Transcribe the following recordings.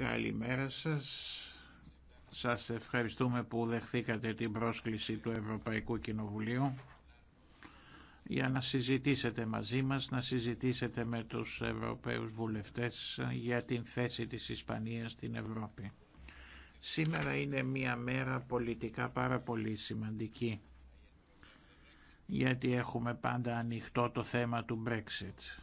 Καλημέρα σας. Σας ευχαριστούμε που δεχθήκατε την πρόσκληση του Ευρωπαϊκού Κοινοβουλίου για να συζητήσετε μαζί μας, να συζητήσετε με τους Ευρωπαίους βουλευτές για την θέση της Ισπανίας στην Ευρώπη. Σήμερα είναι μια μέρα πολιτικά πάρα πολύ σημαντική, γιατί έχουμε πάντα ανοιχτό το θέμα του Brexit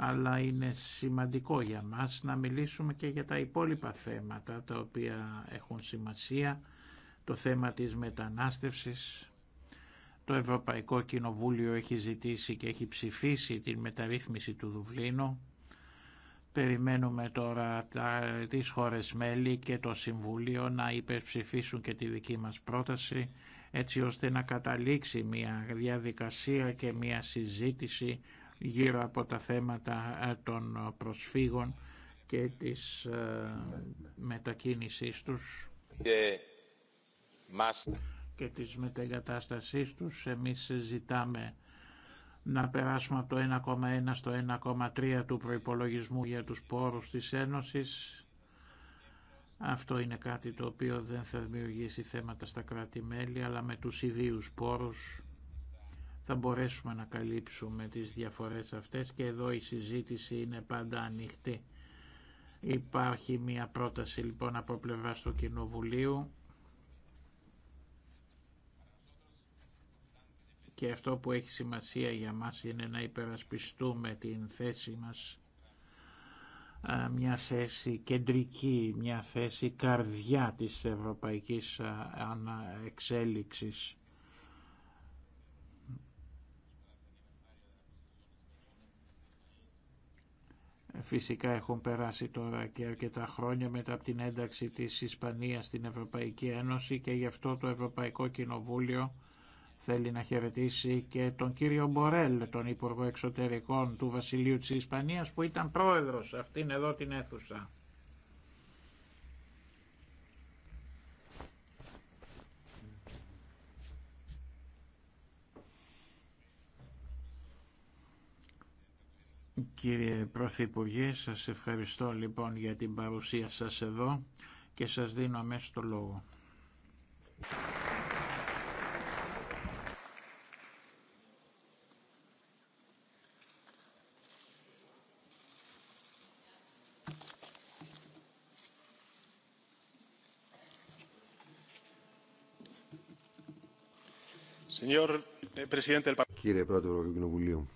αλλά είναι σημαντικό για μας να μιλήσουμε και για τα υπόλοιπα θέματα τα οποία έχουν σημασία, το θέμα της μετανάστευσης. Το Ευρωπαϊκό Κοινοβούλιο έχει ζητήσει και έχει ψηφίσει την μεταρρύθμιση του Δουβλίνου. Περιμένουμε τώρα τα, τις χώρες μέλη και το Συμβουλίο να υπερψηφίσουν και τη δική μας πρόταση έτσι ώστε να καταλήξει μια διαδικασία και μια συζήτηση γύρω από τα θέματα ε, των προσφύγων και της ε, μετακίνησής τους και της μετεγκατάστασής τους. Εμείς ζητάμε να περάσουμε από το 1,1 στο 1,3 του προϋπολογισμού για τους πόρους της Ένωσης. Αυτό είναι κάτι το οποίο δεν θα δημιουργήσει θέματα στα κράτη-μέλη, αλλά με τους ιδίους πόρους θα μπορέσουμε να καλύψουμε τις διαφορές αυτές και εδώ η συζήτηση είναι πάντα ανοιχτή. Υπάρχει μια πρόταση λοιπόν από πλευρά του Κοινοβουλίου και αυτό που έχει σημασία για μας είναι να υπερασπιστούμε την θέση μας μια θέση κεντρική, μια θέση καρδιά της ευρωπαϊκής εξέλιξης Φυσικά έχουν περάσει τώρα και αρκετά χρόνια μετά από την ένταξη της Ισπανίας στην Ευρωπαϊκή Ένωση και γι' αυτό το Ευρωπαϊκό Κοινοβούλιο θέλει να χαιρετήσει και τον κύριο Μπορέλ, τον Υπουργό Εξωτερικών του Βασιλείου της Ισπανίας που ήταν πρόεδρος αυτήν εδώ την αίθουσα. Κύριε Πρωθυπουργέ, σας ευχαριστώ λοιπόν για την παρουσία σας εδώ και σας δίνω αμέσως το λόγο. Eh, κύριε Πρόεδρο του Κοινοβουλίου,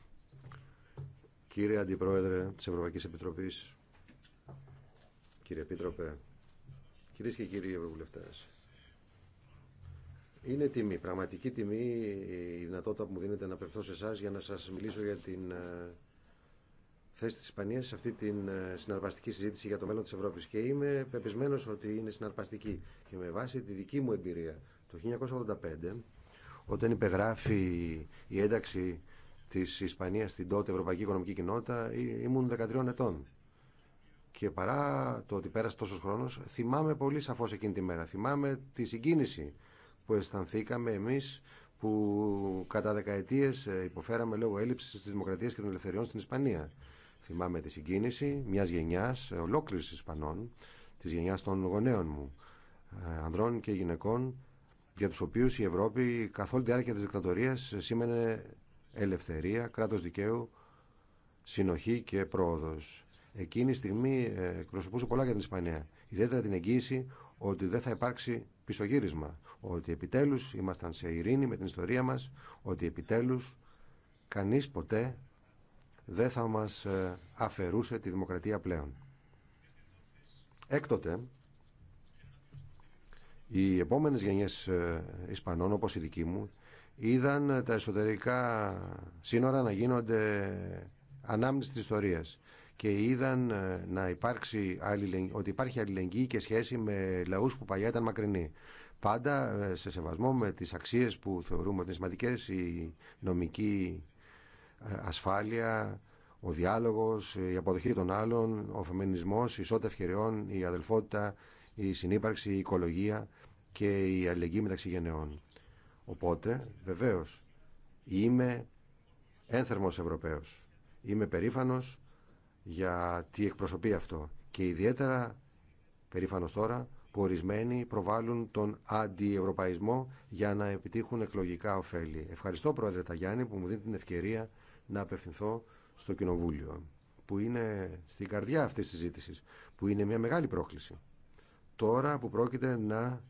Κύριε Αντιπρόεδρε της Ευρωπαϊκής Επιτροπής, κύριε Επίτροπε, κυρίες και κύριοι Ευρωβουλευτές, είναι τιμή, πραγματική τιμή η δυνατότητα που μου δίνετε να περθώ σε εσά για να σας μιλήσω για την ε, θέση της Ισπανίας σε αυτή την ε, συναρπαστική συζήτηση για το μέλλον της Ευρώπης και είμαι πεπισμένος ότι είναι συναρπαστική και με βάση τη δική μου εμπειρία το 1985 όταν υπεγράφει η ένταξη Τη Ισπανία στην τότε Ευρωπαϊκή Οικονομική Κοινότητα ήμουν 13 ετών. Και παρά το ότι πέρασε τόσο χρόνο, θυμάμαι πολύ σαφώ εκείνη τη μέρα. Θυμάμαι τη συγκίνηση που αισθανθήκαμε εμεί που κατά δεκαετίε ε, υποφέραμε λόγω έλλειψη τη δημοκρατία και των ελευθεριών στην Ισπανία. Θυμάμαι τη συγκίνηση μια γενιά, ε, ολόκληρη Ισπανών, τη γενιά των γονέων μου, ε, ανδρών και γυναικών, για του οποίου η Ευρώπη καθ' όλη τη διάρκεια τη δικτατορία σήμαινε ελευθερία, κράτος δικαίου, συνοχή και πρόοδος. Εκείνη τη στιγμή ε, εκπροσωπούσε πολλά για την Ισπανία. Ιδιαίτερα την εγγύηση ότι δεν θα υπάρξει πισωγύρισμα. Ότι επιτέλους ήμασταν σε ειρήνη με την ιστορία μας. Ότι επιτέλους κανείς ποτέ δεν θα μας ε, αφαιρούσε τη δημοκρατία πλέον. Έκτοτε, οι επόμενες γενιές ε, Ισπανών, όπως η δική μου, είδαν τα εσωτερικά σύνορα να γίνονται ανάμνηση της ιστορίας και είδαν ε, να υπάρξει ότι υπάρχει αλληλεγγύη και σχέση με λαούς που παλιά ήταν μακρινοί. Πάντα ε, σε σεβασμό με τις αξίες που θεωρούμε ότι είναι σημαντικές, η νομική ε, ασφάλεια, ο διάλογος, η αποδοχή των άλλων, ο φεμινισμός, η ισότητα ευκαιριών, η αδελφότητα, η συνύπαρξη, η οικολογία και η αλληλεγγύη μεταξύ γενεών. Οπότε, βεβαίως, είμαι ένθερμος Ευρωπαίος. Είμαι περήφανος για τι εκπροσωπεί αυτό. Και ιδιαίτερα περήφανος τώρα που ορισμένοι προβάλλουν τον αντιευρωπαϊσμό για να επιτύχουν εκλογικά ωφέλη. Ευχαριστώ Πρόεδρε Ταγιάννη που μου δίνει την ευκαιρία να απευθυνθώ στο Κοινοβούλιο που είναι στην καρδιά αυτής της συζήτησης, που είναι μια μεγάλη πρόκληση. Τώρα που πρόκειται να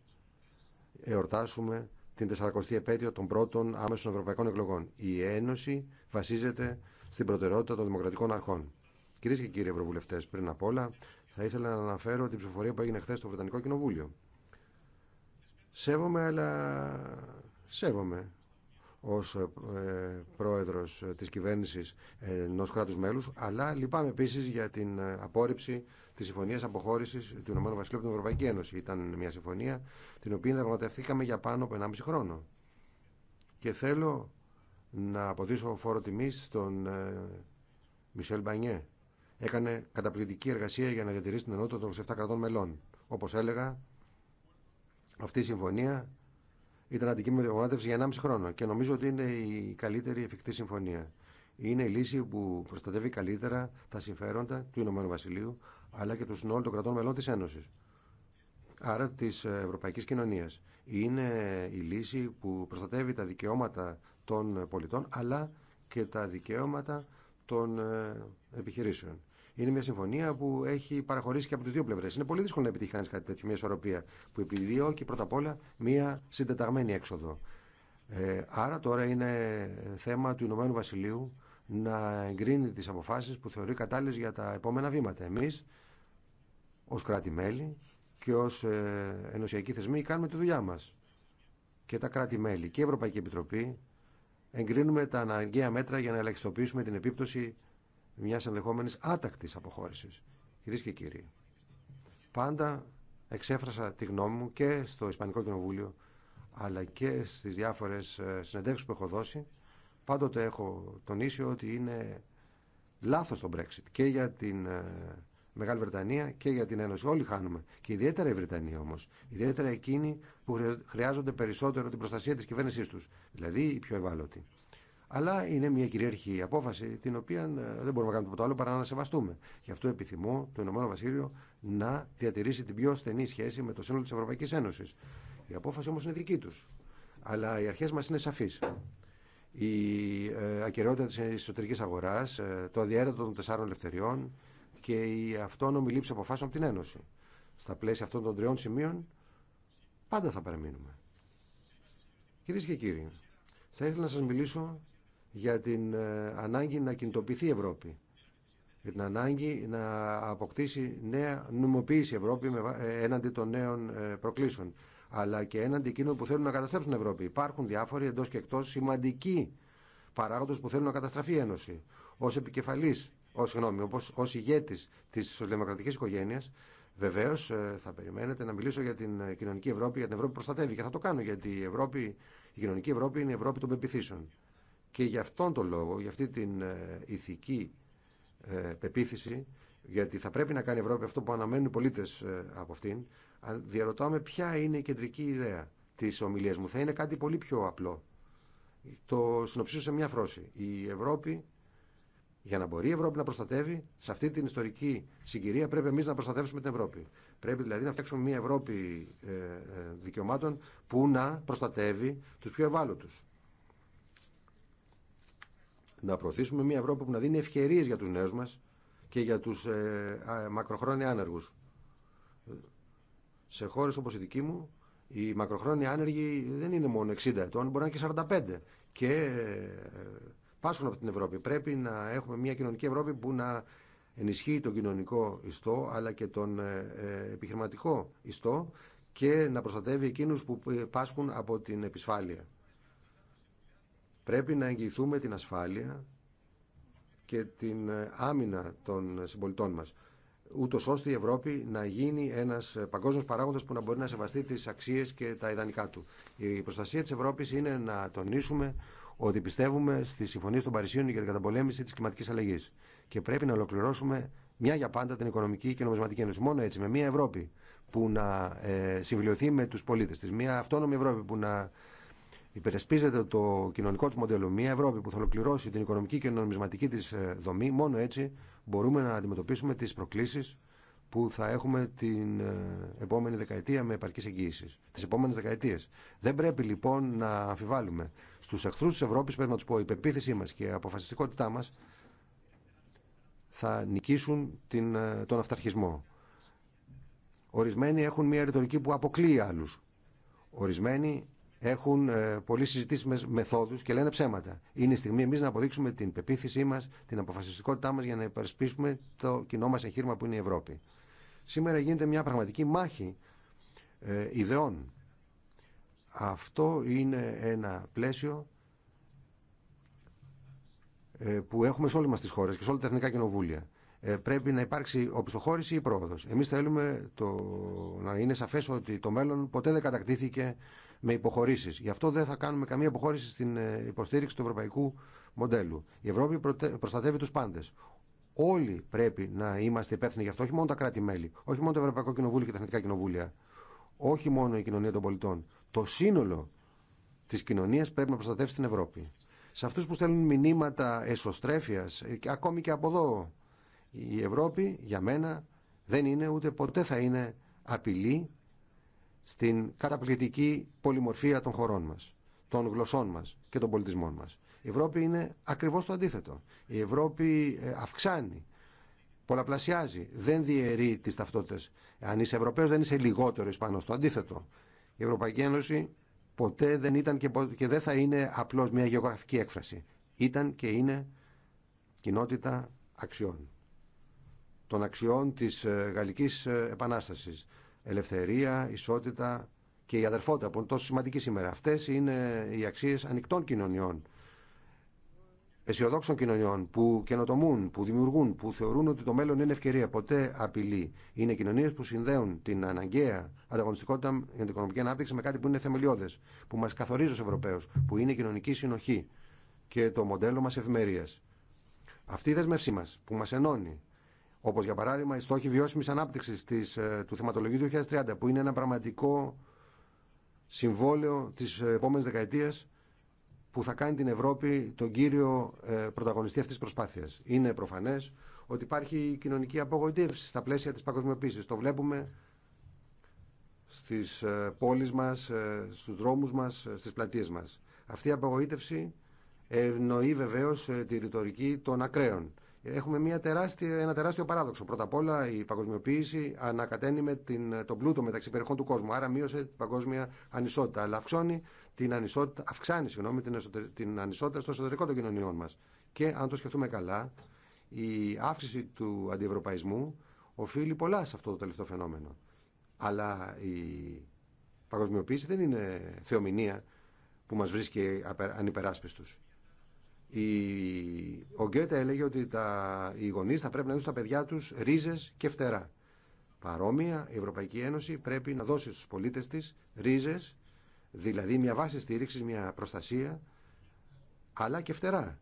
εορτάσουμε την 40η επέτειο των πρώτων άμεσων ευρωπαϊκών εκλογών. Η Ένωση βασίζεται στην προτεραιότητα των δημοκρατικών αρχών. Κυρίε και κύριοι Ευρωβουλευτέ, πριν απ' όλα, θα ήθελα να αναφέρω την ψηφοφορία που έγινε χθε στο Βρετανικό Κοινοβούλιο. Σέβομαι, αλλά σέβομαι ως ε, πρόεδρος της κυβέρνησης ενός κράτους μέλους, αλλά λυπάμαι επίσης για την ε, απόρριψη της συμφωνίας αποχώρησης του Ηνωμένου Βασιλείου από την Ευρωπαϊκή Ένωση. Ήταν μια συμφωνία την οποία διαπραγματευθήκαμε για πάνω από 1,5 χρόνο. Και θέλω να αποδίσω φόρο τιμής στον ε, Μισελ Μπανιέ. Έκανε καταπληκτική εργασία για να διατηρήσει την ενότητα των 27 κρατών μελών. Όπως έλεγα, αυτή η συμφωνία ήταν αντικείμενο διαπραγμάτευση για 1,5 χρόνο και νομίζω ότι είναι η καλύτερη εφικτή συμφωνία. Είναι η λύση που προστατεύει καλύτερα τα συμφέροντα του Ηνωμένου Βασιλείου αλλά και του συνόλου των κρατών μελών τη Ένωση. Άρα τη Ευρωπαϊκή Κοινωνία. Είναι η λύση που προστατεύει τα δικαιώματα των πολιτών αλλά και τα δικαιώματα των ε, επιχειρήσεων. Είναι μια συμφωνία που έχει παραχωρήσει και από τι δύο πλευρέ. Είναι πολύ δύσκολο να επιτύχει κανεί κάτι τέτοιο, μια ισορροπία που επιδιώκει πρώτα απ' όλα μια συντεταγμένη έξοδο. Ε, άρα τώρα είναι θέμα του Ηνωμένου Βασιλείου να εγκρίνει τι αποφάσει που θεωρεί κατάλληλε για τα επόμενα βήματα. Εμεί, ω κράτη-μέλη και ως ε, ενωσιακοί θεσμοί, κάνουμε τη δουλειά μα Και τα κράτη-μέλη και η Ευρωπαϊκή Επιτροπή εγκρίνουμε τα αναγκαία μέτρα για να ελαχιστοποιήσουμε την επίπτωση μια ενδεχόμενη άτακτη αποχώρηση. Κυρίε και κύριοι, πάντα εξέφρασα τη γνώμη μου και στο Ισπανικό Κοινοβούλιο αλλά και στι διάφορε συνεντεύξει που έχω δώσει. Πάντοτε έχω τονίσει ότι είναι λάθο το Brexit και για την ε, Μεγάλη Βρετανία και για την Ένωση. Όλοι χάνουμε. Και ιδιαίτερα η Βρετανία όμω. Ιδιαίτερα εκείνοι που χρειάζονται περισσότερο την προστασία τη κυβέρνησή του. Δηλαδή οι πιο ευάλωτοι. Αλλά είναι μια κυρίαρχη απόφαση την οποία ε, δεν μπορούμε να κάνουμε τίποτα άλλο παρά να σεβαστούμε. Γι' αυτό επιθυμώ το Ηνωμένο Βασίλειο να διατηρήσει την πιο στενή σχέση με το σύνολο τη Ευρωπαϊκή Ένωση. Η απόφαση όμω είναι δική του. Αλλά οι αρχέ μα είναι σαφεί. Η ε, ακαιρεότητα τη εσωτερική αγορά, ε, το αδιέρετο των τεσσάρων ελευθεριών και η αυτόνομη λήψη αποφάσεων από την Ένωση. Στα πλαίσια αυτών των τριών σημείων πάντα θα παραμείνουμε. Κυρίε και κύριοι, θα ήθελα να σα μιλήσω για την ε, ανάγκη να κινητοποιηθεί η Ευρώπη. Για την ανάγκη να αποκτήσει νέα νομιμοποίηση η Ευρώπη ε, έναντι των νέων ε, προκλήσεων. Αλλά και έναντι εκείνων που θέλουν να καταστρέψουν την Ευρώπη. Υπάρχουν διάφοροι εντό και εκτό σημαντικοί παράγοντε που θέλουν να καταστραφεί η Ένωση. Ω επικεφαλή, ω συγγνώμη, ω ηγέτη τη σοσιαλδημοκρατική οικογένεια, Βεβαίω θα περιμένετε να μιλήσω για την κοινωνική Ευρώπη, για την Ευρώπη που προστατεύει και θα το κάνω γιατί η, Ευρώπη, η κοινωνική Ευρώπη είναι η Ευρώπη των πεπιθήσεων. Και γι' αυτόν τον λόγο, για αυτή την ε, ηθική ε, πεποίθηση, γιατί θα πρέπει να κάνει η Ευρώπη αυτό που αναμένουν οι πολίτε ε, από αυτήν, διαρωτάμε ποια είναι η κεντρική ιδέα τη ομιλία μου. Θα είναι κάτι πολύ πιο απλό. Το συνοψίζω σε μια φρόση. Η Ευρώπη, για να μπορεί η Ευρώπη να προστατεύει, σε αυτή την ιστορική συγκυρία πρέπει εμεί να προστατεύσουμε την Ευρώπη. Πρέπει δηλαδή να φτιάξουμε μια Ευρώπη δικαιωμάτων που να προστατεύει του πιο ευάλωτου να προωθήσουμε μια Ευρώπη που να δίνει ευκαιρίες για τους νέους μας και για τους ε, μακροχρόνια άνεργους. Σε χώρε όπως η δική μου, οι μακροχρόνια άνεργοι δεν είναι μόνο 60 ετών, μπορεί να είναι και 45 και ε, πάσχουν από την Ευρώπη. Πρέπει να έχουμε μια κοινωνική Ευρώπη που να ενισχύει τον κοινωνικό ιστό αλλά και τον ε, ε, επιχειρηματικό ιστό και να προστατεύει εκείνους που πάσχουν από την επισφάλεια. Πρέπει να εγγυηθούμε την ασφάλεια και την ε, άμυνα των συμπολιτών μας, ούτω ώστε η Ευρώπη να γίνει ένας ε, παγκόσμιος παράγοντας που να μπορεί να σεβαστεί τις αξίες και τα ιδανικά του. Η προστασία της Ευρώπης είναι να τονίσουμε ότι πιστεύουμε στη Συμφωνία των Παρισίων για την καταπολέμηση της κλιματικής αλλαγής και πρέπει να ολοκληρώσουμε μια για πάντα την οικονομική και νομισματική ένωση. Μόνο έτσι, με μια Ευρώπη που να ε, με τους πολίτες της, μια αυτόνομη Ευρώπη που να υπερασπίζεται το κοινωνικό του μοντέλο, μια Ευρώπη που θα ολοκληρώσει την οικονομική και νομισματική τη ε, δομή, μόνο έτσι μπορούμε να αντιμετωπίσουμε τι προκλήσει που θα έχουμε την ε, επόμενη δεκαετία με επαρκή εγγύηση. Τι επόμενε δεκαετίε. Δεν πρέπει λοιπόν να αμφιβάλλουμε. Στου εχθρού τη Ευρώπη, πρέπει να του πω, η πεποίθησή μα και η αποφασιστικότητά μα θα νικήσουν την, ε, τον αυταρχισμό. Ορισμένοι έχουν μια ρητορική που αποκλείει άλλου. Ορισμένοι έχουν ε, πολλοί συζητήσιμε μεθόδου και λένε ψέματα. Είναι η στιγμή εμεί να αποδείξουμε την πεποίθησή μα, την αποφασιστικότητά μα για να υπερασπίσουμε το κοινό μα εγχείρημα που είναι η Ευρώπη. Σήμερα γίνεται μια πραγματική μάχη ε, ιδεών. Αυτό είναι ένα πλαίσιο ε, που έχουμε σε όλε μα τι χώρε και σε όλα τα εθνικά κοινοβούλια. Ε, πρέπει να υπάρξει οπισθοχώρηση ή πρόοδο. Εμεί θέλουμε το, να είναι σαφέ ότι το μέλλον ποτέ δεν κατακτήθηκε με υποχωρήσει. Γι' αυτό δεν θα κάνουμε καμία υποχώρηση στην ε, υποστήριξη του ευρωπαϊκού μοντέλου. Η Ευρώπη προστατεύει του πάντε. Όλοι πρέπει να είμαστε υπεύθυνοι γι' αυτό, όχι μόνο τα κράτη-μέλη, όχι μόνο το Ευρωπαϊκό Κοινοβούλιο και τα Εθνικά Κοινοβούλια, όχι μόνο η κοινωνία των πολιτών. Το σύνολο τη κοινωνία πρέπει να προστατεύσει την Ευρώπη. Σε αυτού που στέλνουν μηνύματα εσωστρέφεια, ε, ακόμη και από εδώ, η Ευρώπη για μένα δεν είναι ούτε ποτέ θα είναι απειλή στην καταπληκτική πολυμορφία των χωρών μας, των γλωσσών μας και των πολιτισμών μας. Η Ευρώπη είναι ακριβώς το αντίθετο. Η Ευρώπη ε, αυξάνει, πολλαπλασιάζει, δεν διαιρεί τις ταυτότητες. Αν είσαι Ευρωπαίος δεν είσαι λιγότερο Ισπανός, το αντίθετο. Η Ευρωπαϊκή Ένωση ποτέ δεν ήταν και δεν θα είναι απλώς μια γεωγραφική έκφραση. Ήταν και είναι κοινότητα αξιών. Των αξιών της ε, Γαλλικής ε, Επανάστασης, ελευθερία, ισότητα και η αδερφότητα που είναι τόσο σημαντική σήμερα. Αυτέ είναι οι αξίε ανοιχτών κοινωνιών, αισιοδόξων κοινωνιών που καινοτομούν, που δημιουργούν, που θεωρούν ότι το μέλλον είναι ευκαιρία, ποτέ απειλή. Είναι κοινωνίε που συνδέουν την αναγκαία ανταγωνιστικότητα για την οικονομική ανάπτυξη με κάτι που είναι θεμελιώδε, που μα καθορίζει ω Ευρωπαίου, που είναι η κοινωνική συνοχή και το μοντέλο μα ευημερία. Αυτή η δέσμευσή μα που μα ενώνει Όπω για παράδειγμα οι στόχοι βιώσιμη ανάπτυξη ε, του θεματολογίου 2030, που είναι ένα πραγματικό συμβόλαιο τη ε, επόμενη δεκαετία που θα κάνει την Ευρώπη τον κύριο ε, πρωταγωνιστή αυτή τη προσπάθεια. Είναι προφανέ ότι υπάρχει κοινωνική απογοητεύση στα πλαίσια τη παγκοσμιοποίηση. Το βλέπουμε στι πόλει μα, στου δρόμου μα, στι πλατείε μα. Αυτή η απογοήτευση ευνοεί βεβαίω τη ρητορική των ακραίων έχουμε μια τεράστια, ένα τεράστιο παράδοξο. Πρώτα απ' όλα η παγκοσμιοποίηση ανακατένει με την, τον πλούτο μεταξύ περιοχών του κόσμου, άρα μείωσε την παγκόσμια ανισότητα, αλλά αυξάνει την ανισότητα, αυξάνει συγγνώμη, την, την ανισότητα στο εσωτερικό των κοινωνιών μα. Και αν το σκεφτούμε καλά, η αύξηση του αντιευρωπαϊσμού οφείλει πολλά σε αυτό το τελευταίο φαινόμενο. Αλλά η παγκοσμιοποίηση δεν είναι θεομηνία που μας βρίσκει ανυπεράσπιστους. Ο Γκέτα έλεγε ότι τα... οι γονεί θα πρέπει να δουν στα παιδιά του ρίζε και φτερά. Παρόμοια, η Ευρωπαϊκή Ένωση πρέπει να δώσει στου πολίτε τη ρίζε, δηλαδή μια βάση στήριξη, μια προστασία, αλλά και φτερά.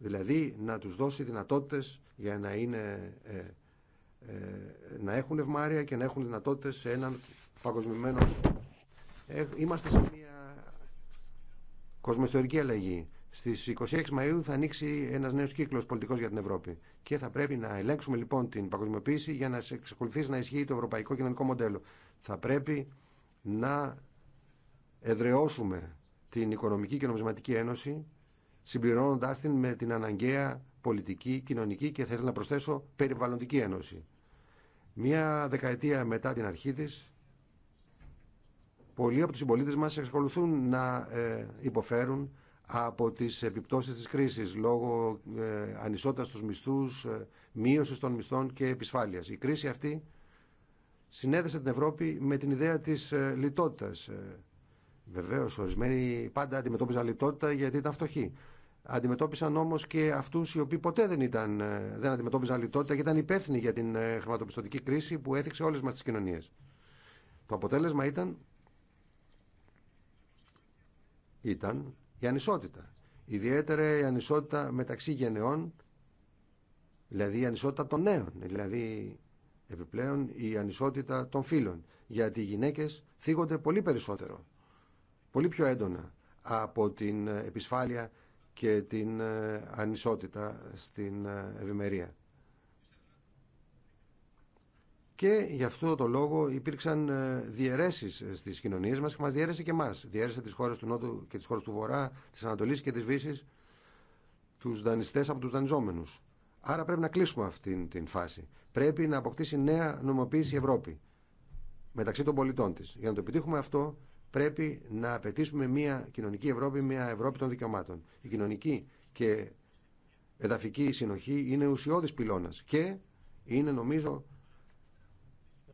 Δηλαδή να τους δώσει δυνατότητε για να, είναι, ε, ε, να έχουν ευμάρεια και να έχουν δυνατότητες σε έναν παγκοσμιμένο... Ε, είμαστε σε μια κοσμοϊστορική αλλαγή. Στι 26 Μαου θα ανοίξει ένα νέο κύκλο πολιτικό για την Ευρώπη. Και θα πρέπει να ελέγξουμε λοιπόν την παγκοσμιοποίηση για να εξακολουθήσει να ισχύει το ευρωπαϊκό κοινωνικό μοντέλο. Θα πρέπει να εδρεώσουμε την Οικονομική και Νομισματική Ένωση συμπληρώνοντά την με την αναγκαία πολιτική, κοινωνική και θα ήθελα να προσθέσω περιβαλλοντική ένωση. Μία δεκαετία μετά την αρχή τη. πολλοί από του συμπολίτε μα εξακολουθούν να ε, υποφέρουν από τις επιπτώσεις της κρίσης λόγω ε, ανισότητας στους μισθούς, ε, μείωσης των μισθών και επισφάλειας. Η κρίση αυτή συνέδεσε την Ευρώπη με την ιδέα της ε, λιτότητας. Βεβαίως, ορισμένοι πάντα αντιμετώπιζαν λιτότητα γιατί ήταν φτωχοί. Αντιμετώπισαν όμω και αυτού οι οποίοι ποτέ δεν, ήταν, δεν αντιμετώπιζαν λιτότητα και ήταν υπεύθυνοι για την χρηματοπιστωτική κρίση που έθιξε όλε μα τι κοινωνίε. Το αποτέλεσμα ήταν, ήταν η ανισότητα. Ιδιαίτερα η ανισότητα μεταξύ γενεών, δηλαδή η ανισότητα των νέων, δηλαδή επιπλέον η ανισότητα των φίλων. Γιατί οι γυναίκες θίγονται πολύ περισσότερο, πολύ πιο έντονα από την ε, επισφάλεια και την ε, ανισότητα στην ε, ευημερία. Και γι' αυτό το λόγο υπήρξαν ε, διαιρέσει ε, στι κοινωνίε μα και μα διαίρεσε και εμά. Διαίρεσε τι χώρε του Νότου και τι χώρε του Βορρά, τη Ανατολή και τη βύση, του δανειστέ από του δανειζόμενου. Άρα πρέπει να κλείσουμε αυτή την φάση. Πρέπει να αποκτήσει νέα νομοποίηση Ευρώπη μεταξύ των πολιτών τη. Για να το επιτύχουμε αυτό, πρέπει να απαιτήσουμε μια κοινωνική Ευρώπη, μια Ευρώπη των δικαιωμάτων. Η κοινωνική και εδαφική συνοχή είναι ουσιώδη πυλώνα. και είναι νομίζω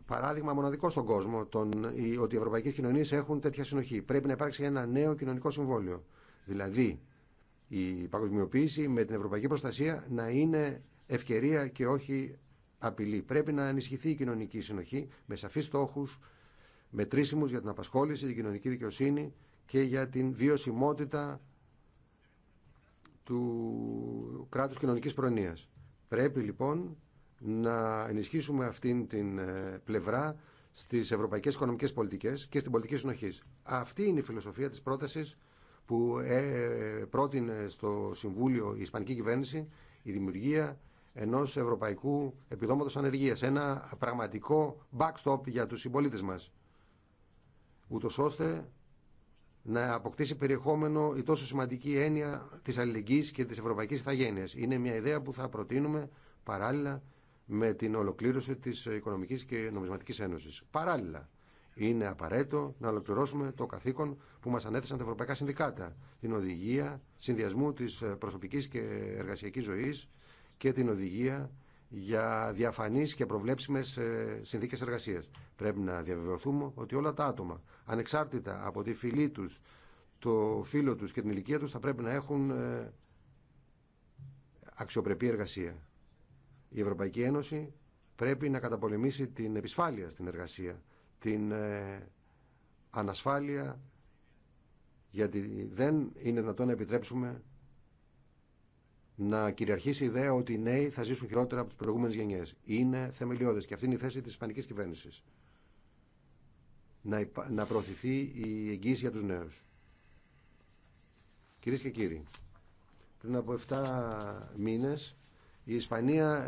παράδειγμα μοναδικό στον κόσμο τον, ότι οι ευρωπαϊκέ κοινωνίε έχουν τέτοια συνοχή. Πρέπει να υπάρξει ένα νέο κοινωνικό συμβόλαιο. Δηλαδή, η παγκοσμιοποίηση με την ευρωπαϊκή προστασία να είναι ευκαιρία και όχι απειλή. Πρέπει να ενισχυθεί η κοινωνική συνοχή με σαφεί στόχου, μετρήσιμου για την απασχόληση, την κοινωνική δικαιοσύνη και για την βιωσιμότητα του κράτους κοινωνικής προνοίας. Πρέπει λοιπόν να ενισχύσουμε αυτήν την ε, πλευρά στις ευρωπαϊκές οικονομικές πολιτικές και στην πολιτική συνοχή. Αυτή είναι η φιλοσοφία της πρότασης που ε, πρότεινε στο Συμβούλιο η Ισπανική Κυβέρνηση η δημιουργία ενός ευρωπαϊκού επιδόματος ανεργίας, ένα πραγματικό backstop για τους συμπολίτε μας, ούτως ώστε να αποκτήσει περιεχόμενο η τόσο σημαντική έννοια της αλληλεγγύης και της ευρωπαϊκής ηθαγένειας. Είναι μια ιδέα που θα προτείνουμε παράλληλα με την ολοκλήρωση της Οικονομικής και Νομισματικής Ένωσης. Παράλληλα, είναι απαραίτητο να ολοκληρώσουμε το καθήκον που μας ανέθεσαν τα Ευρωπαϊκά Συνδικάτα, την οδηγία συνδυασμού της προσωπικής και εργασιακής ζωής και την οδηγία για διαφανείς και προβλέψιμες ε, συνθήκες εργασίας. Πρέπει να διαβεβαιωθούμε ότι όλα τα άτομα, ανεξάρτητα από τη φυλή τους, το φίλο τους και την ηλικία τους, θα πρέπει να έχουν ε, αξιοπρεπή εργασία. Η Ευρωπαϊκή Ένωση πρέπει να καταπολεμήσει την επισφάλεια στην εργασία, την ε, ανασφάλεια, γιατί δεν είναι δυνατόν να επιτρέψουμε να κυριαρχήσει η ιδέα ότι οι νέοι θα ζήσουν χειρότερα από τι προηγούμενε γενιέ. Είναι θεμελιώδε και αυτή είναι η θέση τη Ισπανική κυβέρνηση. Να, να προωθηθεί η εγγύηση για του νέου. Κυρίε και κύριοι, πριν από 7 μήνες η Ισπανία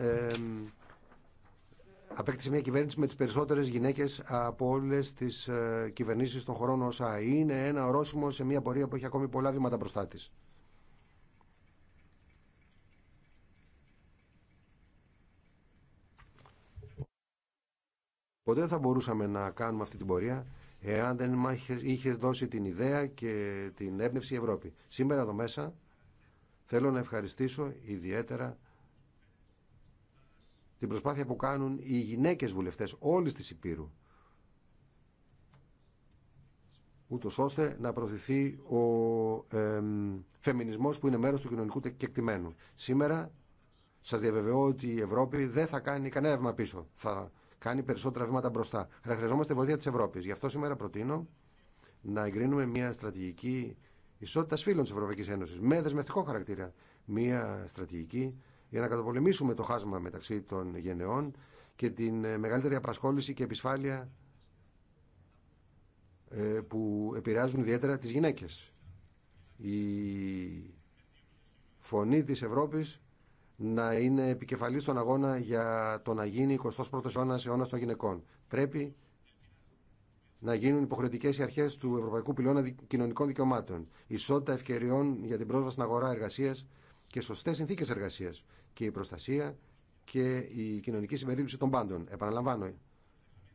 απέκτησε μια κυβέρνηση με τις περισσότερες γυναίκες από όλες τις ε, κυβερνήσεις των χωρών όσα είναι ένα ορόσημο σε μια πορεία που έχει ακόμη πολλά βήματα μπροστά της. Ποτέ δεν θα μπορούσαμε να κάνουμε αυτή την πορεία εάν δεν είχε δώσει την ιδέα και την έμπνευση η Ευρώπη. Σήμερα εδώ μέσα θέλω να ευχαριστήσω ιδιαίτερα την προσπάθεια που κάνουν οι γυναίκες βουλευτές όλης της Υπήρου ούτω ώστε να προωθηθεί ο ε, φεμινισμός που είναι μέρος του κοινωνικού κεκτημένου. Σήμερα σας διαβεβαιώ ότι η Ευρώπη δεν θα κάνει κανένα βήμα πίσω. Θα κάνει περισσότερα βήματα μπροστά. Χρειαζόμαστε βοήθεια της Ευρώπης. Γι' αυτό σήμερα προτείνω να εγκρίνουμε μια στρατηγική ισότητας φίλων της Ευρωπαϊκής Ένωσης με δεσμευτικό χαρακτήρα. Μια στρατηγική για να καταπολεμήσουμε το χάσμα μεταξύ των γενεών και την ε, μεγαλύτερη απασχόληση και επισφάλεια ε, που επηρεάζουν ιδιαίτερα τις γυναίκες. Η φωνή της Ευρώπης να είναι επικεφαλής στον αγώνα για το να γίνει 21ος αιώνας αιώνας των γυναικών. Πρέπει να γίνουν υποχρεωτικέ οι αρχέ του Ευρωπαϊκού Πυλώνα Κοινωνικών Δικαιωμάτων, ισότητα ευκαιριών για την πρόσβαση στην αγορά εργασία και σωστέ συνθήκε εργασία και η προστασία και η κοινωνική συμπερίληψη των πάντων. Επαναλαμβάνω,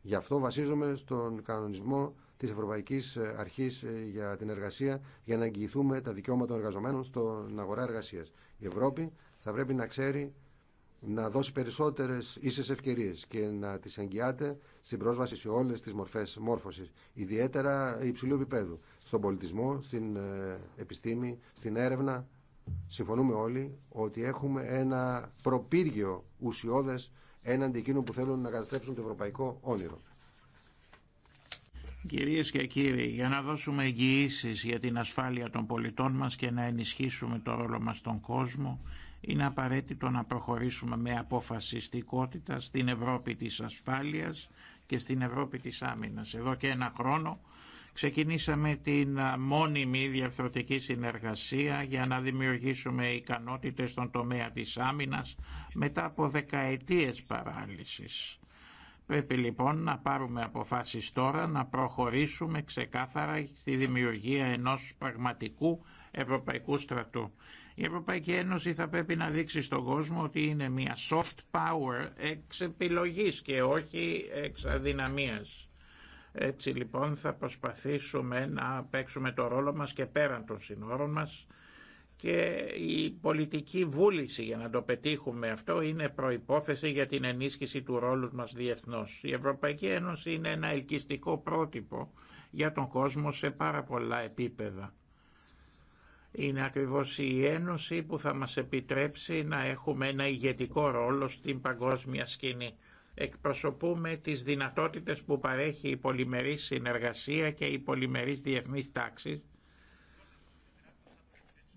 γι' αυτό βασίζομαι στον κανονισμό τη Ευρωπαϊκή Αρχής ε, για την Εργασία για να εγγυηθούμε τα δικαιώματα των εργαζομένων στον αγορά εργασία. Η Ευρώπη θα πρέπει να ξέρει να δώσει περισσότερε ίσε ευκαιρίε και να τι εγγυάται στην πρόσβαση σε όλε τι μορφέ μόρφωση, ιδιαίτερα υψηλού επίπεδου, στον πολιτισμό, στην ε, επιστήμη, στην έρευνα συμφωνούμε όλοι ότι έχουμε ένα προπύργιο ουσιώδες έναντι εκείνων που θέλουν να καταστρέψουν το ευρωπαϊκό όνειρο. Κυρίες και κύριοι, για να δώσουμε εγγυήσει για την ασφάλεια των πολιτών μας και να ενισχύσουμε το ρόλο μας στον κόσμο, είναι απαραίτητο να προχωρήσουμε με αποφασιστικότητα στην Ευρώπη της ασφάλειας και στην Ευρώπη της άμυνας. Εδώ και ένα χρόνο Ξεκινήσαμε την μόνιμη διαφθορτική συνεργασία για να δημιουργήσουμε ικανότητες στον τομέα της άμυνας μετά από δεκαετίες παράλυσης. Πρέπει λοιπόν να πάρουμε αποφάσεις τώρα να προχωρήσουμε ξεκάθαρα στη δημιουργία ενός πραγματικού ευρωπαϊκού στρατού. Η Ευρωπαϊκή Ένωση θα πρέπει να δείξει στον κόσμο ότι είναι μια soft power εξ επιλογής και όχι εξ αδυναμίας. Έτσι λοιπόν θα προσπαθήσουμε να παίξουμε το ρόλο μας και πέραν των συνόρων μας και η πολιτική βούληση για να το πετύχουμε αυτό είναι προϋπόθεση για την ενίσχυση του ρόλου μας διεθνώς. Η Ευρωπαϊκή Ένωση είναι ένα ελκυστικό πρότυπο για τον κόσμο σε πάρα πολλά επίπεδα. Είναι ακριβώς η Ένωση που θα μας επιτρέψει να έχουμε ένα ηγετικό ρόλο στην παγκόσμια σκηνή εκπροσωπούμε τις δυνατότητες που παρέχει η πολυμερής συνεργασία και η πολυμερής διεθνής τάξη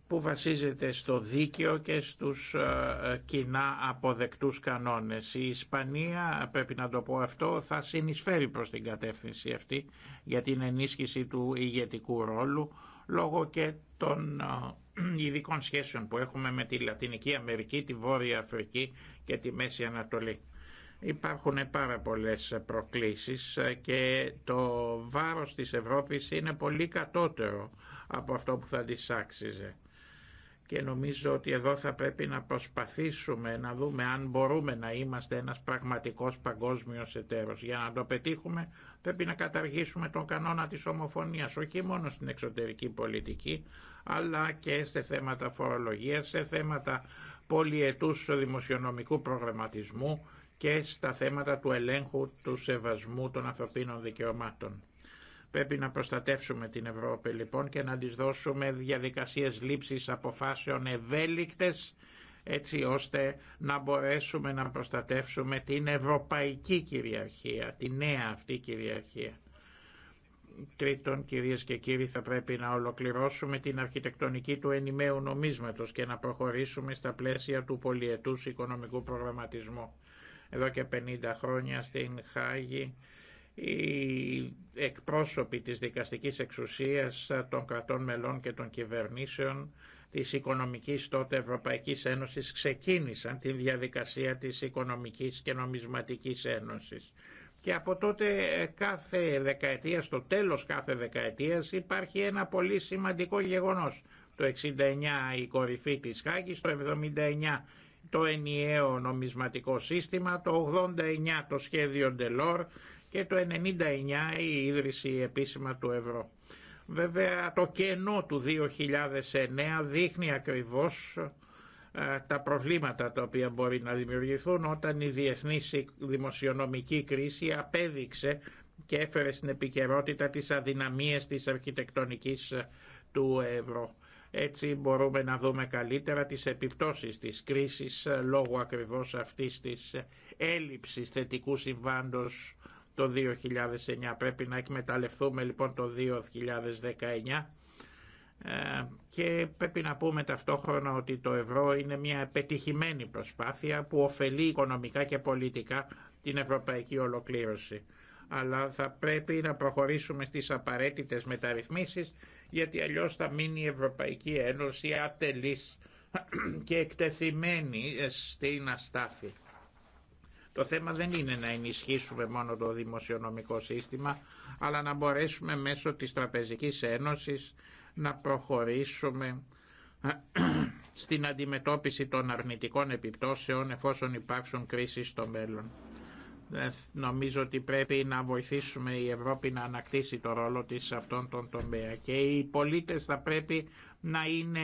που βασίζεται στο δίκαιο και στους ε, κοινά αποδεκτούς κανόνες. Η Ισπανία, πρέπει να το πω αυτό, θα συνεισφέρει προς την κατεύθυνση αυτή για την ενίσχυση του ηγετικού ρόλου λόγω και των ε, ειδικών σχέσεων που έχουμε με τη Λατινική Αμερική, τη Βόρεια Αφρική και τη Μέση Ανατολή. Υπάρχουν πάρα πολλές προκλήσεις και το βάρος της Ευρώπης είναι πολύ κατώτερο από αυτό που θα της άξιζε. Και νομίζω ότι εδώ θα πρέπει να προσπαθήσουμε να δούμε αν μπορούμε να είμαστε ένας πραγματικός παγκόσμιος εταίρος. Για να το πετύχουμε πρέπει να καταργήσουμε τον κανόνα της ομοφωνίας, όχι μόνο στην εξωτερική πολιτική, αλλά και σε θέματα φορολογίας, σε θέματα πολυετούς δημοσιονομικού προγραμματισμού, και στα θέματα του ελέγχου του σεβασμού των ανθρωπίνων δικαιωμάτων. Πρέπει να προστατεύσουμε την Ευρώπη λοιπόν και να της δώσουμε διαδικασίες λήψης αποφάσεων ευέλικτες έτσι ώστε να μπορέσουμε να προστατεύσουμε την ευρωπαϊκή κυριαρχία, τη νέα αυτή κυριαρχία. Τρίτον, κυρίες και κύριοι, θα πρέπει να ολοκληρώσουμε την αρχιτεκτονική του ενημέου νομίσματος και να προχωρήσουμε στα πλαίσια του πολιετούς οικονομικού προγραμματισμού εδώ και 50 χρόνια στην Χάγη οι εκπρόσωποι της δικαστικής εξουσίας των κρατών μελών και των κυβερνήσεων της οικονομικής τότε Ευρωπαϊκής Ένωσης ξεκίνησαν τη διαδικασία της οικονομικής και νομισματικής ένωσης. Και από τότε κάθε δεκαετία, στο τέλος κάθε δεκαετίας υπάρχει ένα πολύ σημαντικό γεγονός. Το 69 η κορυφή της Χάγης, το 79 το ενιαίο νομισματικό σύστημα, το 89 το σχέδιο Ντελόρ και το 99 η ίδρυση επίσημα του ευρώ. Βέβαια το κενό του 2009 δείχνει ακριβώς ε, τα προβλήματα τα οποία μπορεί να δημιουργηθούν όταν η διεθνής δημοσιονομική κρίση απέδειξε και έφερε στην επικαιρότητα τις αδυναμίες της αρχιτεκτονικής ε, του ευρώ. Έτσι μπορούμε να δούμε καλύτερα τις επιπτώσεις της κρίσης ε, λόγω ακριβώς αυτής της ε, έλλειψης θετικού συμβάντος το 2009. Πρέπει να εκμεταλλευτούμε λοιπόν το 2019 ε, και πρέπει να πούμε ταυτόχρονα ότι το ευρώ είναι μια επιτυχημένη προσπάθεια που ωφελεί οικονομικά και πολιτικά την ευρωπαϊκή ολοκλήρωση. Αλλά θα πρέπει να προχωρήσουμε στις απαραίτητες μεταρρυθμίσεις γιατί αλλιώς θα μείνει η Ευρωπαϊκή Ένωση ατελής και εκτεθειμένη ε, στην αστάθη. Το θέμα δεν είναι να ενισχύσουμε μόνο το δημοσιονομικό σύστημα, αλλά να μπορέσουμε μέσω της Τραπεζικής Ένωσης να προχωρήσουμε στην αντιμετώπιση των αρνητικών επιπτώσεων εφόσον υπάρξουν κρίσεις στο μέλλον. Ε, νομίζω ότι πρέπει να βοηθήσουμε η Ευρώπη να ανακτήσει το ρόλο της σε αυτόν τον τομέα και οι πολίτες θα πρέπει να είναι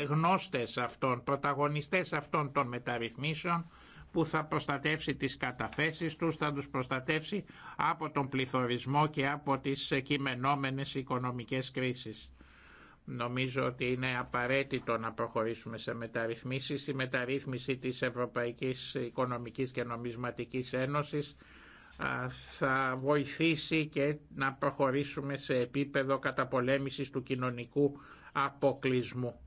ε, γνώστες αυτών, πρωταγωνιστές αυτών των μεταρρυθμίσεων που θα προστατεύσει τις καταθέσεις τους, θα τους προστατεύσει από τον πληθωρισμό και από τις ε, κειμενόμενες οικονομικές κρίσεις. Νομίζω ότι είναι απαραίτητο να προχωρήσουμε σε μεταρρυθμίσεις. Η μεταρρύθμιση της Ευρωπαϊκής Οικονομικής και Νομισματικής Ένωσης θα βοηθήσει και να προχωρήσουμε σε επίπεδο καταπολέμησης του κοινωνικού αποκλεισμού.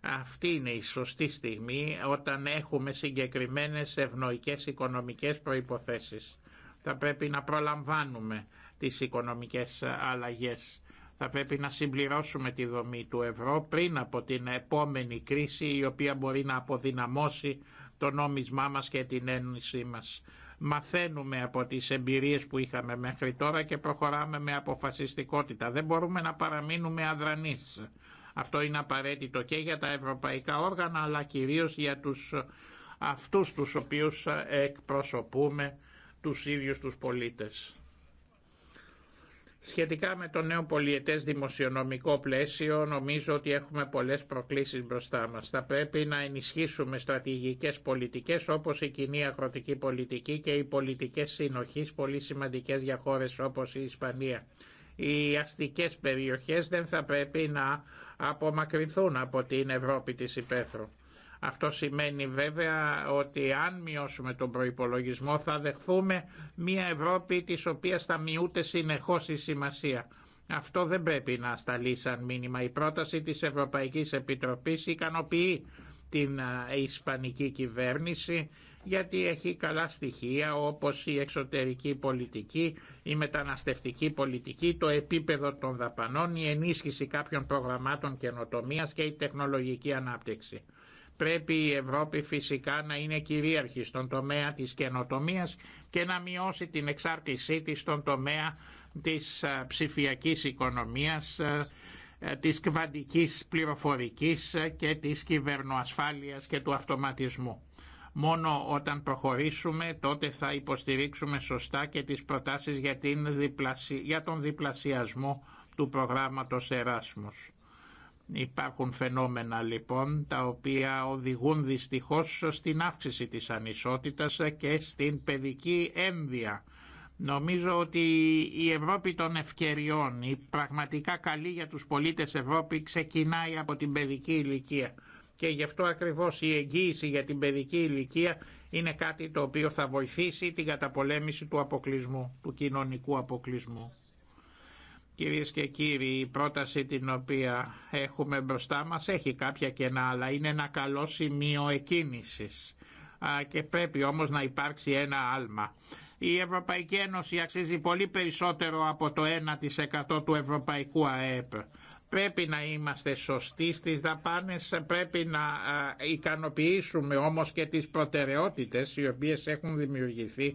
Αυτή είναι η σωστή στιγμή όταν έχουμε συγκεκριμένες ευνοϊκές οικονομικές προϋποθέσεις. Θα πρέπει να προλαμβάνουμε τις οικονομικές αλλαγές θα πρέπει να συμπληρώσουμε τη δομή του ευρώ πριν από την επόμενη κρίση η οποία μπορεί να αποδυναμώσει το νόμισμά μας και την ένωσή μας. Μαθαίνουμε από τις εμπειρίες που είχαμε μέχρι τώρα και προχωράμε με αποφασιστικότητα. Δεν μπορούμε να παραμείνουμε αδρανείς. Αυτό είναι απαραίτητο και για τα ευρωπαϊκά όργανα αλλά κυρίως για τους αυτούς τους οποίους εκπροσωπούμε τους ίδιους τους πολίτες. Σχετικά με το νέο πολιετές δημοσιονομικό πλαίσιο νομίζω ότι έχουμε πολλές προκλήσεις μπροστά μας. Θα πρέπει να ενισχύσουμε στρατηγικές πολιτικές όπως η κοινή αγροτική πολιτική και οι πολιτικές συνοχής πολύ σημαντικές για χώρες όπως η Ισπανία. Οι αστικές περιοχές δεν θα πρέπει να απομακρυνθούν από την Ευρώπη της υπαίθρου. Αυτό σημαίνει βέβαια ότι αν μειώσουμε τον προϋπολογισμό θα δεχθούμε μια Ευρώπη της οποίας θα μειούται συνεχώς η σημασία. Αυτό δεν πρέπει να σταλεί σαν μήνυμα. Η πρόταση της Ευρωπαϊκής Επιτροπής ικανοποιεί την Ισπανική κυβέρνηση γιατί έχει καλά στοιχεία όπως η εξωτερική πολιτική, η μεταναστευτική πολιτική, το επίπεδο των δαπανών, η ενίσχυση κάποιων προγραμμάτων καινοτομίας και η τεχνολογική ανάπτυξη. Πρέπει η Ευρώπη φυσικά να είναι κυρίαρχη στον τομέα της καινοτομίας και να μειώσει την εξάρτησή της στον τομέα της ε, ψηφιακής οικονομίας, ε, ε, της κβαντικής πληροφορικής και της κυβερνοασφάλειας και του αυτοματισμού. Μόνο όταν προχωρήσουμε τότε θα υποστηρίξουμε σωστά και τις προτάσεις για, την διπλασια... για τον διπλασιασμό του προγράμματος Εράσμους. Υπάρχουν φαινόμενα λοιπόν τα οποία οδηγούν δυστυχώς στην αύξηση της ανισότητας και στην παιδική ένδια. Νομίζω ότι η Ευρώπη των ευκαιριών, η πραγματικά καλή για τους πολίτες Ευρώπη ξεκινάει από την παιδική ηλικία. Και γι' αυτό ακριβώς η εγγύηση για την παιδική ηλικία είναι κάτι το οποίο θα βοηθήσει την καταπολέμηση του αποκλεισμού, του κοινωνικού αποκλεισμού. Κυρίες και κύριοι, η πρόταση την οποία έχουμε μπροστά μας έχει κάποια κενά, αλλά είναι ένα καλό σημείο εκκίνησης και πρέπει όμως να υπάρξει ένα άλμα. Η Ευρωπαϊκή Ένωση αξίζει πολύ περισσότερο από το 1% του Ευρωπαϊκού ΑΕΠ. Πρέπει να είμαστε σωστοί στις δαπάνες, πρέπει να ικανοποιήσουμε όμως και τις προτεραιότητες οι οποίες έχουν δημιουργηθεί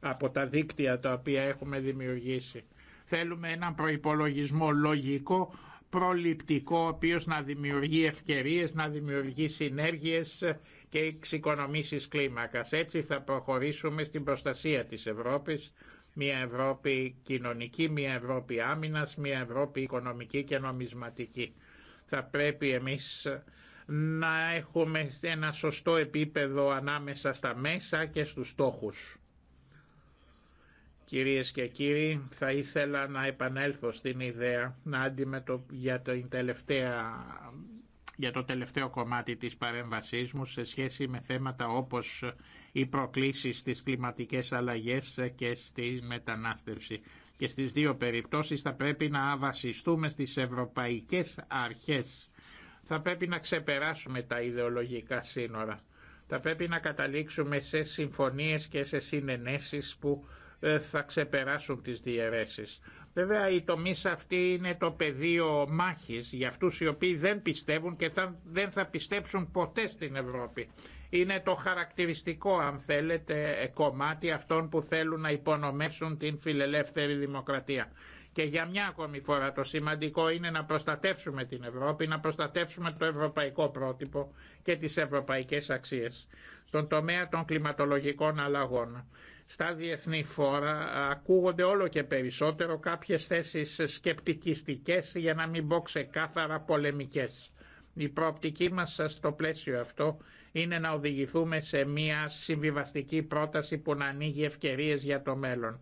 από τα δίκτυα τα οποία έχουμε δημιουργήσει. Θέλουμε έναν προϋπολογισμό λογικό, προληπτικό, ο οποίος να δημιουργεί ευκαιρίες, να δημιουργεί συνέργειες και εξοικονομήσεις κλίμακας. Έτσι θα προχωρήσουμε στην προστασία της Ευρώπης, μια Ευρώπη κοινωνική, μια Ευρώπη άμυνας, μια Ευρώπη οικονομική και νομισματική. Θα πρέπει εμείς να έχουμε ένα σωστό επίπεδο ανάμεσα στα μέσα και στους στόχους. Κυρίες και κύριοι, θα ήθελα να επανέλθω στην ιδέα να αντιμετω... για, το για το τελευταίο κομμάτι της παρέμβασής μου σε σχέση με θέματα όπως οι προκλήσεις στις κλιματικές αλλαγές και στη μετανάστευση. Και στις δύο περιπτώσεις θα πρέπει να βασιστούμε στις ευρωπαϊκές αρχές. Θα πρέπει να ξεπεράσουμε τα ιδεολογικά σύνορα. Θα πρέπει να καταλήξουμε σε συμφωνίες και σε συνενέσεις που ε, θα ξεπεράσουν τις διαιρέσεις. Βέβαια οι τομεί αυτή είναι το πεδίο μάχης για αυτούς οι οποίοι δεν πιστεύουν και δεν θα πιστέψουν ποτέ στην Ευρώπη. Είναι το χαρακτηριστικό αν θέλετε κομμάτι αυτών που θέλουν να υπονομεύσουν την φιλελεύθερη δημοκρατία. Και για μια ακόμη φορά το σημαντικό είναι να προστατεύσουμε την Ευρώπη, να προστατεύσουμε το ευρωπαϊκό πρότυπο και τις ευρωπαϊκές αξίες. Στον τομέα των κλιματολογικών αλλαγών στα διεθνή φόρα ακούγονται όλο και περισσότερο κάποιες θέσεις σκεπτικιστικές για να μην πω ξεκάθαρα πολεμικές. Η προοπτική μας στο πλαίσιο αυτό είναι να οδηγηθούμε σε μια συμβιβαστική πρόταση που να ανοίγει ευκαιρίες για το μέλλον.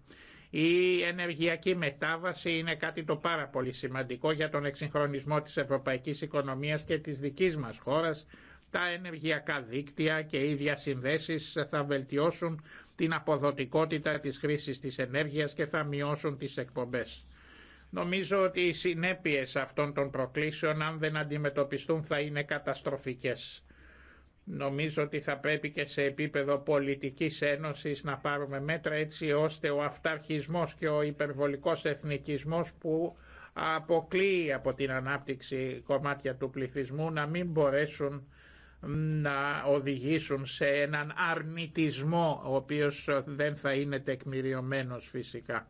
Η ενεργειακή μετάβαση είναι κάτι το πάρα πολύ σημαντικό για τον εξυγχρονισμό της ευρωπαϊκής οικονομίας και της δικής μας χώρας, τα ενεργειακά δίκτυα και οι διασυνδέσει θα βελτιώσουν την αποδοτικότητα της χρήσης της ενέργειας και θα μειώσουν τις εκπομπές. Νομίζω ότι οι συνέπειες αυτών των προκλήσεων αν δεν αντιμετωπιστούν θα είναι καταστροφικές. Νομίζω ότι θα πρέπει και σε επίπεδο πολιτικής ένωσης να πάρουμε μέτρα έτσι ώστε ο αυταρχισμός και ο υπερβολικός εθνικισμός που αποκλείει από την ανάπτυξη κομμάτια του πληθυσμού να μην μπορέσουν να οδηγήσουν σε έναν αρνητισμό ο οποίος δεν θα είναι τεκμηριωμένος φυσικά.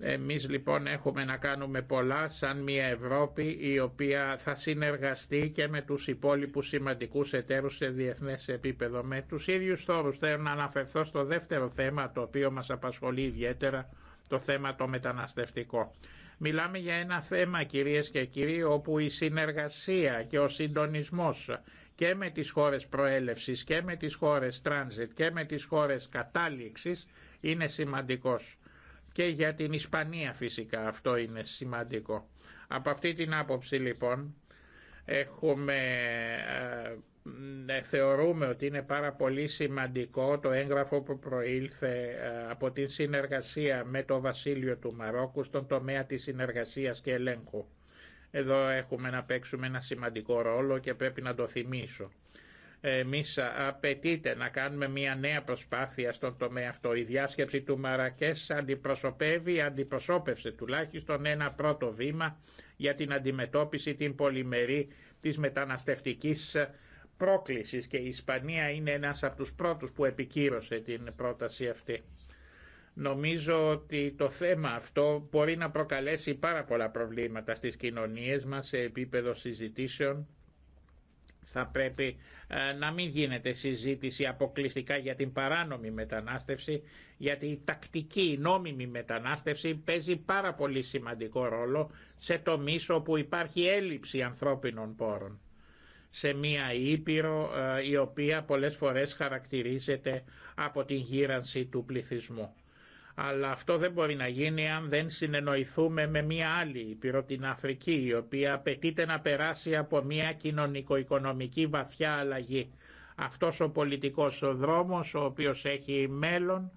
Εμείς λοιπόν έχουμε να κάνουμε πολλά σαν μια Ευρώπη η οποία θα συνεργαστεί και με τους υπόλοιπους σημαντικούς εταίρους σε διεθνές επίπεδο. Με τους ίδιους θόρους θέλω να αναφερθώ στο δεύτερο θέμα το οποίο μας απασχολεί ιδιαίτερα το θέμα το μεταναστευτικό. Μιλάμε για ένα θέμα κυρίες και κύριοι όπου η συνεργασία και ο συντονισμός και με τις χώρες προέλευσης και με τις χώρες τράνζιτ και με τις χώρες κατάληξης είναι σημαντικός. Και για την Ισπανία φυσικά αυτό είναι σημαντικό. Από αυτή την άποψη λοιπόν έχουμε ε, ναι, θεωρούμε ότι είναι πάρα πολύ σημαντικό το έγγραφο που προήλθε ε, από την συνεργασία με το Βασίλειο του Μαρόκου στον τομέα της συνεργασίας και ελέγχου. Εδώ έχουμε να παίξουμε ένα σημαντικό ρόλο και πρέπει να το θυμίσω. Εμείς απαιτείται να κάνουμε μια νέα προσπάθεια στον τομέα αυτό. Η διάσκεψη του Μαρακές αντιπροσωπεύει, αντιπροσώπευσε τουλάχιστον ένα πρώτο βήμα για την αντιμετώπιση την πολυμερή της μεταναστευτικής πρόκλησης και η Ισπανία είναι ένας από τους πρώτους που επικύρωσε την πρόταση αυτή. Νομίζω ότι το θέμα αυτό μπορεί να προκαλέσει πάρα πολλά προβλήματα στις κοινωνίες μας σε επίπεδο συζητήσεων. Θα πρέπει ε, να μην γίνεται συζήτηση αποκλειστικά για την παράνομη μετανάστευση, γιατί η τακτική, η νόμιμη μετανάστευση παίζει πάρα πολύ σημαντικό ρόλο σε τομείς όπου υπάρχει έλλειψη ανθρώπινων πόρων σε μία Ήπειρο ε, η οποία πολλές φορές χαρακτηρίζεται από την γύρανση του πληθυσμού. Αλλά αυτό δεν μπορεί να γίνει αν δεν συνεννοηθούμε με μία άλλη Ήπειρο, την Αφρική, η οποία απαιτείται να περάσει από μία κοινωνικο-οικονομική βαθιά αλλαγή. Αυτός ο πολιτικός δρόμος, ο οποίος έχει μέλλον,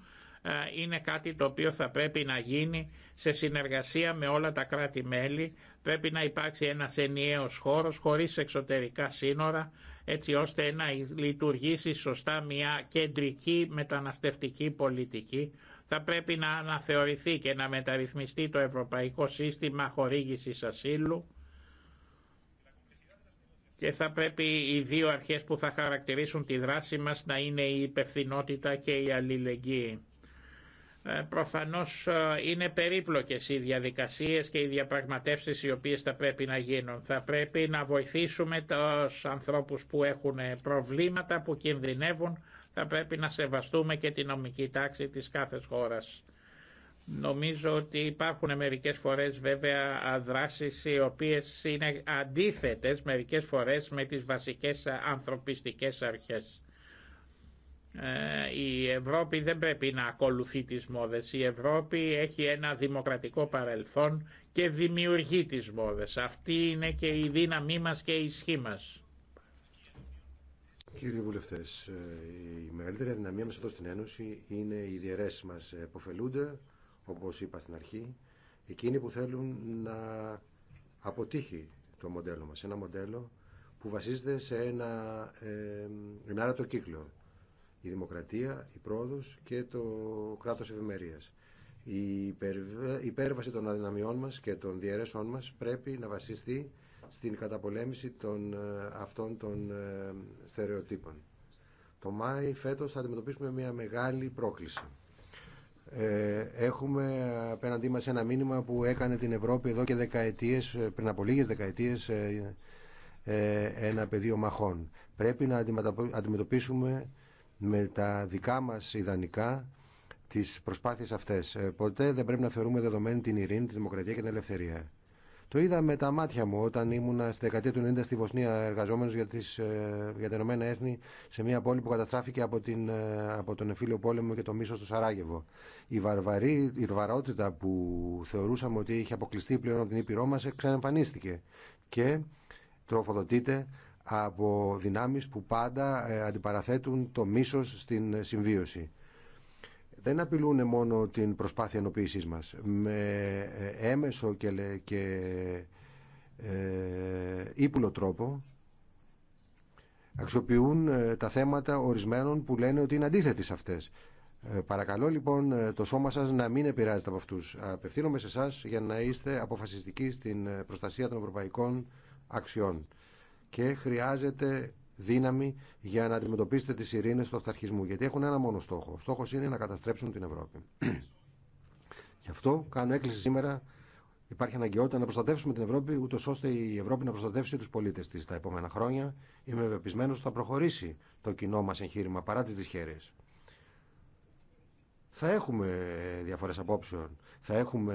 ε, είναι κάτι το οποίο θα πρέπει να γίνει σε συνεργασία με όλα τα κράτη-μέλη. Πρέπει να υπάρξει ένας ενιαίος χώρος χωρίς εξωτερικά σύνορα έτσι ώστε να λειτουργήσει σωστά μια κεντρική μεταναστευτική πολιτική. Θα πρέπει να αναθεωρηθεί και να μεταρρυθμιστεί το Ευρωπαϊκό Σύστημα Χορήγησης Ασύλου και θα πρέπει οι δύο αρχές που θα χαρακτηρίσουν τη δράση μας να είναι η υπευθυνότητα και η αλληλεγγύη. Ε, προφανώς ε, είναι περίπλοκες οι διαδικασίες και οι διαπραγματεύσεις οι οποίες θα πρέπει να γίνουν. Θα πρέπει να βοηθήσουμε τους ανθρώπους που έχουν προβλήματα, που κινδυνεύουν. Θα πρέπει να σεβαστούμε και την νομική τάξη της κάθε χώρας. Νομίζω ότι υπάρχουν μερικές φορές βέβαια δράσεις οι οποίες είναι αντίθετες μερικές φορές με τις βασικές ανθρωπιστικές αρχές. Ε, η Ευρώπη δεν πρέπει να ακολουθεί τις μόδες. Η Ευρώπη έχει ένα δημοκρατικό παρελθόν και δημιουργεί τις μόδες. Αυτή είναι και η δύναμή μας και η ισχύ μας. Κύριοι βουλευτέ, ε, η μεγαλύτερη αδυναμία μας εδώ στην Ένωση είναι οι διαιρέσεις μας εποφελούνται, όπως είπα στην αρχή, εκείνοι που θέλουν να αποτύχει το μοντέλο μας. Ένα μοντέλο που βασίζεται σε ένα ε, άρατο κύκλο η δημοκρατία, η πρόοδος και το κράτος ευημερίας. Η υπέρβαση των αδυναμιών μας και των διαιρέσεων μας πρέπει να βασιστεί στην καταπολέμηση των, ε, αυτών των ε, στερεοτύπων. Το Μάη φέτος θα αντιμετωπίσουμε μια μεγάλη πρόκληση. Ε, έχουμε απέναντί μας ένα μήνυμα που έκανε την Ευρώπη εδώ και δεκαετίες, πριν από λίγες δεκαετίες, ένα πεδίο μαχών. Πρέπει να αντιμετωπίσουμε με τα δικά μας ιδανικά τις προσπάθειες αυτές. Ε, ποτέ δεν πρέπει να θεωρούμε δεδομένη την ειρήνη, τη δημοκρατία και την ελευθερία. Το είδα με τα μάτια μου όταν ήμουνα στη δεκαετία του 90 στη Βοσνία εργαζόμενο για, τις, ε, για τα Ηνωμένα Έθνη σε μια πόλη που καταστράφηκε από, την, ε, από τον εμφύλιο πόλεμο και το μίσο στο Σαράγεβο. Η, βαρβαρή, η που θεωρούσαμε ότι είχε αποκλειστεί πλέον από την Ήπειρό μα ξαναεμφανίστηκε και τροφοδοτείται από δυνάμεις που πάντα ε, αντιπαραθέτουν το μίσος στην συμβίωση. Δεν απειλούν μόνο την προσπάθεια ενοποίησής μας. Με ε, έμεσο και, και ε, ύπουλο τρόπο αξιοποιούν τα θέματα ορισμένων που λένε ότι είναι αντίθετοι σε αυτές. Παρακαλώ λοιπόν το σώμα σας να μην επηρεάζεται από αυτούς. Απευθύνομαι σε εσά για να είστε αποφασιστικοί στην προστασία των ευρωπαϊκών αξιών και χρειάζεται δύναμη για να αντιμετωπίσετε τις ειρήνες του αυταρχισμού γιατί έχουν ένα μόνο στόχο. Ο στόχος είναι να καταστρέψουν την Ευρώπη. Γι' αυτό κάνω έκκληση σήμερα Υπάρχει αναγκαιότητα να προστατεύσουμε την Ευρώπη, ούτω ώστε η Ευρώπη να προστατεύσει τους πολίτες της. τα επόμενα χρόνια. Είμαι πεπισμένο ότι θα προχωρήσει το κοινό μα εγχείρημα παρά τις δυσχέρειες. Θα έχουμε διαφορές απόψεων, θα έχουμε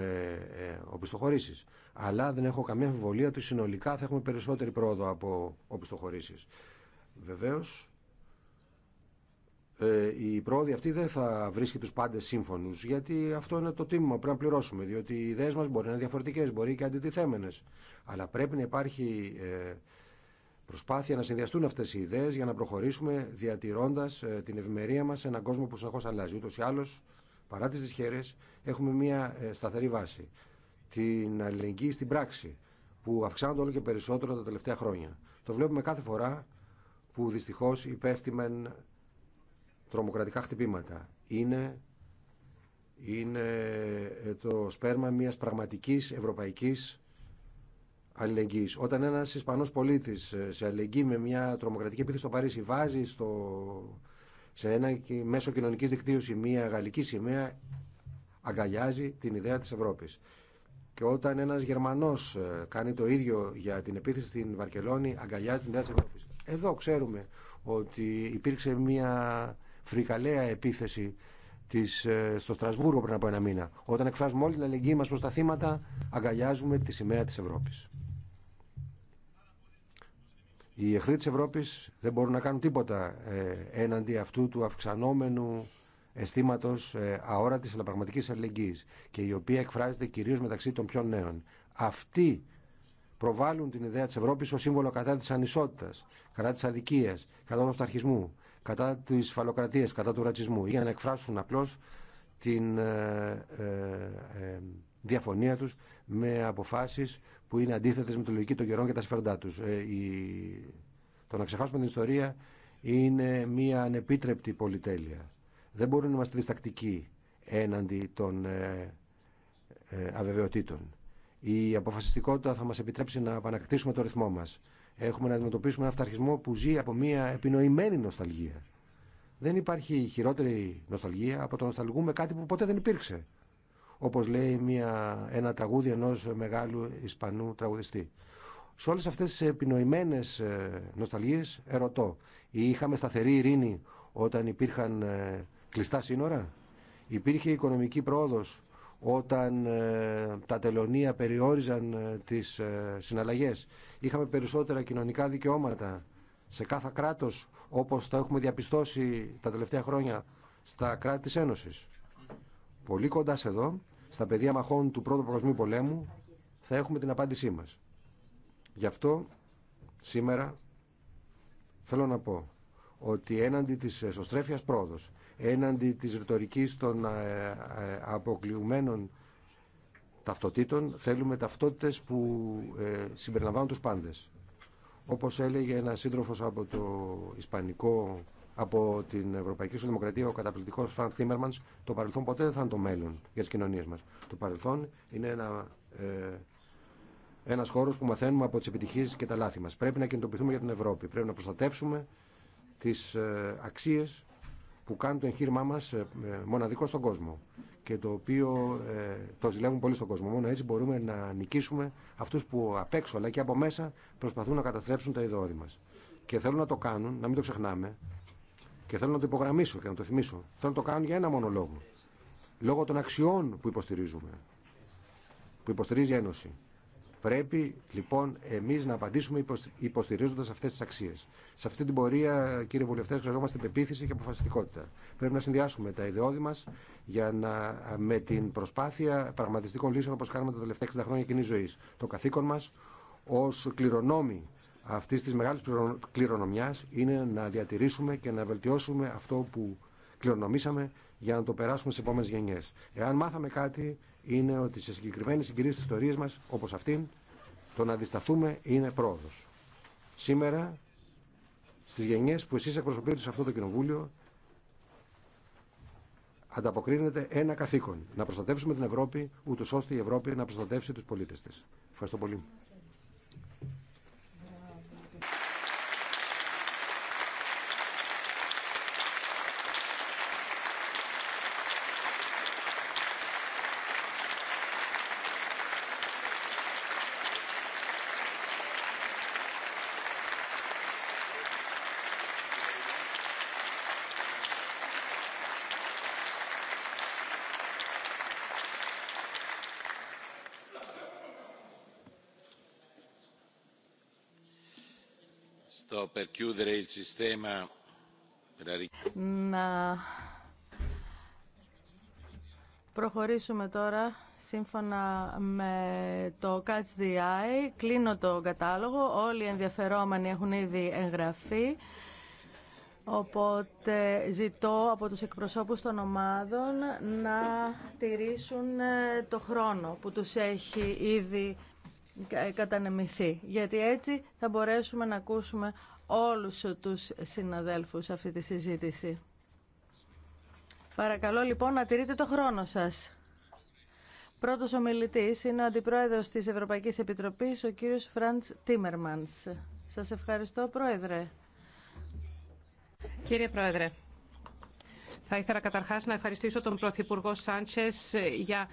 ε, οπισθοχωρήσεις. Αλλά δεν έχω καμία αμφιβολία ότι συνολικά θα έχουμε περισσότερη πρόοδο από οπισθοχωρήσεις. Βεβαίως, ε, η πρόοδη αυτή δεν θα βρίσκει τους πάντες σύμφωνους, γιατί αυτό είναι το τίμημα που πρέπει να πληρώσουμε, διότι οι ιδέες μας μπορεί να είναι διαφορετικές, μπορεί και αντιτιθέμενες. Αλλά πρέπει να υπάρχει ε, προσπάθεια να συνδυαστούν αυτές οι ιδέες για να προχωρήσουμε διατηρώντας την ευημερία μας σε έναν κόσμο που συνεχώς αλλάζει. Ούτως ή άλλως, παρά τις δυσχέρειες, έχουμε μια ε, σταθερή βάση. Την αλληλεγγύη στην πράξη, που αυξάνονται όλο και περισσότερο τα τελευταία χρόνια. Το βλέπουμε κάθε φορά που δυστυχώς υπέστημεν τρομοκρατικά χτυπήματα. Είναι, είναι ε, το σπέρμα μιας πραγματικής ευρωπαϊκής αλληλεγγύης. Όταν ένας Ισπανός πολίτης ε, σε αλληλεγγύη με μια τρομοκρατική επίθεση στο Παρίσι βάζει στο σε ένα μέσο κοινωνική δικτύωση μια γαλλική σημαία αγκαλιάζει την ιδέα της Ευρώπης. Και όταν ένας Γερμανός ε, κάνει το ίδιο για την επίθεση στην Βαρκελόνη, αγκαλιάζει την ιδέα της Ευρώπης. Εδώ ξέρουμε ότι υπήρξε μια φρικαλαία επίθεση της, ε, στο Στρασβούργο πριν από ένα μήνα. Όταν εκφράζουμε όλη την αλληλεγγύη μα προ τα θύματα, αγκαλιάζουμε τη σημαία της Ευρώπης. Οι εχθροί της Ευρώπης δεν μπορούν να κάνουν τίποτα ε, έναντι αυτού του αυξανόμενου αισθήματο ε, αόρατη αλλά πραγματική αλληλεγγύη και η οποία εκφράζεται κυρίω μεταξύ των πιο νέων. Αυτοί προβάλλουν την ιδέα τη Ευρώπη ως σύμβολο κατά τη ανισότητα, κατά της αδικίας, κατά του αυταρχισμού, κατά τη φαλοκρατία, κατά του ρατσισμού, για να εκφράσουν απλώ την ε, διαφωνία τους με αποφάσεις που είναι αντίθετες με τη λογική των καιρών και τα συμφέροντά τους. Ε, η... Το να ξεχάσουμε την ιστορία είναι μια ανεπίτρεπτη πολυτέλεια. Δεν μπορούμε να είμαστε διστακτικοί έναντι των ε, ε, αβεβαιοτήτων. Η αποφασιστικότητα θα μας επιτρέψει να επανακτήσουμε το ρυθμό μας. Έχουμε να αντιμετωπίσουμε ένα αυταρχισμό που ζει από μια επινοημένη νοσταλγία. Δεν υπάρχει χειρότερη νοσταλγία από το να νοσταλγούμε κάτι που ποτέ δεν υπήρξε όπως λέει μια, ένα τραγούδι ενός μεγάλου Ισπανού τραγουδιστή. Σε όλες αυτές τις επινοημένες ε, νοσταλγίες ερωτώ, είχαμε σταθερή ειρήνη όταν υπήρχαν ε, κλειστά σύνορα, υπήρχε οικονομική πρόοδος όταν ε, τα τελωνία περιόριζαν τις συναλλαγές, είχαμε περισσότερα κοινωνικά δικαιώματα σε κάθε κράτος όπως τα έχουμε διαπιστώσει τα τελευταία χρόνια στα κράτη της Ένωσης πολύ κοντά σε εδώ, στα πεδία μαχών του Πρώτου Παγκοσμίου Πολέμου, θα έχουμε την απάντησή μας. Γι' αυτό σήμερα θέλω να πω ότι έναντι της εσωστρέφειας πρόοδος, έναντι της ρητορική των ε, ε, αποκλειουμένων ταυτοτήτων, θέλουμε ταυτότητες που ε, συμπεριλαμβάνουν τους πάντες. Όπως έλεγε ένα σύντροφος από το Ισπανικό από την Ευρωπαϊκή Σοδημοκρατία ο καταπληκτικό Φρανκ Τίμερμαν, το παρελθόν ποτέ δεν θα είναι το μέλλον για τι κοινωνίε μα. Το παρελθόν είναι ένα. Ε, ένα χώρο που μαθαίνουμε από τι επιτυχίε και τα λάθη μα. Πρέπει να κινητοποιηθούμε για την Ευρώπη. Πρέπει να προστατεύσουμε τι ε, αξίε που κάνουν το εγχείρημά μα ε, ε, μοναδικό στον κόσμο και το οποίο το ζηλεύουν πολύ στον κόσμο. Μόνο έτσι μπορούμε να νικήσουμε αυτού που απ' έξω αλλά και από μέσα προσπαθούν να καταστρέψουν τα ιδεώδη μα. Και θέλουν να το κάνουν, να μην το ξεχνάμε, και θέλω να το υπογραμμίσω και να το θυμίσω. Θέλω να το κάνω για ένα μόνο λόγο. Λόγω των αξιών που υποστηρίζουμε. Που υποστηρίζει η Ένωση. Πρέπει λοιπόν εμεί να απαντήσουμε υποστηρίζοντα αυτέ τι αξίε. Σε αυτή την πορεία, κύριε Βουλευτέ, χρειαζόμαστε πεποίθηση και αποφασιστικότητα. Πρέπει να συνδυάσουμε τα ιδεώδη μα με την προσπάθεια πραγματιστικών λύσεων όπω κάνουμε τα τελευταία 60 χρόνια κοινή ζωή. Το καθήκον μα ω κληρονόμοι αυτή τη μεγάλη κληρονομιά είναι να διατηρήσουμε και να βελτιώσουμε αυτό που κληρονομήσαμε για να το περάσουμε στι επόμενε γενιέ. Εάν μάθαμε κάτι, είναι ότι σε συγκεκριμένε συγκυρίε τη ιστορία μα, όπω αυτήν, το να αντισταθούμε είναι πρόοδο. Σήμερα, στι γενιέ που εσεί εκπροσωπείτε σε αυτό το κοινοβούλιο, ανταποκρίνεται ένα καθήκον: να προστατεύσουμε την Ευρώπη, ούτω ώστε η Ευρώπη να προστατεύσει του πολίτε τη. Ευχαριστώ πολύ. Να προχωρήσουμε τώρα σύμφωνα με το Catch the Eye. Κλείνω το κατάλογο. Όλοι οι ενδιαφερόμενοι έχουν ήδη εγγραφεί. Οπότε ζητώ από τους εκπροσώπους των ομάδων να τηρήσουν ε, το χρόνο που τους έχει ήδη κατανεμηθεί. Γιατί έτσι θα μπορέσουμε να ακούσουμε όλους τους συναδέλφους αυτή τη συζήτηση. Παρακαλώ λοιπόν να τηρείτε το χρόνο σας. Πρώτος ομιλητής είναι ο Αντιπρόεδρος της Ευρωπαϊκής Επιτροπής, ο κύριος Φραντς Τίμερμανς. Σας ευχαριστώ, Πρόεδρε. Κύριε Πρόεδρε, θα ήθελα καταρχάς να ευχαριστήσω τον Πρωθυπουργό Σάντσες για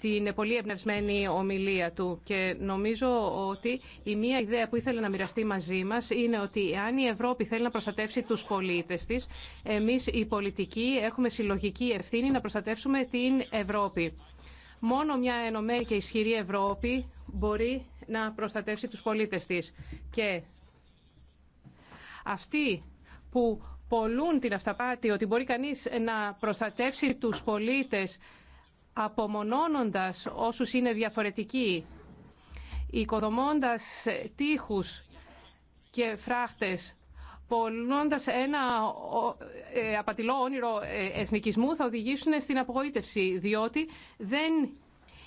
την πολύ εμπνευσμένη ομιλία του και νομίζω ότι η μία ιδέα που ήθελε να μοιραστεί μαζί μας είναι ότι αν η Ευρώπη θέλει να προστατεύσει τους πολίτες της, εμείς οι πολιτικοί έχουμε συλλογική ευθύνη να προστατεύσουμε την Ευρώπη. Μόνο μια ενωμένη και ισχυρή Ευρώπη μπορεί να προστατεύσει τους πολίτες της. Και αυτοί που πολλούν την αυταπάτη ότι μπορεί κανείς να προστατεύσει τους πολίτες απομονώνοντας όσους είναι διαφορετικοί, οικοδομώντας τείχους και φράχτες, πολλώντας ένα ε, απατηλό όνειρο ε, εθνικισμού θα οδηγήσουν στην απογοήτευση, διότι δεν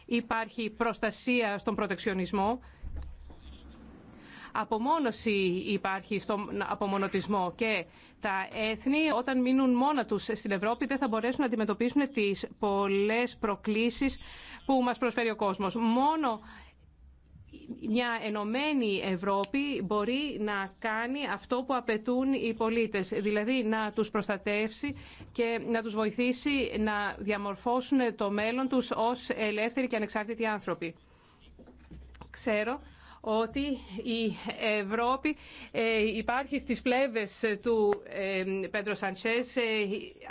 υπάρχει προστασία στον προτεξιονισμό, απομόνωση υπάρχει στον απομονωτισμό και τα έθνη όταν μείνουν μόνα τους στην Ευρώπη δεν θα μπορέσουν να αντιμετωπίσουν τις πολλές προκλήσεις που μας προσφέρει ο κόσμος. Μόνο μια ενωμένη Ευρώπη μπορεί να κάνει αυτό που απαιτούν οι πολίτες, δηλαδή να τους προστατεύσει και να τους βοηθήσει να διαμορφώσουν το μέλλον τους ως ελεύθεροι και ανεξάρτητοι άνθρωποι. Ξέρω ότι η Ευρώπη ε, υπάρχει στις πλεύρες του ε, Πέντρο Σαντσές, ε,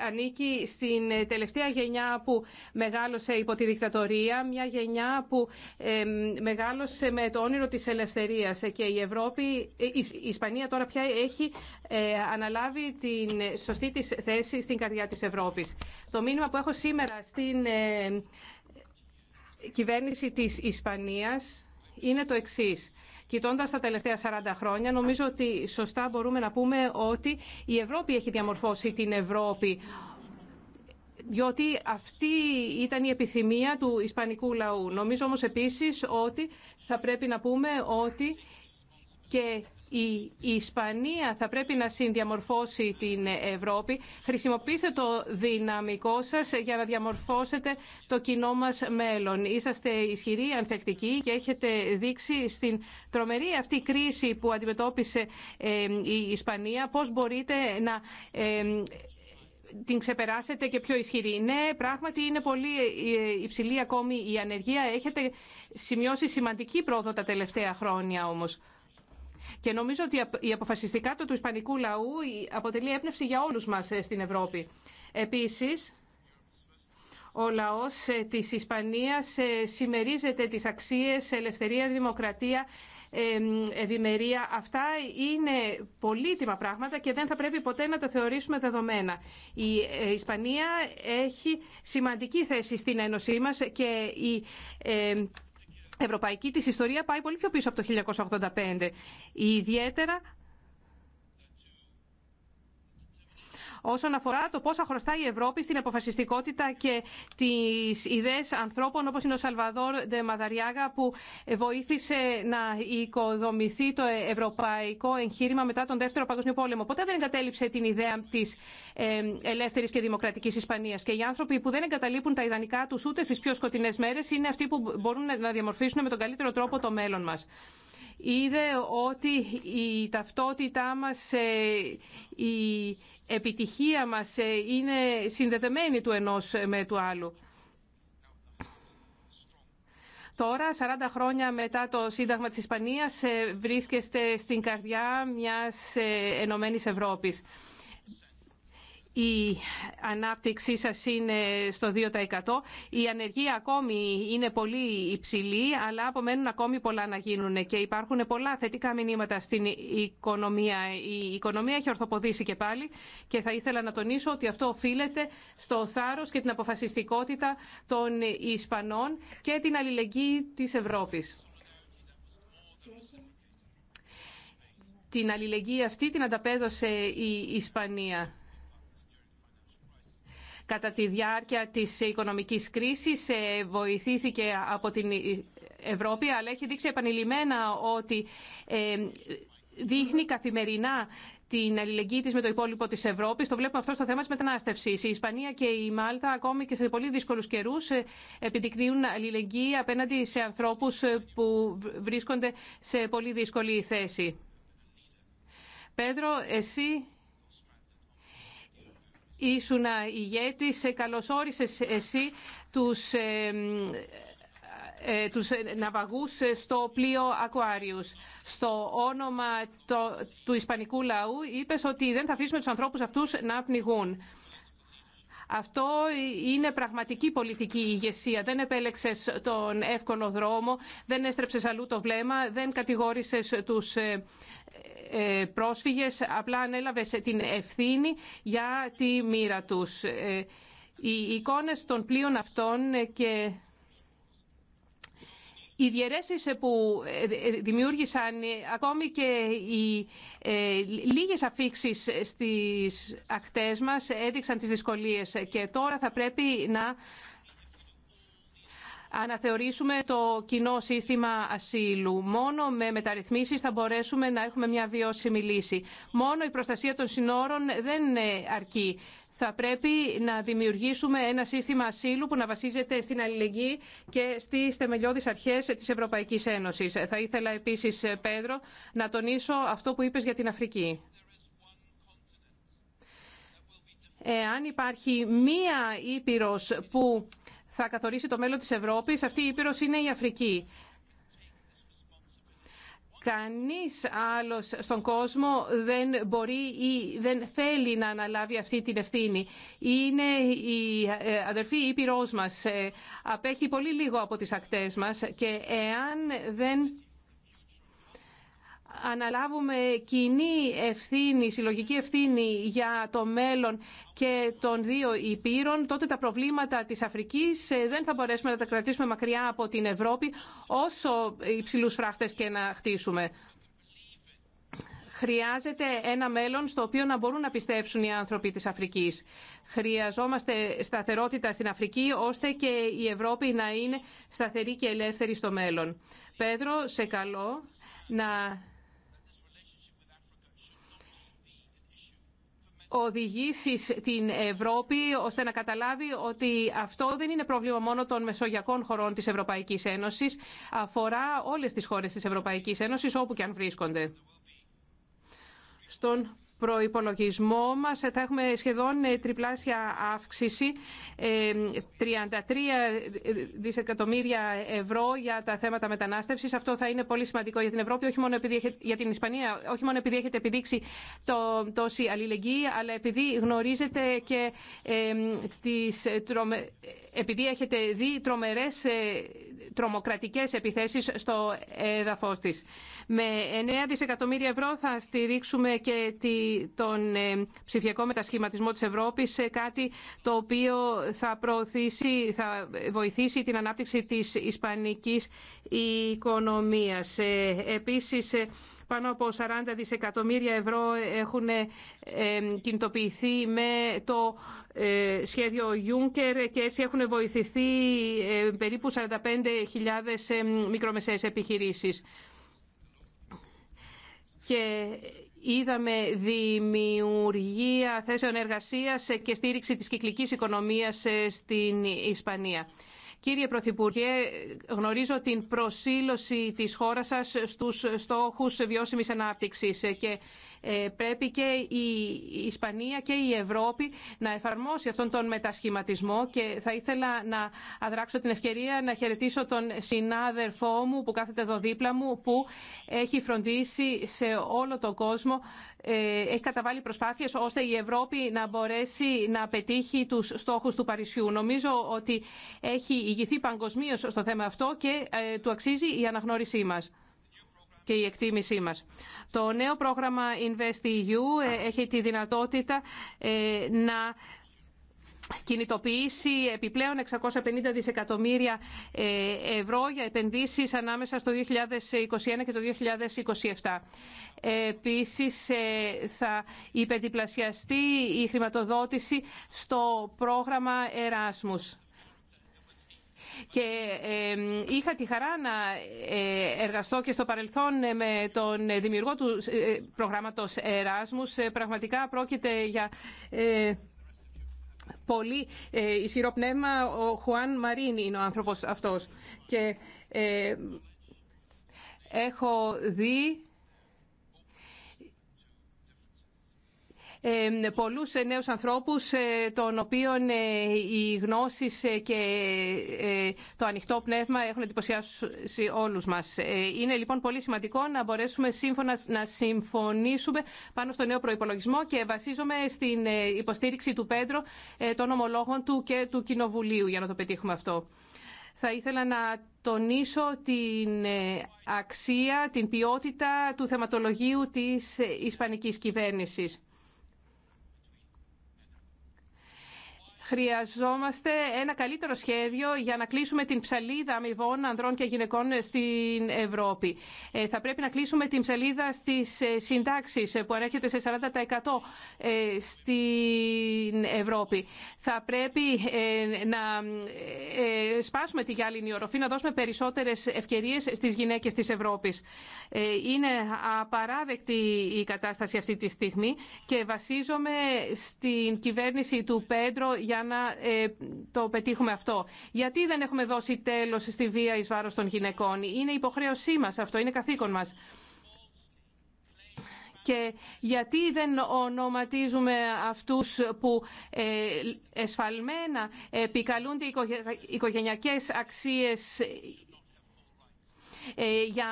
ανήκει στην τελευταία γενιά που μεγάλωσε υπό τη δικτατορία, μια γενιά που μεγάλωσε με το όνειρο της ελευθερίας και η Ευρώπη, η Ισπανία τώρα πια έχει αναλάβει την σωστή της θέση στην καρδιά της Ευρώπης. Το μήνυμα που έχω σήμερα στην κυβέρνηση της Ισπανίας είναι το εξή. Κοιτώντα τα τελευταία 40 χρόνια, νομίζω ότι σωστά μπορούμε να πούμε ότι η Ευρώπη έχει διαμορφώσει την Ευρώπη διότι αυτή ήταν η επιθυμία του ισπανικού λαού. Νομίζω όμως επίσης ότι θα πρέπει να πούμε ότι και η Ισπανία θα πρέπει να συνδιαμορφώσει την Ευρώπη. Χρησιμοποιήστε το δυναμικό σας για να διαμορφώσετε το κοινό μας μέλλον. Είσαστε ισχυροί, ανθεκτικοί και έχετε δείξει στην τρομερή αυτή κρίση που αντιμετώπισε ε, η Ισπανία πώς μπορείτε να ε, την ξεπεράσετε και πιο ισχυρή. Ναι, πράγματι είναι πολύ ε, υψηλή ακόμη η ανεργία. Έχετε σημειώσει σημαντική πρόοδο τα τελευταία χρόνια όμως. Και νομίζω ότι η αποφασιστικά του ισπανικού λαού αποτελεί έπνευση για όλους μας ε, στην Ευρώπη. Επίσης, ο λαός ε, της Ισπανίας ε, συμμερίζεται τις αξίες ελευθερία, δημοκρατία, ευημερία. Αυτά είναι πολύτιμα πράγματα και δεν θα πρέπει ποτέ να τα θεωρήσουμε δεδομένα. Η Ισπανία έχει σημαντική θέση στην Ένωσή μας και η ευρωπαϊκή της ιστορία πάει πολύ πιο πίσω από το 1985. Ιδιαίτερα όσον αφορά το πόσα χρωστάει η Ευρώπη στην αποφασιστικότητα και τι ιδέε ανθρώπων όπω είναι ο Σαλβαδόρ Ντε Μαδαριάγα που βοήθησε να οικοδομηθεί το ευρωπαϊκό εγχείρημα μετά τον Δεύτερο Παγκόσμιο Πόλεμο. Ποτέ δεν εγκατέλειψε την ιδέα τη ε, ελεύθερη και δημοκρατική Ισπανία. Και οι άνθρωποι που δεν εγκαταλείπουν τα ιδανικά του ούτε στι πιο σκοτεινέ μέρε είναι αυτοί που μπορούν να διαμορφήσουν με τον καλύτερο τρόπο το μέλλον μα είδε ότι η ταυτότητά μας, ε, η επιτυχία μας ε, είναι συνδεδεμένη του ενός ε, με του άλλου. Τώρα, 40 χρόνια μετά το Σύνταγμα της Ισπανίας, ε, βρίσκεστε στην καρδιά μιας Ενωμένης Ευρώπης η ανάπτυξή σας είναι στο 2%. Η ανεργία ακόμη είναι πολύ υψηλή, αλλά απομένουν ακόμη πολλά να γίνουν και υπάρχουν πολλά θετικά μηνύματα στην οικονομία. Η οικονομία έχει ορθοποδήσει και πάλι και θα ήθελα να τονίσω ότι αυτό οφείλεται στο θάρρος και την αποφασιστικότητα των Ισπανών και την αλληλεγγύη της Ευρώπης. Την αλληλεγγύη αυτή την ανταπέδωσε η Ισπανία. Κατά τη διάρκεια της οικονομικής κρίσης ε, βοηθήθηκε από την Ευρώπη, αλλά έχει δείξει επανειλημμένα ότι ε, δείχνει καθημερινά την αλληλεγγύη τη με το υπόλοιπο τη Ευρώπη. Το βλέπουμε αυτό στο θέμα τη μετανάστευση. Η Ισπανία και η Μάλτα, ακόμη και σε πολύ δύσκολου καιρού, ε, επιδεικνύουν αλληλεγγύη απέναντι σε ανθρώπου που βρίσκονται σε πολύ δύσκολη θέση. εσύ ήσουν ηγέτης, καλωσόρισες εσύ τους, ε, ε, ε, τους ναυαγούς στο πλοίο Aquarius. Στο όνομα το, του ισπανικού λαού είπες ότι δεν θα αφήσουμε τους ανθρώπους αυτούς να πνιγούν. Αυτό είναι πραγματική πολιτική ηγεσία. Δεν επέλεξες τον εύκολο δρόμο, δεν έστρεψες αλλού το βλέμμα, δεν κατηγόρησες του ε, ε, πρόσφυγες απλά ανέλαβε την ευθύνη για τη μοίρα τους. Ε, οι εικόνες των πλοίων αυτών και οι διαιρέσεις που ε, δημιούργησαν ακόμη και οι λίγες αφήξεις στις ακτές μας έδειξαν τις δυσκολίες και τώρα θα πρέπει να αναθεωρήσουμε το κοινό σύστημα ασύλου. Μόνο με μεταρρυθμίσεις θα μπορέσουμε να έχουμε μια βιώσιμη λύση. Μόνο η προστασία των συνόρων δεν αρκεί. Θα πρέπει να δημιουργήσουμε ένα σύστημα ασύλου που να βασίζεται στην αλληλεγγύη και στι θεμελιώδει αρχέ τη Ευρωπαϊκή Ένωση. Θα ήθελα επίση, Πέδρο, να τονίσω αυτό που είπε για την Αφρική. Εάν υπάρχει μία ήπειρος που θα καθορίσει το μέλλον της Ευρώπης. Αυτή η Ήπειρος είναι η Αφρική. Κανείς άλλος στον κόσμο δεν μπορεί ή δεν θέλει να αναλάβει αυτή την ευθύνη. Είναι η ε, αδερφή Ήπειρός μας. Ε, απέχει πολύ λίγο από τις ακτές μας και εάν δεν αναλάβουμε κοινή ευθύνη, συλλογική ευθύνη για το μέλλον και των δύο υπήρων, τότε τα προβλήματα της Αφρικής ε, δεν θα μπορέσουμε να τα κρατήσουμε μακριά από την Ευρώπη όσο υψηλούς φράχτες και να χτίσουμε. Χρειάζεται ένα μέλλον στο οποίο να μπορούν να πιστέψουν οι άνθρωποι της Αφρικής. Χρειαζόμαστε σταθερότητα στην Αφρική, ώστε και η Ευρώπη να είναι σταθερή και ελεύθερη στο μέλλον. Πέδρο, σε καλό να οδηγήσει την Ευρώπη ώστε να καταλάβει ότι αυτό δεν είναι πρόβλημα μόνο των μεσογειακών χωρών της Ευρωπαϊκής Ένωσης, αφορά όλες τις χώρες της Ευρωπαϊκής Ένωσης όπου και αν βρίσκονται. Στον προϋπολογισμό μας θα έχουμε σχεδόν ε, τριπλάσια αύξηση, 33 ε, ε, δισεκατομμύρια ευρώ για τα θέματα μετανάστευσης. Αυτό θα είναι πολύ σημαντικό για την Ευρώπη, όχι μόνο επειδή για την Ισπανία, όχι μόνο επειδή έχετε επιδείξει το, τόση αλληλεγγύη, αλλά επειδή γνωρίζετε και τις, επειδή έχετε δει τρομερές τρομοκρατικές επιθέσεις στο έδαφος της. Με 9 δισεκατομμύρια ευρώ θα στηρίξουμε και τον ε, ψηφιακό μετασχηματισμό της Ευρώπης σε κάτι το οποίο θα, προωθήσει, θα βοηθήσει την ανάπτυξη της ισπανικής οικονομίας. Ε, επίσης, ε, πάνω από 40 δισεκατομμύρια ευρώ έχουν ε, κινητοποιηθεί με το ε, σχέδιο Juncker και έτσι έχουν βοηθηθεί ε, περίπου 45.000 μικρομεσαίες επιχειρήσεις. Και είδαμε δημιουργία θέσεων εργασίας και στήριξη της κυκλικής οικονομίας στην Ισπανία. Κύριε Πρωθυπουργέ, γνωρίζω την προσήλωση της χώρας σας στους στόχους βιώσιμης ανάπτυξης και ε, πρέπει και η Ισπανία και η Ευρώπη να εφαρμόσει αυτόν τον μετασχηματισμό και θα ήθελα να αδράξω την ευκαιρία να χαιρετήσω τον συνάδελφό μου που κάθεται εδώ δίπλα μου που έχει φροντίσει σε όλο τον κόσμο ε, έχει καταβάλει προσπάθειες ώστε η Ευρώπη να μπορέσει να πετύχει τους στόχους του Παρισιού. Νομίζω ότι έχει ηγηθεί παγκοσμίω στο θέμα αυτό και ε, του αξίζει η αναγνώρισή μας και η εκτίμησή μας. Το νέο πρόγραμμα InvestEU ε, έχει τη δυνατότητα ε, να κινητοποιήσει επιπλέον 650 δισεκατομμύρια ε, ευρώ για επενδύσεις ανάμεσα στο 2021 και το 2027. Επίσης θα υπερδιπλασιαστεί η χρηματοδότηση στο πρόγραμμα Erasmus και είχα τη χαρά να ε, εργαστώ και στο παρελθόν ε, με τον δημιουργό του ε, προγράμματος Εράσμους. Πραγματικά πρόκειται για πολύ ισχυρό πνεύμα. Ο Χουάν Μαρίν είναι ο άνθρωπος αυτός. Και έχω δει πολλούς ε, νέους ανθρώπους ε, των οποίων ε, οι γνώσεις και το ανοιχτό πνεύμα έχουν εντυπωσιάσει όλους μας. Είναι λοιπόν πολύ σημαντικό να μπορέσουμε σύμφωνα να συμφωνήσουμε πάνω στο νέο προϋπολογισμό και βασίζομαι στην υποστήριξη του Πέντρο, των ομολόγων του και του Κοινοβουλίου για να το πετύχουμε αυτό. Θα ήθελα να τονίσω την αξία, την ποιότητα του θεματολογίου της Ισπανικής κυβέρνησης. Χρειαζόμαστε ένα καλύτερο σχέδιο για να κλείσουμε την ψαλίδα αμοιβών ανδρών και γυναικών στην Ευρώπη. Ε, θα πρέπει να κλείσουμε την ψαλίδα στις ε, συντάξεις ε, που ανέρχεται σε 40% στην Ευρώπη. Θα πρέπει να σπάσουμε τη γυάλινη οροφή, να δώσουμε περισσότερες ευκαιρίες στις γυναίκες της Ευρώπης. είναι απαράδεκτη η κατάσταση αυτή τη στιγμή και βασίζομαι στην κυβέρνηση του Πέντρο για για να ε, το πετύχουμε αυτό. Γιατί δεν έχουμε δώσει τέλος στη βία ει βάρος των γυναικών. Είναι υποχρέωσή μας αυτό, είναι καθήκον μας. Και γιατί δεν ονοματίζουμε αυτούς που ε, εσφαλμένα επικαλούνται οικογενειακές αξίες ε, για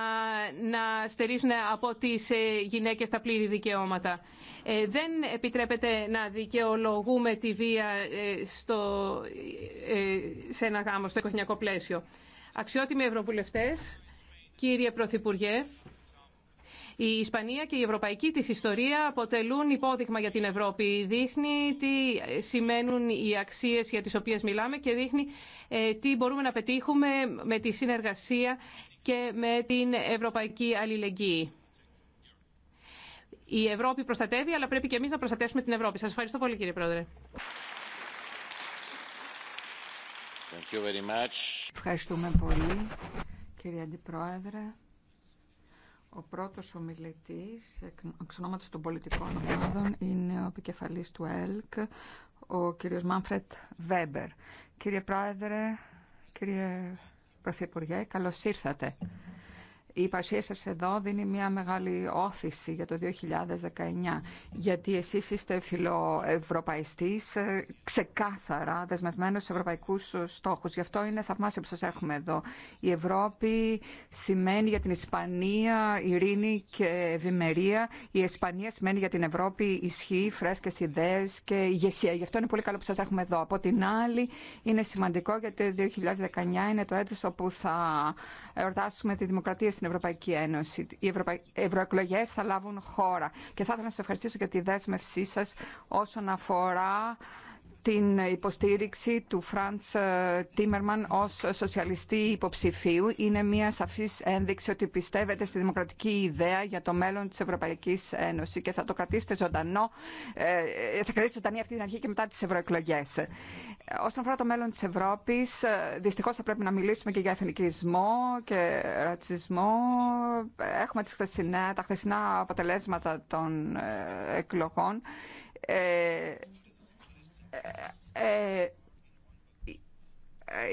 να στερήσουν από τις γυναίκες τα πλήρη δικαιώματα. Ε, δεν επιτρέπεται να δικαιολογούμε τη βία ε, στο, ε, σε ένα γάμο, στο οικογενειακό πλαίσιο. Αξιότιμοι Ευρωβουλευτές, κύριε Πρωθυπουργέ, η Ισπανία και η ευρωπαϊκή της ιστορία αποτελούν υπόδειγμα για την Ευρώπη. Δείχνει τι σημαίνουν οι αξίες για τις οποίες μιλάμε και δείχνει τι μπορούμε να πετύχουμε με τη συνεργασία και με την ευρωπαϊκή αλληλεγγύη. Η Ευρώπη προστατεύει, αλλά πρέπει και εμεί να προστατεύσουμε την Ευρώπη. Σα ευχαριστώ πολύ κύριε Πρόεδρε. Ευχαριστούμε πολύ κύριε Αντιπρόεδρε. Ο πρώτος ομιλητής εξ ονόματος των πολιτικών ομάδων είναι ο επικεφαλής του ΕΛΚ, ο κύριος Μάνφρετ Βέμπερ. Κύριε Πρόεδρε, κύριε Πρωθυπουργέ, καλώς ήρθατε η παρουσία σας εδώ δίνει μια μεγάλη όθηση για το 2019, γιατί εσείς είστε φιλοευρωπαϊστής, ε, ξεκάθαρα δεσμευμένος σε ευρωπαϊκούς ε, στόχους. Γι' αυτό είναι θαυμάσιο που σας έχουμε εδώ. Η Ευρώπη σημαίνει για την Ισπανία ειρήνη και ευημερία. Η Ισπανία σημαίνει για την Ευρώπη ισχύ, φρέσκες ιδέες και ηγεσία. Γι' αυτό είναι πολύ καλό που σας έχουμε εδώ. Από την άλλη, είναι σημαντικό γιατί το 2019 είναι το έτος όπου θα εορτάσουμε τη δημοκρατία στην Ευρωπαϊκή Ένωση. Οι ευρωπα... ευρωεκλογέ θα λάβουν χώρα. Και θα ήθελα να σα ευχαριστήσω για τη δέσμευσή σα όσον αφορά την υποστήριξη του Φραντς ε, Τίμερμαν ως σοσιαλιστή υποψηφίου είναι μια σαφής ένδειξη ότι πιστεύετε στη δημοκρατική ιδέα για το μέλλον της Ευρωπαϊκής Ένωσης και θα το κρατήσετε ζωντανό, ε, θα κρατήσετε ζωντανή αυτή την αρχή και μετά τις ευρωεκλογέ. Όσον αφορά το μέλλον της Ευρώπης, ε, δυστυχώς θα πρέπει να μιλήσουμε και για εθνικισμό και ρατσισμό. Έχουμε τα χθεσινά αποτελέσματα των εκλογών. Ε, ε, ε,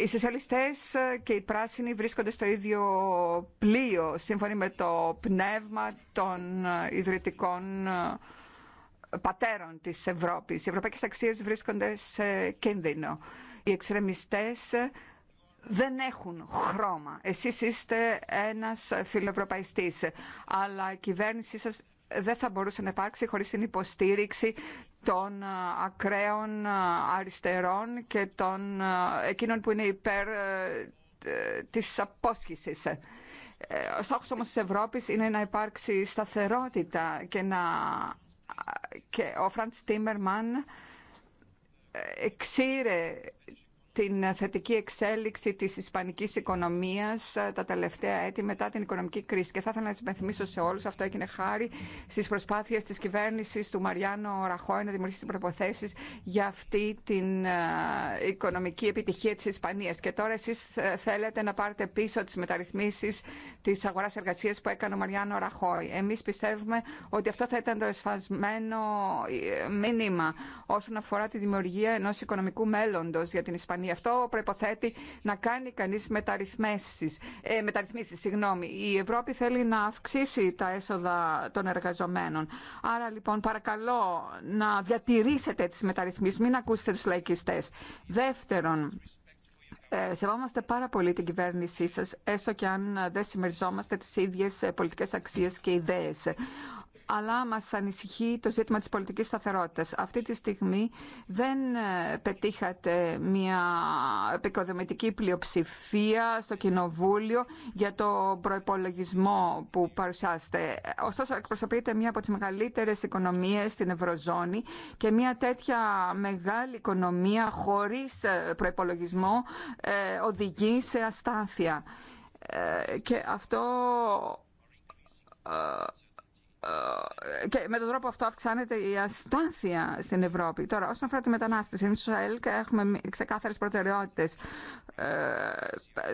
οι σοσιαλιστές και οι πράσινοι βρίσκονται στο ίδιο πλοίο σύμφωνα με το πνεύμα των ιδρυτικών πατέρων της Ευρώπης. Οι ευρωπαϊκές αξίες βρίσκονται σε κίνδυνο. Οι εξτρεμιστές δεν έχουν χρώμα. Εσείς είστε ένας φιλοευρωπαϊστής, αλλά η κυβέρνησή σας δεν θα μπορούσε να υπάρξει χωρίς την υποστήριξη των ε, ακραίων ε, αριστερών και των ε, εκείνων που είναι υπέρ της απόσχησης. Ο στόχος όμως της Ευρώπης είναι να υπάρξει σταθερότητα και, να... και ο Φραντς Τίμερμαν εξήρε την θετική εξέλιξη της ισπανικής οικονομίας ε, τα τελευταία έτη μετά την οικονομική κρίση. Και θα ήθελα να σας υπενθυμίσω σε όλους, αυτό έγινε χάρη στις προσπάθειες της κυβέρνησης του Μαριάνο Ραχώη να δημιουργήσει προποθέσεις για αυτή την ε, οικονομική επιτυχία της Ισπανίας. Και τώρα εσείς ε, θέλετε να πάρετε πίσω τις μεταρρυθμίσεις της αγοράς εργασίας που έκανε ο Μαριάνο Ραχώη. Εμείς πιστεύουμε ότι αυτό θα ήταν το εσφασμένο μήνυμα όσον αφορά τη δημιουργία ενός οικονομικού μέλλοντος για την Ισπανία αυτό προποθέτει να κάνει κανεί μεταρρυθμίσει. Ε, μεταρρυθμίσεις, Η Ευρώπη θέλει να αυξήσει τα έσοδα των εργαζομένων. Άρα λοιπόν παρακαλώ να διατηρήσετε τι μεταρρυθμίσει, μην ακούσετε του λαϊκιστέ. Δεύτερον, ε, σεβόμαστε πάρα πολύ την κυβέρνησή σας, έστω και αν δεν συμμεριζόμαστε τις ίδιες ε, πολιτικές αξίες και ιδέες αλλά μας ανησυχεί το ζήτημα της πολιτικής σταθερότητας. Αυτή τη στιγμή δεν ε, πετύχατε μια επικοδομητική πλειοψηφία στο Κοινοβούλιο για το προϋπολογισμό που παρουσιάσετε. Ωστόσο, εκπροσωπείτε μια από τις μεγαλύτερες οικονομίες στην Ευρωζώνη και μια τέτοια μεγάλη οικονομία χωρίς ε, προεπολογισμό ε, οδηγεί σε αστάθεια. Και αυτό ε, και με τον τρόπο αυτό αυξάνεται η αστάθεια στην Ευρώπη. Τώρα, όσον αφορά τη μετανάστευση, εμεί στο και έχουμε ξεκάθαρε προτεραιότητε. Ε,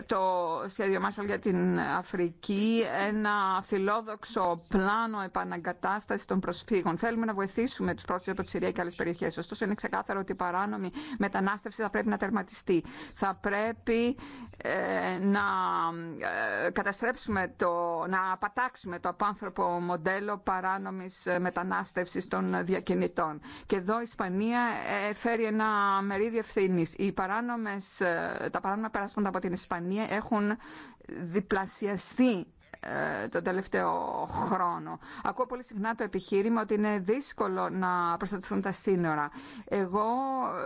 το σχέδιο Μάρσαλ για την Αφρική, ένα φιλόδοξο πλάνο επαναγκατάσταση των προσφύγων. Θέλουμε να βοηθήσουμε του πρόσφυγε από τη Συρία και άλλε περιοχέ. Ωστόσο, είναι ξεκάθαρο ότι η παράνομη μετανάστευση θα πρέπει να τερματιστεί. Θα πρέπει ε, να καταστρέψουμε το, να πατάξουμε το απάνθρωπο μοντέλο παράνομης ε, μετανάστευσης των διακινητών. Και εδώ η Ισπανία ε, φέρει ένα μερίδιο ευθύνη. Ε, τα παράνομα περάσματα από την Ισπανία έχουν διπλασιαστεί ε, τον τελευταίο χρόνο. Ακούω πολύ συχνά το επιχείρημα ότι είναι δύσκολο να προστατευτούν τα σύνορα. Εγώ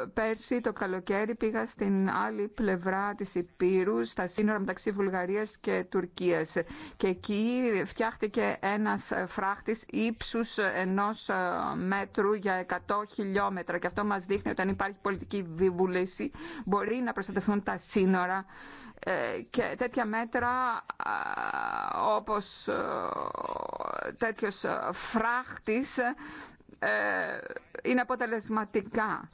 ε, πέρσι το καλοκαίρι πήγα στην άλλη πλευρά της Υπήρου, στα σύνορα μεταξύ Βουλγαρίας και Τουρκίας. Και εκεί φτιάχτηκε ένας φράχτης ύψους ενός ε, μέτρου για 100 χιλιόμετρα. Και αυτό μας δείχνει ότι αν υπάρχει πολιτική βιβούλεση μπορεί να προστατευτούν τα σύνορα ε, και τέτοια μέτρα ε, όπως ε, τέτοιος φράχτης είναι αποτελεσματικά.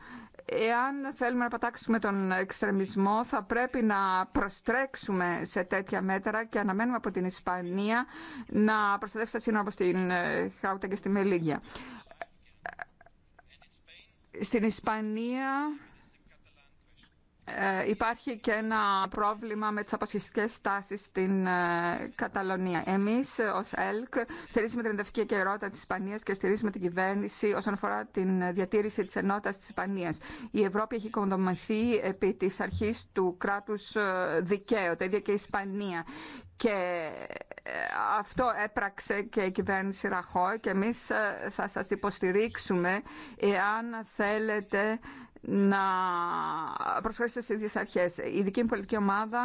Εάν θέλουμε να πατάξουμε τον εξτρεμισμό θα πρέπει να προστρέξουμε σε τέτοια μέτρα και αναμένουμε από την Ισπανία να προστατεύσει τα σύνορα όπως στην Χάουτα και στη Μελίγια. Στην Ισπανία ε, υπάρχει και ένα πρόβλημα με τις απασχεστικές στάσεις στην ε, Καταλωνία. Εμείς ως ΕΛΚ στηρίζουμε την και αικαιρότητα της Ισπανίας και στηρίζουμε την κυβέρνηση όσον αφορά την διατήρηση της ενότητας της Ισπανίας. Η Ευρώπη έχει κονδομηθεί επί της αρχής του κράτους ε, δικαίου, τα ίδια και η Ισπανία. Και αυτό έπραξε και η κυβέρνηση Ραχώ και εμείς θα σας υποστηρίξουμε εάν θέλετε να προσφέρει στις ίδιες αρχές. Η δική μου πολιτική ομάδα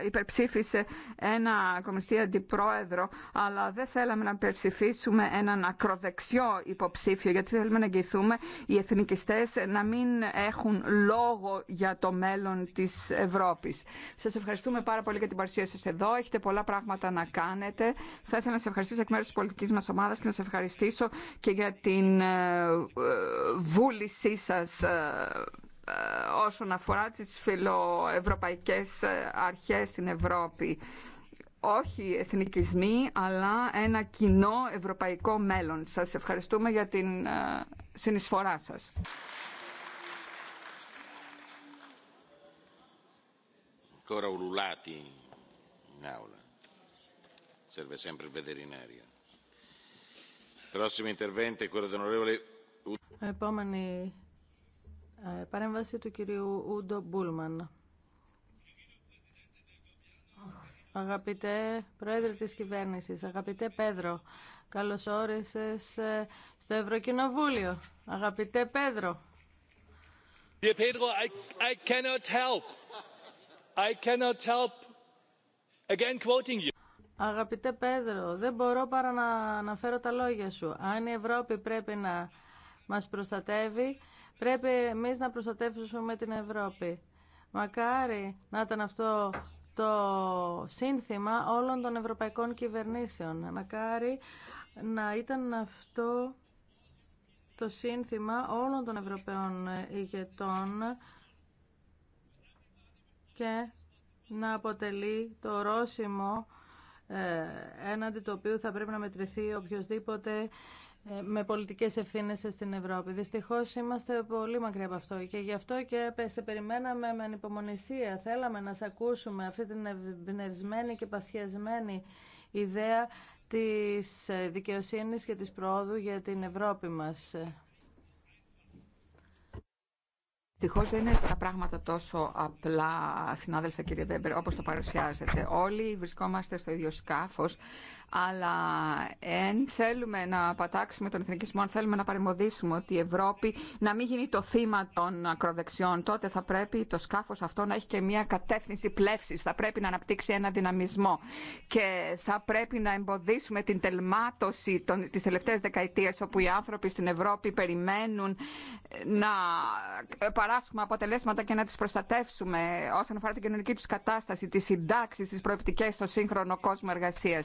ε, υπερψήφισε ένα κομμουνιστή αντιπρόεδρο, αλλά δεν θέλαμε να υπερψηφίσουμε έναν ακροδεξιό υποψήφιο, γιατί θέλουμε να εγγυηθούμε οι εθνικιστές να μην έχουν λόγο για το μέλλον της Ευρώπης. Σας ευχαριστούμε πάρα πολύ για την παρουσία σας εδώ. Έχετε πολλά πράγματα να κάνετε. Θα ήθελα να σας ευχαριστήσω εκ μέρους της πολιτικής μας ομάδας και να σας ευχαριστήσω και για την ε, ε, βούλησή σας Ισπανίας ε, ε, όσον αφορά τις φιλοευρωπαϊκές ε, αρχές στην Ευρώπη. Όχι εθνικισμοί, αλλά ένα κοινό ευρωπαϊκό μέλλον. Σας ευχαριστούμε για την συνεισφορά σας. Τώρα ουρουλάτη in aula. Serve sempre il veterinario. Prossimo intervento è quello Επόμενη ε, παρέμβαση του κυρίου Ούντο Μπούλμαν. Αγαπητέ Πρόεδρε της Κυβέρνησης, αγαπητέ Πέδρο, καλώς όρισες ε, στο Ευρωκοινοβούλιο. Αγαπητέ Πέδρο. I, cannot help. I cannot Αγαπητέ Πέδρο, δεν μπορώ παρά να αναφέρω τα λόγια σου. Αν η Ευρώπη πρέπει να μας προστατεύει, Πρέπει εμείς να προστατεύσουμε την Ευρώπη. Μακάρι να ήταν αυτό το σύνθημα όλων των ευρωπαϊκών κυβερνήσεων. Μακάρι να ήταν αυτό το σύνθημα όλων των Ευρωπαίων ηγετών και να αποτελεί το ορόσημο ε, έναντι το οποίο θα πρέπει να μετρηθεί οποιοδήποτε ε, με πολιτικές ευθύνες στην Ευρώπη. Δυστυχώς είμαστε πολύ μακριά από αυτό και γι' αυτό και σε περιμέναμε με ανυπομονησία. Θέλαμε να σε ακούσουμε αυτή την εμπνευσμένη και παθιασμένη ιδέα της ε, δικαιοσύνης και της πρόοδου για την Ευρώπη μας. Δυστυχώ δεν είναι τα πράγματα τόσο απλά, συνάδελφε κύριε Βέμπερ, όπω το παρουσιάζετε. Όλοι βρισκόμαστε στο ίδιο σκάφο, αλλά εάν θέλουμε να πατάξουμε τον εθνικισμό, αν θέλουμε να παρεμποδίσουμε ότι η Ευρώπη να μην γίνει το θύμα των ακροδεξιών, τότε θα πρέπει το σκάφος αυτό να έχει και μια κατεύθυνση πλεύσης, θα πρέπει να αναπτύξει ένα δυναμισμό και θα πρέπει να εμποδίσουμε την τελμάτωση των, τις δεκαετία όπου οι άνθρωποι στην Ευρώπη περιμένουν να παράσχουμε αποτελέσματα και να τις προστατεύσουμε όσον αφορά την κοινωνική τους κατάσταση, τις συντάξεις, τις προεπτικές στο σύγχρονο κόσμο εργασία.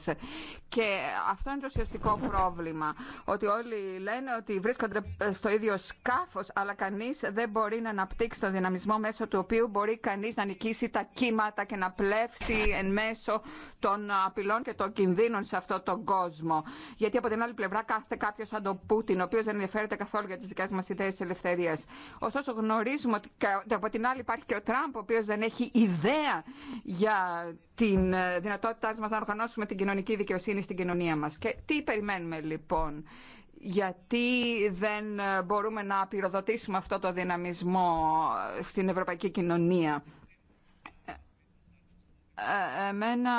Και αυτό είναι το ουσιαστικό πρόβλημα. Ότι όλοι λένε ότι βρίσκονται στο ίδιο σκάφο, αλλά κανεί δεν μπορεί να αναπτύξει τον δυναμισμό μέσω του οποίου μπορεί κανεί να νικήσει τα κύματα και να πλεύσει εν μέσω των απειλών και των κινδύνων σε αυτόν τον κόσμο. Γιατί από την άλλη πλευρά κάθεται κάποιο σαν τον Πούτιν, ο οποίο δεν ενδιαφέρεται καθόλου για τι δικέ μα ιδέε ελευθερία. Ωστόσο, γνωρίζουμε ότι από την άλλη υπάρχει και ο Τραμπ, ο οποίο δεν έχει ιδέα για την ε, δυνατότητά μας να οργανώσουμε την κοινωνική δικαιοσύνη στην κοινωνία μας. Και τι περιμένουμε λοιπόν, γιατί δεν ε, μπορούμε να πυροδοτήσουμε αυτό το δυναμισμό ε, στην ευρωπαϊκή κοινωνία. Εμένα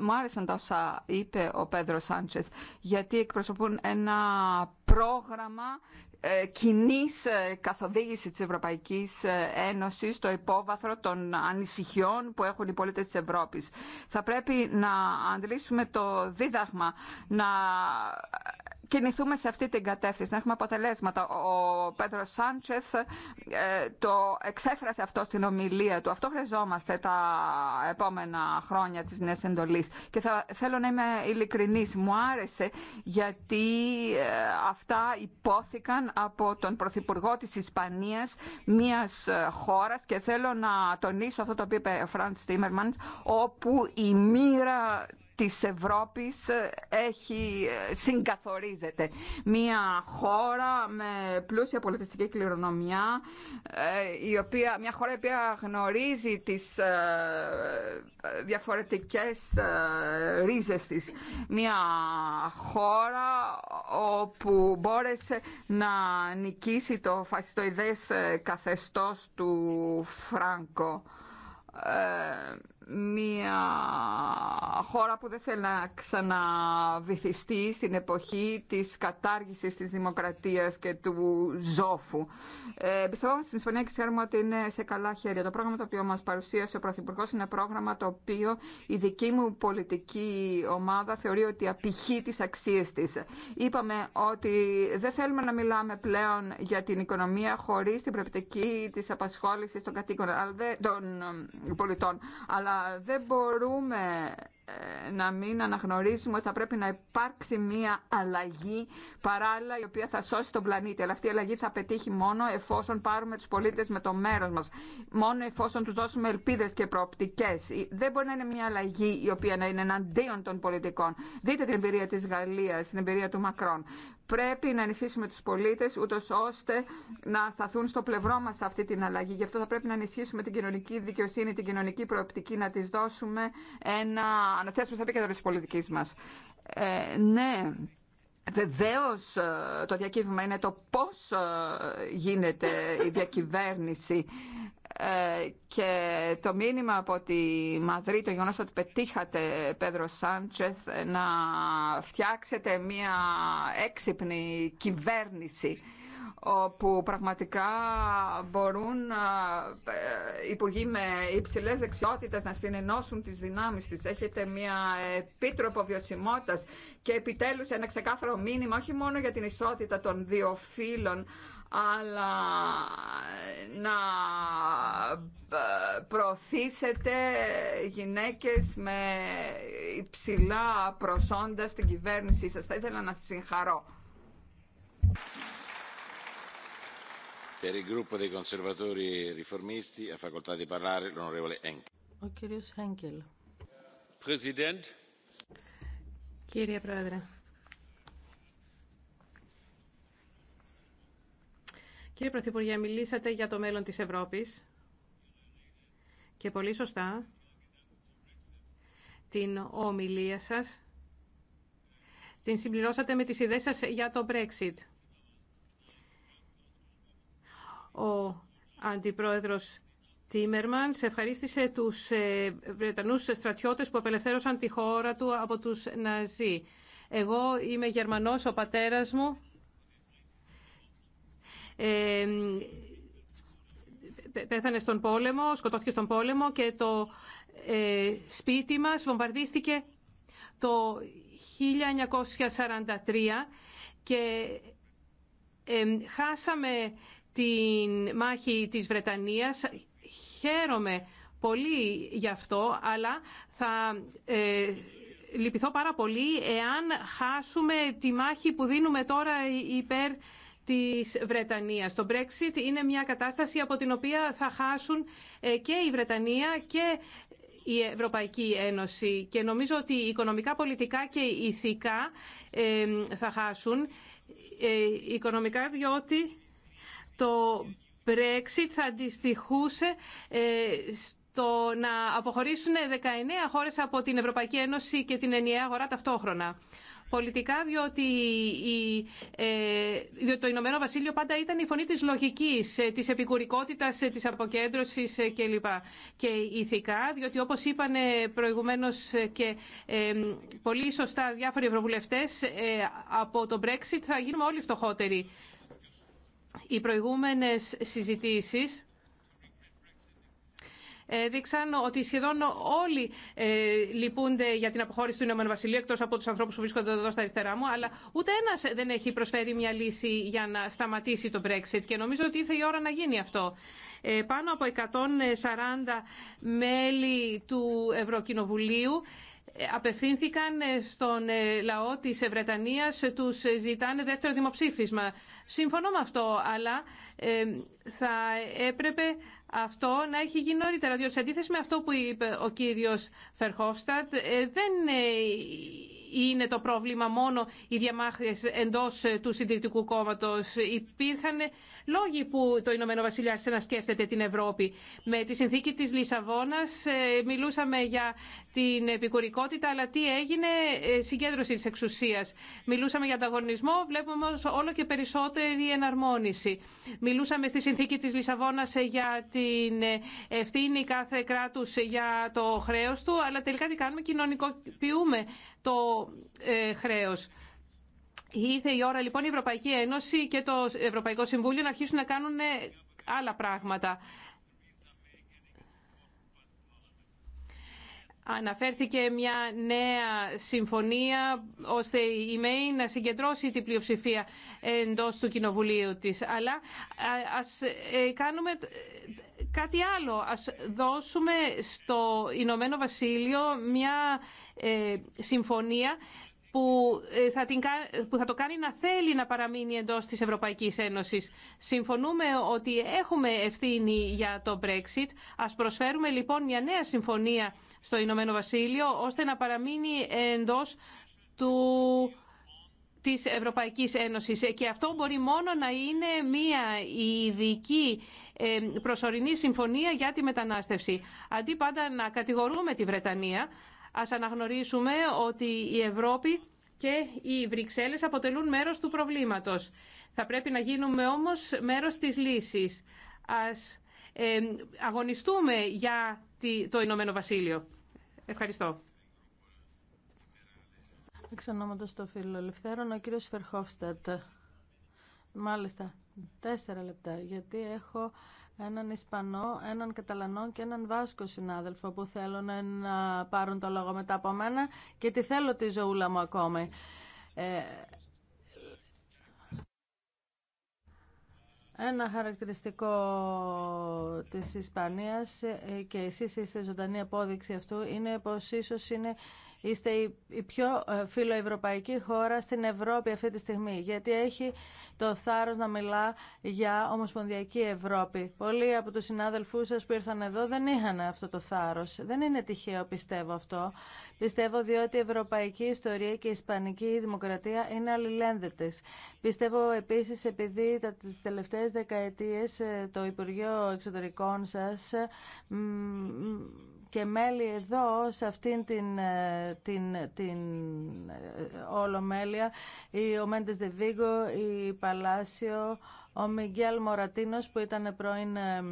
μου άρεσαν τα όσα είπε ο Πέδρο Σάντσεθ, γιατί εκπροσωπούν ένα πρόγραμμα ε, κοινή ε, καθοδήγηση της Ευρωπαϊκής ε, Ένωσης στο υπόβαθρο των ανησυχιών που έχουν οι πολίτες της Ευρώπης. Θα πρέπει να αντλήσουμε το δίδαγμα, να κινηθούμε σε αυτή την κατεύθυνση, να έχουμε αποτελέσματα. Ο Πέτρος Σάντσεθ ε, το εξέφρασε αυτό στην ομιλία του. Αυτό χρειαζόμαστε τα επόμενα χρόνια της νέας εντολής. Και θα, θέλω να είμαι ειλικρινής. Μου άρεσε γιατί ε, αυτά υπόθηκαν από τον Πρωθυπουργό της Ισπανίας μιας ε, χώρας και θέλω να τονίσω αυτό το οποίο είπε ο Φραντ όπου η μοίρα της Ευρώπης ε, έχει, ε, συγκαθορίζεται. Μία χώρα με πλούσια πολιτιστική κληρονομιά, ε, η οποία, μια χώρα η οποία γνωρίζει τις διαφορετικές ρίζες της. Μια χώρα όπου μπόρεσε να νικήσει το φασιστοειδές καθεστώς του Φράγκο μια χώρα που δεν θέλει να ξαναβυθιστεί στην εποχή της κατάργησης της δημοκρατίας και του ζώφου. Ε, στην Ισπανία και ξέρουμε ότι είναι σε καλά χέρια. Το πρόγραμμα το οποίο μας παρουσίασε ο Πρωθυπουργό είναι πρόγραμμα το οποίο η δική μου πολιτική ομάδα θεωρεί ότι απηχεί τις αξίες της. Είπαμε ότι δεν θέλουμε να μιλάμε πλέον για την οικονομία χωρίς την προεπτική της απασχόλησης των κατοίκων, των ε, πολιτών, αλλά δεν μπορούμε ε, να μην αναγνωρίζουμε ότι θα πρέπει να υπάρξει μία αλλαγή παράλληλα η οποία θα σώσει τον πλανήτη. Αλλά αυτή η αλλαγή θα πετύχει μόνο εφόσον πάρουμε τους πολίτες με το μέρος μας. Μόνο εφόσον τους δώσουμε ελπίδες και προοπτικές. Δεν μπορεί να είναι μία αλλαγή η οποία να είναι εναντίον των πολιτικών. Δείτε την εμπειρία της Γαλλίας, την εμπειρία του Μακρόν. Πρέπει να ενισχύσουμε τους πολίτες ούτω ώστε να σταθούν στο πλευρό μας αυτή την αλλαγή. Γι' αυτό θα πρέπει να ενισχύσουμε την κοινωνική δικαιοσύνη, την κοινωνική προοπτική, να της δώσουμε ένα αναθέσουμε στα επίκεντρα της πολιτικής μας. Ε, ναι, Βεβαίω ε, το διακύβημα είναι το πώς ε, γίνεται η διακυβέρνηση ε, και το μήνυμα από τη Μαδρίτη, το γεγονός ότι πετύχατε, Πέδρο Σάντσεθ, να φτιάξετε μια έξυπνη κυβέρνηση όπου πραγματικά μπορούν ε, υπουργοί με υψηλές δεξιότητες να συνενώσουν τις δυνάμεις της. Έχετε μια επίτροπο βιωσιμότητας και επιτέλους ένα ξεκάθαρο μήνυμα όχι μόνο για την ισότητα των δύο φύλων αλλά ε, να ε, προωθήσετε γυναίκες με υψηλά προσόντα στην κυβέρνησή σας. Θα ήθελα να σας συγχαρώ. Κύριε Πρόεδρε. Κύριε Πρωθυπουργέ, μιλήσατε για το μέλλον της Ευρώπης και πολύ σωστά την ομιλία σας την συμπληρώσατε με τις ιδέες σας για το Brexit. Ο Αντιπρόεδρος Τίμερμαν σε ευχαρίστησε τους ε, Βρετανούς στρατιώτες που απελευθέρωσαν τη χώρα του από τους Ναζί. Εγώ είμαι Γερμανός, ο πατέρας μου. Ε, πέθανε στον πόλεμο, σκοτώθηκε στον πόλεμο και το ε, σπίτι μας βομβαρδίστηκε το 1943 και χάσαμε την μάχη της Βρετανίας. Χαίρομαι πολύ γι' αυτό, αλλά θα ε, λυπηθώ πάρα πολύ εάν χάσουμε τη μάχη που δίνουμε τώρα υπέρ της Βρετανίας. Το Brexit είναι μια κατάσταση από την οποία θα χάσουν ε, και η Βρετανία και η Ευρωπαϊκή Ένωση και νομίζω ότι οικονομικά, πολιτικά και ηθικά ε, θα χάσουν. Οικονομικά διότι το Brexit θα αντιστοιχούσε ε, στο να αποχωρήσουν 19 χώρες από την Ευρωπαϊκή Ένωση και την ενιαία αγορά ταυτόχρονα. Πολιτικά, διότι, η, ε, διότι το Ηνωμένο Βασίλειο πάντα ήταν η φωνή της λογικής, ε, της επικουρικότητας, της αποκέντρωσης κλπ. Και ηθικά, διότι όπως είπαν προηγουμένως και πολύ σωστά διάφοροι ευρωβουλευτές, από το Brexit θα γίνουμε όλοι φτωχότεροι. Οι προηγούμενες συζητήσεις δείξαν ότι σχεδόν όλοι ε, λυπούνται για την αποχώρηση του Ηνωμένου Βασιλείου, εκτός από τους ανθρώπους που βρίσκονται εδώ στα αριστερά μου, αλλά ούτε ένας δεν έχει προσφέρει μια λύση για να σταματήσει το Brexit και νομίζω ότι ήρθε η ώρα να γίνει αυτό. Ε, πάνω από 140 μέλη του Ευρωκοινοβουλίου απευθύνθηκαν ε, στον ε, λαό της Βρετανίας, ε, τους ζητάνε δεύτερο δημοψήφισμα. Συμφωνώ με αυτό, αλλά θα έπρεπε αυτό να έχει γίνει νωρίτερα, διότι σε αντίθεση με αυτό που είπε ο κύριος Φερχόφστατ, δεν είναι το πρόβλημα μόνο οι διαμάχες εντός του συντηρητικού κόμματος. Υπήρχαν λόγοι που το Ηνωμένο Βασιλιά να σκέφτεται την Ευρώπη. Με τη συνθήκη της Λισαβόνας μιλούσαμε για την επικουρικότητα, αλλά τι έγινε, ε, συγκέντρωση τη εξουσία. Μιλούσαμε για ανταγωνισμό, βλέπουμε όμω όλο και περισσότερη εναρμόνιση. Μιλούσαμε στη συνθήκη της Λισαβόνας ε, για την ε, ευθύνη κάθε κράτους για το χρέος του, αλλά τελικά τι κάνουμε, κοινωνικοποιούμε το χρέο. Ήρθε η ώρα λοιπόν η Ευρωπαϊκή Ένωση και το Ευρωπαϊκό Συμβούλιο να αρχίσουν να κάνουν άλλα πράγματα. αναφέρθηκε μια νέα συμφωνία ώστε η ΜΕΗ να συγκεντρώσει την πλειοψηφία εντός του Κοινοβουλίου της. Αλλά ας ε, κάνουμε ε, κάτι άλλο. Ας δώσουμε στο Ηνωμένο Βασίλειο μια ε, συμφωνία που θα, την, το κάνει να θέλει να παραμείνει εντός της Ευρωπαϊκής Ένωσης. Συμφωνούμε ότι έχουμε ευθύνη για το Brexit. Ας προσφέρουμε λοιπόν μια νέα συμφωνία στο Ηνωμένο Βασίλειο, ώστε να παραμείνει εντός του της Ευρωπαϊκής Ένωσης και αυτό μπορεί μόνο να είναι μια ειδική ε, προσωρινή συμφωνία για τη μετανάστευση. Αντί πάντα να κατηγορούμε τη Βρετανία, ας αναγνωρίσουμε ότι η Ευρώπη και οι Βρυξέλλες αποτελούν μέρος του προβλήματος. Θα πρέπει να γίνουμε όμως μέρος της λύσης. Ας ε, αγωνιστούμε για το Ηνωμένο Βασίλειο. Ευχαριστώ. Εξ το φίλο, ελευθέρων, ο κύριο Φερχόφστατ. Μάλιστα, τέσσερα λεπτά, γιατί έχω έναν Ισπανό, έναν Καταλανό και έναν Βάσκο συνάδελφο που θέλουν να πάρουν το λόγο μετά από μένα και τη θέλω τη ζωούλα μου ακόμη. Ε, Ένα χαρακτηριστικό της Ισπανίας ε, και εσείς είστε ζωντανή απόδειξη αυτού είναι πως ίσως είναι Είστε η πιο ε, φιλοευρωπαϊκή χώρα στην Ευρώπη αυτή τη στιγμή, γιατί έχει το θάρρος να μιλά για Ομοσπονδιακή Ευρώπη. Πολλοί από τους συνάδελφούς σας που ήρθαν εδώ δεν είχαν αυτό το θάρρος. Δεν είναι τυχαίο, πιστεύω αυτό. Πιστεύω διότι η ευρωπαϊκή ιστορία και η ισπανική δημοκρατία είναι αλληλένδετες. Πιστεύω επίσης επειδή τα, τελευταίες δεκαετίες ε, το Υπουργείο Εξωτερικών σας και μέλη εδώ σε αυτήν την, ε, την, την ε, ολομέλεια ο Μέντες Δεβίγκο, η Παλάσιο, ο Μιγγέλ Μορατίνος που ήταν πρώην ε,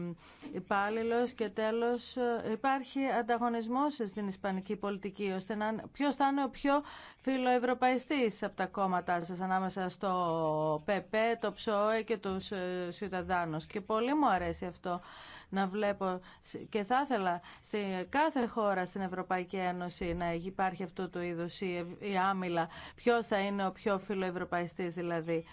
υπάλληλο και τέλος υπάρχει ανταγωνισμός στην ισπανική πολιτική ώστε να, ποιος θα είναι ο πιο φιλοευρωπαϊστής από τα κόμματα σας ανάμεσα στο ΠΕΠΕ, το ΨΟΕ και τους Σιουταδάνους και πολύ μου αρέσει αυτό να βλέπω και θα ήθελα σε κάθε χώρα στην Ευρωπαϊκή Ένωση να υπάρχει αυτού του είδους η άμυλα. Ποιος θα είναι ο πιο φιλοευρωπαϊστής δηλαδή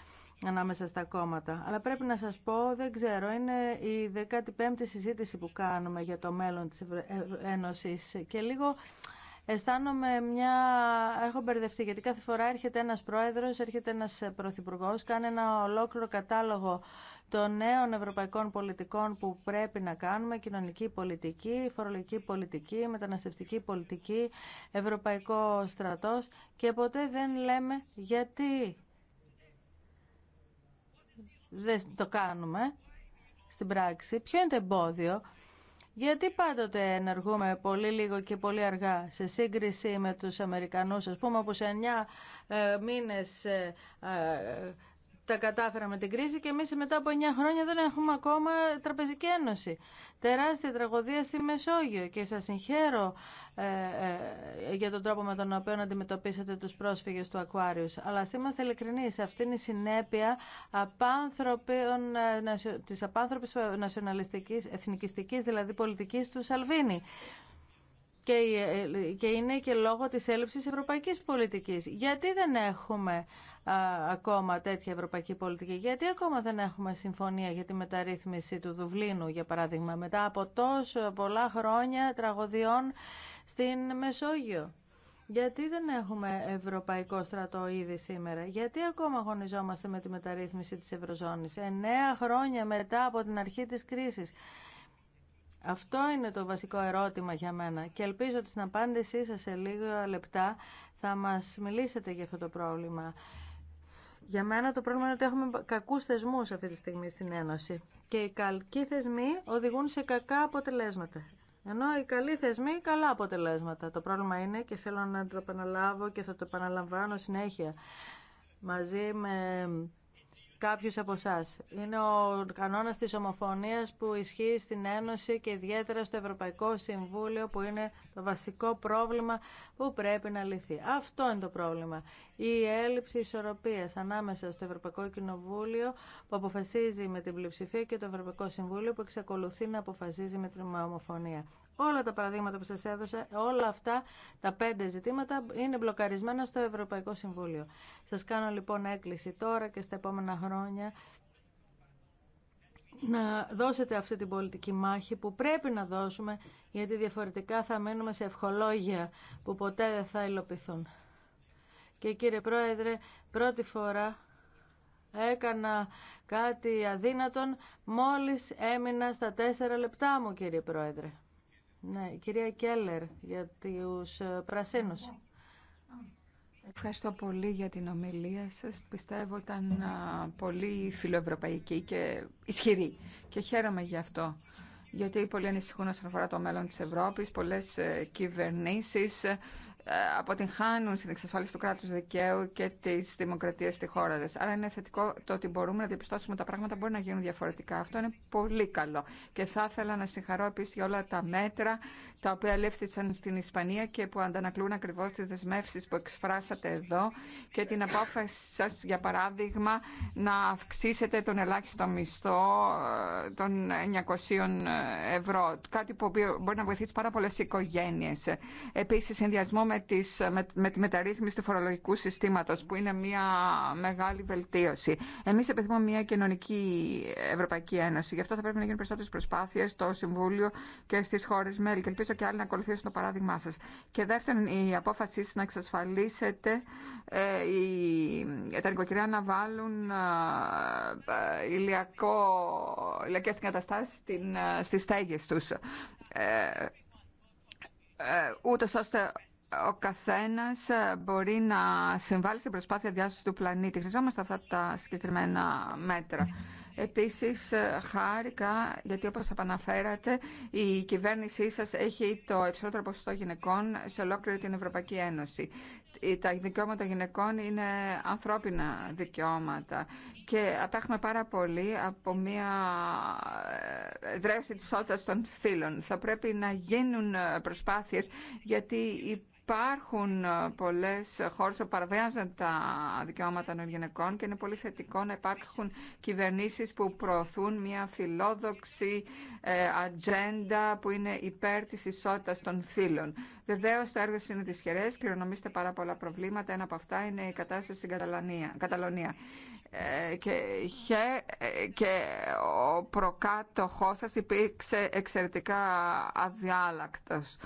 ανάμεσα στα κόμματα. Αλλά πρέπει να σας πω, δεν ξέρω, είναι η 15η συζήτηση που κάνουμε για το μέλλον της ε, Ένωσης και λίγο αισθάνομαι μια... Έχω μπερδευτεί γιατί κάθε φορά έρχεται ένας πρόεδρος, έρχεται ένας Πρωθυπουργό, κάνει ένα ολόκληρο κατάλογο των νέων ευρωπαϊκών πολιτικών που πρέπει να κάνουμε, κοινωνική πολιτική, φορολογική πολιτική, μεταναστευτική πολιτική, ευρωπαϊκό στρατός και ποτέ δεν λέμε γιατί δεν το κάνουμε στην πράξη. Ποιο είναι το εμπόδιο, γιατί πάντοτε ενεργούμε πολύ λίγο και πολύ αργά σε σύγκριση με τους Αμερικανούς, ας πούμε, που σε 9 ε, μήνες ε, ε, τα κατάφεραμε την κρίση και εμείς μετά από 9 χρόνια δεν έχουμε ακόμα τραπεζική ένωση. Τεράστια τραγωδία στη Μεσόγειο και σας συγχαίρω ε, ε για τον τρόπο με τον οποίο αντιμετωπίσατε τους πρόσφυγες του Ακουάριου. Αλλά ας είμαστε ειλικρινεί, αυτή είναι η συνέπεια ε, της απάνθρωπης ε, νασιοναλιστικής, εθνικιστικής δηλαδή πολιτικής του Σαλβίνη. Ε, και είναι και λόγω της έλλειψης ευρωπαϊκής πολιτικής. Γιατί δεν έχουμε ακόμα τέτοια ευρωπαϊκή πολιτική, γιατί ακόμα δεν έχουμε συμφωνία για τη μεταρρύθμιση του Δουβλίνου, για παράδειγμα, μετά από τόσο πολλά χρόνια τραγωδιών στην Μεσόγειο. Γιατί δεν έχουμε ευρωπαϊκό στρατό ήδη σήμερα, γιατί ακόμα αγωνιζόμαστε με τη μεταρρύθμιση της Ευρωζώνης, εννέα χρόνια μετά από την αρχή της κρίσης. Αυτό είναι το βασικό ερώτημα για μένα και ελπίζω ότι στην απάντησή σας σε λίγα λεπτά θα μας μιλήσετε για αυτό το πρόβλημα. Για μένα το πρόβλημα είναι ότι έχουμε κακούς θεσμούς αυτή τη στιγμή στην Ένωση και οι καλοί θεσμοί οδηγούν σε κακά αποτελέσματα. Ενώ οι καλοί θεσμοί καλά αποτελέσματα. Το πρόβλημα είναι και θέλω να το επαναλάβω και θα το επαναλαμβάνω συνέχεια μαζί με κάποιου από εσά. Είναι ο κανόνας της Ομοφωνία που ισχύει στην Ένωση και ιδιαίτερα στο Ευρωπαϊκό Συμβούλιο που είναι το βασικό πρόβλημα που πρέπει να λυθεί. Αυτό είναι το πρόβλημα. Η έλλειψη ισορροπίας ανάμεσα στο Ευρωπαϊκό Κοινοβούλιο που αποφασίζει με την πλειοψηφία και το Ευρωπαϊκό Συμβούλιο που εξακολουθεί να αποφασίζει με την ομοφωνία. Όλα τα παραδείγματα που σας έδωσα, όλα αυτά τα πέντε ζητήματα είναι μπλοκαρισμένα στο Ευρωπαϊκό Συμβούλιο. Σας κάνω λοιπόν έκκληση τώρα και στα επόμενα χρόνια να δώσετε αυτή την πολιτική μάχη που πρέπει να δώσουμε γιατί διαφορετικά θα μείνουμε σε ευχολόγια που ποτέ δεν θα υλοποιηθούν. Και κύριε Πρόεδρε, πρώτη φορά έκανα κάτι αδύνατον μόλις έμεινα στα τέσσερα λεπτά μου κύριε Πρόεδρε. Ναι, η κυρία Κέλλερ για τους ε, πρασίνους. Ευχαριστώ πολύ για την ομιλία σας. Πιστεύω ήταν πολύ φιλοευρωπαϊκή και ισχυρή και χαίρομαι γι' αυτό. Γιατί πολλοί ανησυχούν όσον αφορά το μέλλον της Ευρώπης, πολλές ε, κυβερνήσεις ε, αποτυγχάνουν στην εξασφάλιση του κράτους δικαίου και της δημοκρατία στη χώρα τη. Άρα είναι θετικό το ότι μπορούμε να διαπιστώσουμε τα πράγματα μπορεί να γίνουν διαφορετικά. Αυτό είναι πολύ καλό. Και θα ήθελα να συγχαρώ επίση για όλα τα μέτρα τα οποία λήφθησαν στην Ισπανία και που αντανακλούν ακριβώ τι δεσμεύσει που εξφράσατε εδώ και την απόφαση σα, για παράδειγμα, να αυξήσετε τον ελάχιστο μισθό ε, των 900 ε, ευρώ. Κάτι που μπορεί να βοηθήσει πάρα πολλέ οικογένειε. Επίση, συνδυασμό με με, με, τη μεταρρύθμιση του φορολογικού συστήματος που είναι μια μεγάλη βελτίωση. Εμείς επιθυμούμε μια κοινωνική Ευρωπαϊκή Ένωση. Γι' αυτό θα πρέπει να γίνουν περισσότερες προσπάθειες στο Συμβούλιο και στις χώρες μέλη και ελπίζω και άλλοι να ακολουθήσουν το παράδειγμά σα. Και δεύτερον, η απόφασή να εξασφαλίσετε ε, η, τα νοικοκυριά να βάλουν ε, ε ηλιακό, ηλιακές ε, στις στέγες τους. Ε, ε ούτως ώστε ο καθένας ε, μπορεί να συμβάλλει στην προσπάθεια διάσωσης του πλανήτη. Χρειαζόμαστε αυτά τα συγκεκριμένα μέτρα. Επίσης, ε, χάρηκα, γιατί όπως επαναφέρατε, η κυβέρνησή σας έχει το υψηλότερο ποσοστό γυναικών σε ολόκληρη την Ευρωπαϊκή Ένωση. Τα δικαιώματα των γυναικών είναι ανθρώπινα δικαιώματα και απέχουμε πάρα πολύ από μια ε, δρέωση της όντας των φίλων. Θα πρέπει να γίνουν προσπάθειες γιατί Υπάρχουν ε, πολλέ χώρε που παραβιάζουν τα δικαιώματα των γυναικών και είναι πολύ θετικό να υπάρχουν κυβερνήσει που προωθούν μια φιλόδοξη ε, ατζέντα που είναι υπέρ τη ισότητα των φύλων. Βεβαίω, το έργο είναι δυσχερέ, κληρονομήστε πάρα πολλά προβλήματα. Ένα από αυτά είναι η κατάσταση στην Καταλωνία. Ε, και, και ο προκάτοχός σας υπήρξε εξαιρετικά αδιάλακτος.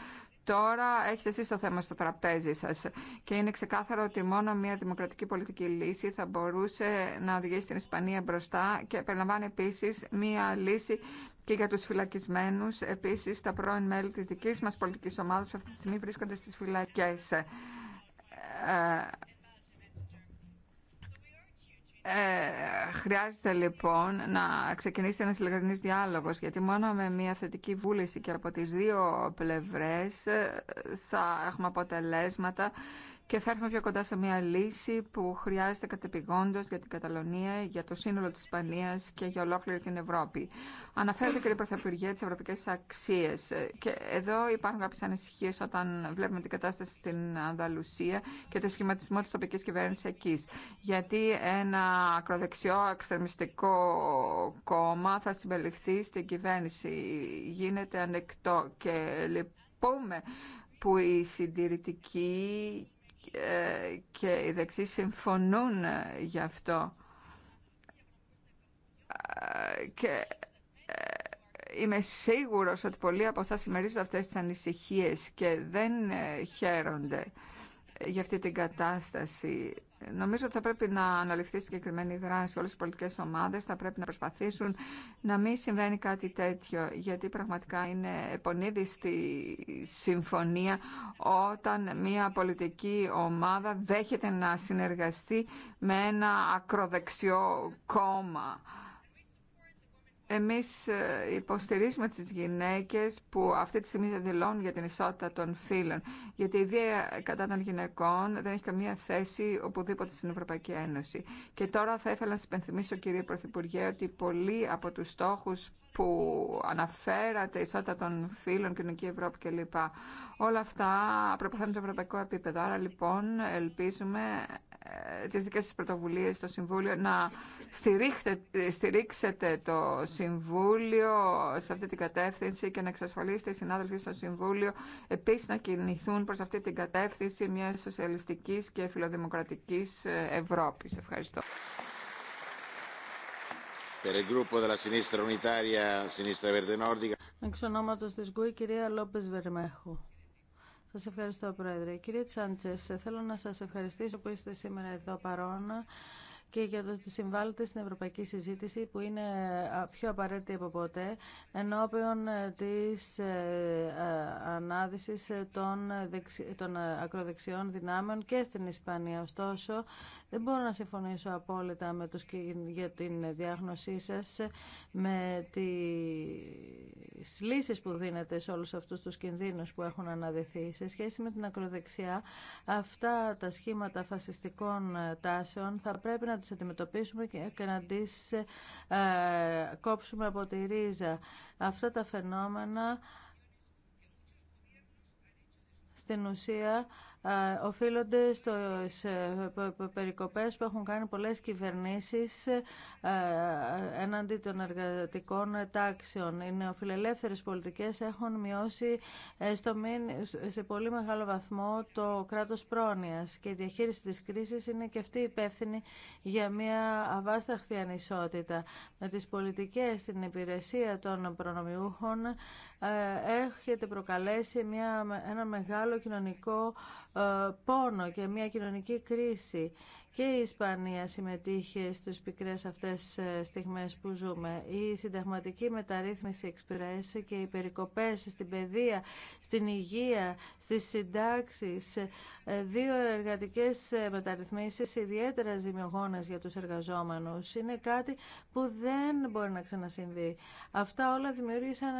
Τώρα έχετε εσείς το θέμα στο τραπέζι σας και είναι ξεκάθαρο ότι μόνο μια δημοκρατική πολιτική λύση θα μπορούσε να οδηγήσει την Ισπανία μπροστά και περιλαμβάνει επίσης μια λύση και για τους φυλακισμένους, επίσης τα πρώην μέλη της δικής μας πολιτικής ομάδας που αυτή τη στιγμή βρίσκονται στις φυλακές. Ε, Χρειάζεται λοιπόν να ξεκινήσει ένας ειλικρινής διάλογος, γιατί μόνο με μια θετική βούληση και από τις δύο πλευρές ε, θα έχουμε αποτελέσματα και θα έρθουμε πιο κοντά σε μια λύση που χρειάζεται κατεπηγόντως για την Καταλωνία, για το σύνολο της Ισπανίας και για ολόκληρη την Ευρώπη. Αναφέρεται και η Πρωθυπουργέ τις Ευρωπαϊκές Αξίες και εδώ υπάρχουν κάποιες ανησυχίες όταν βλέπουμε την κατάσταση στην Ανδαλουσία και το σχηματισμό της τοπικής κυβέρνησης εκεί. Γιατί ένα ακροδεξιό εξερμιστικό κόμμα θα συμπεριληφθεί στην κυβέρνηση. Γίνεται ανεκτό και λυπούμε που η συντηρητική και οι δεξί συμφωνούν γι' αυτό. Και ε, είμαι σίγουρος ότι πολλοί από εσάς συμμερίζονται αυτές τις ανησυχίες και δεν ε, χαίρονται για αυτή την κατάσταση. Νομίζω ότι θα πρέπει να αναλυφθεί συγκεκριμένη δράση. Όλες οι πολιτικές ομάδες θα πρέπει να προσπαθήσουν να μην συμβαίνει κάτι τέτοιο, γιατί πραγματικά είναι επονίδη συμφωνία όταν μια πολιτική ομάδα δέχεται να συνεργαστεί με ένα ακροδεξιό κόμμα. Εμείς ε, υποστηρίζουμε τις γυναίκες που αυτή τη στιγμή δηλώνουν για την ισότητα των φίλων γιατί η βία κατά των γυναικών δεν έχει καμία θέση οπουδήποτε στην Ευρωπαϊκή Ένωση. Και τώρα θα ήθελα να σας υπενθυμίσω, κύριε Πρωθυπουργέ, ότι πολλοί από τους στόχους που αναφέρατε, ισότητα των φύλων, κοινωνική Ευρώπη κλπ. Όλα αυτά προποθέτουν το ευρωπαϊκό επίπεδο. Άρα λοιπόν ελπίζουμε ε, τις δικές σας πρωτοβουλίες στο Συμβούλιο, να ε, στηρίξετε το Συμβούλιο σε αυτή την κατεύθυνση και να εξασφαλίσετε οι συνάδελφοι στο Συμβούλιο επίσης να κινηθούν προς αυτή την κατεύθυνση μιας σοσιαλιστικής και φιλοδημοκρατικής ε, Ευρώπης. Ευχαριστώ. Εξ ονόματος της κυρία Βερμέχου. Σα ευχαριστώ, Πρόεδρε. Κύριε Τσάντσες, θέλω να σας ευχαριστήσω που είστε σήμερα εδώ παρόν και για το ότι συμβάλλεται στην ευρωπαϊκή συζήτηση που είναι ε, πιο απαραίτητη από ποτέ ενώπιον ε, της ε, ανάδυσης των, ακροδεξιών δυνάμεων και στην Ισπανία. Ωστόσο, δεν μπορώ να συμφωνήσω απόλυτα με τους για την διάγνωσή σας με τις λύσεις που δίνεται σε όλους αυτούς τους κινδύνους που έχουν αναδεθεί. Σε σχέση με την ακροδεξιά, αυτά τα σχήματα φασιστικών τάσεων θα πρέπει να τι αντιμετωπίσουμε και να τις ε, κόψουμε από τη ρίζα. Αυτά τα φαινόμενα στην ουσία ε, οφείλονται στις ε, περικοπές που έχουν κάνει πολλές κυβερνήσεις ε, έναντι των εργατικών τάξεων. Οι νεοφιλελεύθερες πολιτικές έχουν μειώσει σε πολύ μεγάλο βαθμό το κράτος πρόνοιας και η διαχείριση της κρίσης είναι και αυτή υπεύθυνη για μια αβάσταχτη ανισότητα. Με τις πολιτικές στην υπηρεσία των προνομιούχων ε, έχετε προκαλέσει μια, ένα μεγάλο κοινωνικό ε, πόνο και μια κοινωνική κρίση και η Ισπανία συμμετείχε στις πικρές αυτές ε, στιγμές που ζούμε. Η συνταγματική μεταρρύθμιση εξπρέση και οι περικοπές στην παιδεία, στην υγεία, στις συντάξεις, ε, δύο εργατικές ε, μεταρρυθμίσεις ιδιαίτερα ζημιογόνες για τους εργαζόμενους. Είναι κάτι που δεν μπορεί να ξανασυμβεί. Αυτά όλα δημιούργησαν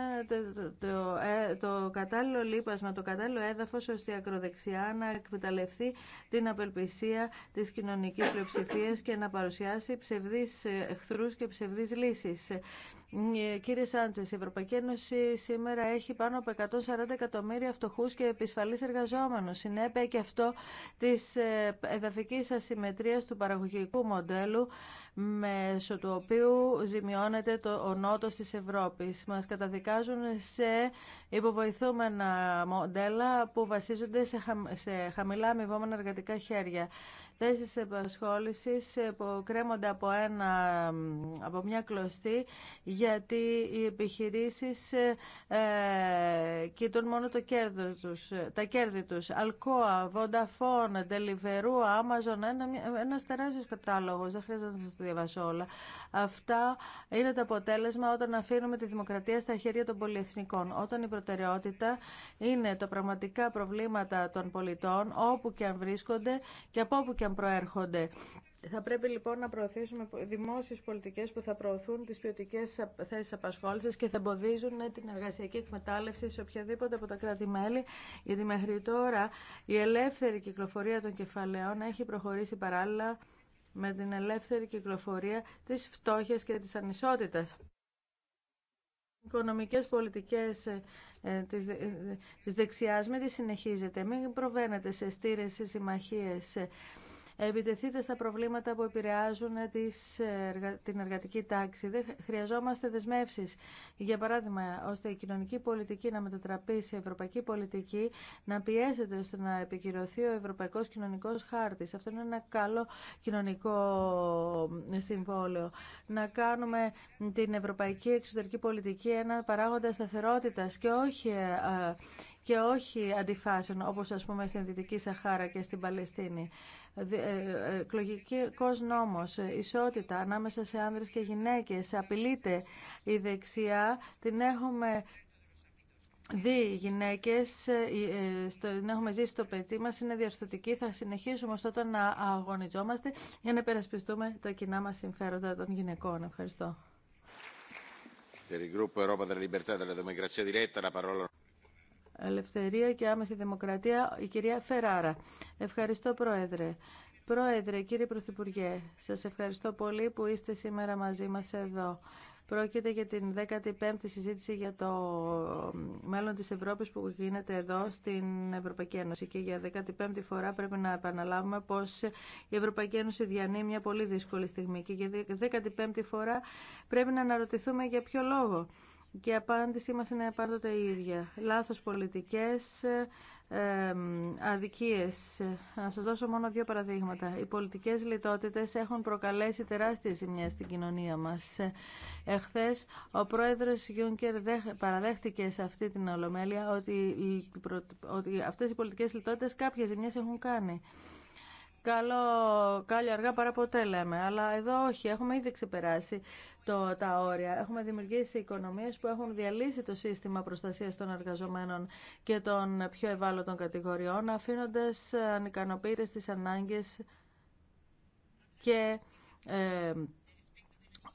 το, κατάλληλο λίπασμα, το κατάλληλο έδαφος ώστε η ακροδεξιά να εκμεταλλευτεί την απελπισία της κοινωνίας κοινωνικής και να παρουσιάσει ψευδείς ε, εχθρούς και ψευδείς λύσεις. Ε, κύριε Σάντσε, η Ευρωπαϊκή Ένωση σήμερα έχει πάνω από 140 εκατομμύρια φτωχού και επισφαλεί εργαζόμενου. Συνέπεια και αυτό τη ε, εδαφική ασυμμετρία του παραγωγικού μοντέλου, μέσω του οποίου ζημιώνεται το, ο νότο τη Ευρώπη. Μα καταδικάζουν σε υποβοηθούμενα μοντέλα που βασίζονται σε, χα, σε χαμηλά αμοιβόμενα εργατικά χέρια θέσεις επασχόλησης ε, που κρέμονται από, ένα, από μια κλωστή γιατί οι επιχειρήσεις ε, ε κοιτούν μόνο το κέρδος τους, ε, τα κέρδη τους. Αλκόα, Vodafone, Deliveroo, Amazon, ένα, ένας τεράστιος κατάλογος, δεν χρειάζεται να σας το διαβάσω όλα. Αυτά είναι το αποτέλεσμα όταν αφήνουμε τη δημοκρατία στα χέρια των πολυεθνικών, όταν η προτεραιότητα είναι τα πραγματικά προβλήματα των πολιτών, όπου και αν βρίσκονται και από όπου και όταν προέρχονται. Θα πρέπει λοιπόν να προωθήσουμε δημόσιε πολιτικέ που θα προωθούν τι ποιοτικέ θέσει απασχόληση και θα εμποδίζουν ναι, την εργασιακή εκμετάλλευση σε οποιαδήποτε από τα κράτη-μέλη, γιατί μέχρι τώρα η ελεύθερη κυκλοφορία των κεφαλαίων έχει προχωρήσει παράλληλα με την ελεύθερη κυκλοφορία τη φτώχεια και τη ανισότητα. Οι οικονομικέ πολιτικέ ε, ε, της, ε, ε, μην τις συνεχίζετε, μην προβαίνετε σε στήρε, σε Ε, επιτεθείτε στα προβλήματα που επηρεάζουν την εργατική τάξη. Δεν χρειαζόμαστε δεσμεύσει. Για παράδειγμα, ώστε η κοινωνική πολιτική να μετατραπεί σε ευρωπαϊκή πολιτική, να πιέσετε ώστε να επικυρωθεί ο Ευρωπαϊκό Κοινωνικό Χάρτη. Αυτό είναι ένα καλό κοινωνικό συμβόλαιο. Να κάνουμε την ευρωπαϊκή εξωτερική πολιτική ένα παράγοντα σταθερότητα και όχι ε, και όχι αντιφάσεων όπως ας πούμε στην Δυτική Σαχάρα και στην Παλαιστίνη. Ε, ε, Εκλογικό νόμος, ε, ισότητα ανάμεσα σε άνδρες και γυναίκες, απειλείται η δεξιά, την έχουμε Δι, γυναίκες, στο, έχουμε ζήσει στο πετσί μας, είναι διαρθωτική, θα συνεχίσουμε ωστόσο να αγωνιζόμαστε για να περασπιστούμε τα κοινά μας συμφέροντα των γυναικών. Ευχαριστώ. Ελευθερία και Άμεση Δημοκρατία, η κυρία Φεράρα. Ευχαριστώ, Πρόεδρε. Πρόεδρε, κύριε Πρωθυπουργέ, σας ευχαριστώ πολύ που είστε σήμερα μαζί μας εδώ. Πρόκειται για την 15η συζήτηση για το μέλλον της Ευρώπης που γίνεται εδώ στην Ευρωπαϊκή Ένωση και για 15η φορά πρέπει να επαναλάβουμε πως η Ευρωπαϊκή Ένωση διανύει μια πολύ δύσκολη στιγμή και για 15η φορά πρέπει να αναρωτηθούμε για ποιο λόγο και η απάντησή μας είναι πάντοτε η ίδια. Λάθος πολιτικές, ε, αδικίες. Να σας δώσω μόνο δύο παραδείγματα. Οι πολιτικές λιτότητες έχουν προκαλέσει τεράστιες ζημιές στην κοινωνία μας. Εχθές ο πρόεδρος Γιούνκερ παραδέχτηκε σε αυτή την ολομέλεια ότι, ότι αυτές οι πολιτικές λιτότητες κάποιες ζημιές έχουν κάνει. Καλό, καλή αργά παρά ποτέ λέμε, αλλά εδώ όχι, έχουμε ήδη ξεπεράσει το, τα όρια. Έχουμε δημιουργήσει οικονομίες που έχουν διαλύσει το σύστημα προστασίας των εργαζομένων και των πιο ευάλωτων κατηγοριών, αφήνοντας ανικανοποιητές τις ανάγκες και... Ε,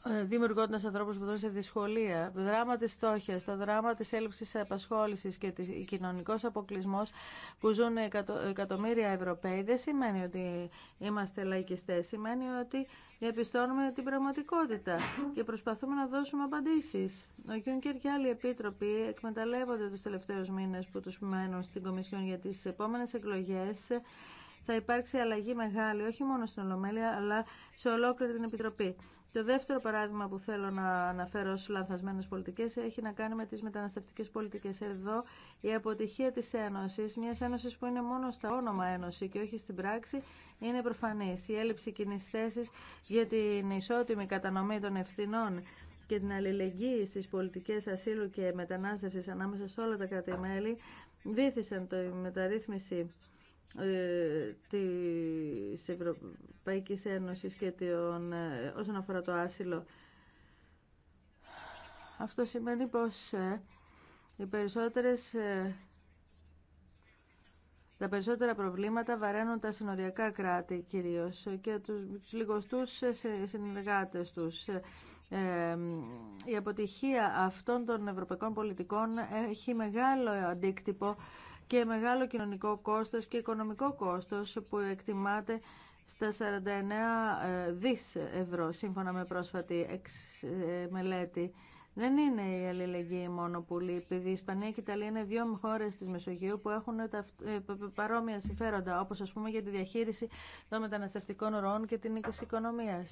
ε, Δημιουργώντα ανθρώπου που δουν σε δυσκολία, δράμα τη στόχιας, το δράμα τη έλλειψη απασχόληση και της κοινωνικός αποκλεισμός που ζουν εκατο, εκατομμύρια Ευρωπαίοι, δεν σημαίνει ότι είμαστε λαϊκιστέ. σημαίνει ότι διαπιστώνουμε την πραγματικότητα και προσπαθούμε να δώσουμε απαντήσει. Ο Γιούνκερ και άλλοι επίτροποι εκμεταλλεύονται του τελευταίου μήνε που του μένουν στην Κομισιόν για τι επόμενε εκλογέ, θα υπάρξει αλλαγή μεγάλη, όχι μόνο στην Ολομέλεια, αλλά σε ολόκληρη την Επιτροπή. Το δεύτερο παράδειγμα που θέλω να αναφέρω στις λανθασμένες πολιτικές έχει να κάνει με τις μεταναστευτικές πολιτικές. Εδώ η αποτυχία της Ένωσης, μιας Ένωσης που είναι μόνο στα όνομα Ένωση και όχι στην πράξη, είναι προφανής. Η έλλειψη κοινή θέση για την ισότιμη κατανομή των ευθυνών και την αλληλεγγύη στις πολιτικές ασύλου και μετανάστευσης ανάμεσα σε όλα τα κράτη-μέλη βήθησαν το μεταρρύθμιση ε, Τη Ευρωπαϊκή Ένωση και ε, όσον αφορά το άσυλο. Αυτό σημαίνει πως ε, οι τα περισσότερα προβλήματα βαραίνουν τα συνοριακά κράτη κυρίως και τους λιγοστούς συνεργάτες τους. η αποτυχία αυτών των ευρωπαϊκών πολιτικών έχει μεγάλο αντίκτυπο και μεγάλο κοινωνικό κόστος και οικονομικό κόστος που εκτιμάται στα 49 ε, δις ευρώ, σύμφωνα με πρόσφατη ε, μελέτη. Δεν είναι η αλληλεγγύη μόνο που λείπει. Η Ισπανία και η Ιταλία είναι δύο χώρε τη Μεσογείου που έχουν τα ε, παρόμοια συμφέροντα, όπω α πούμε για τη διαχείριση των μεταναστευτικών ροών και την οικονομία.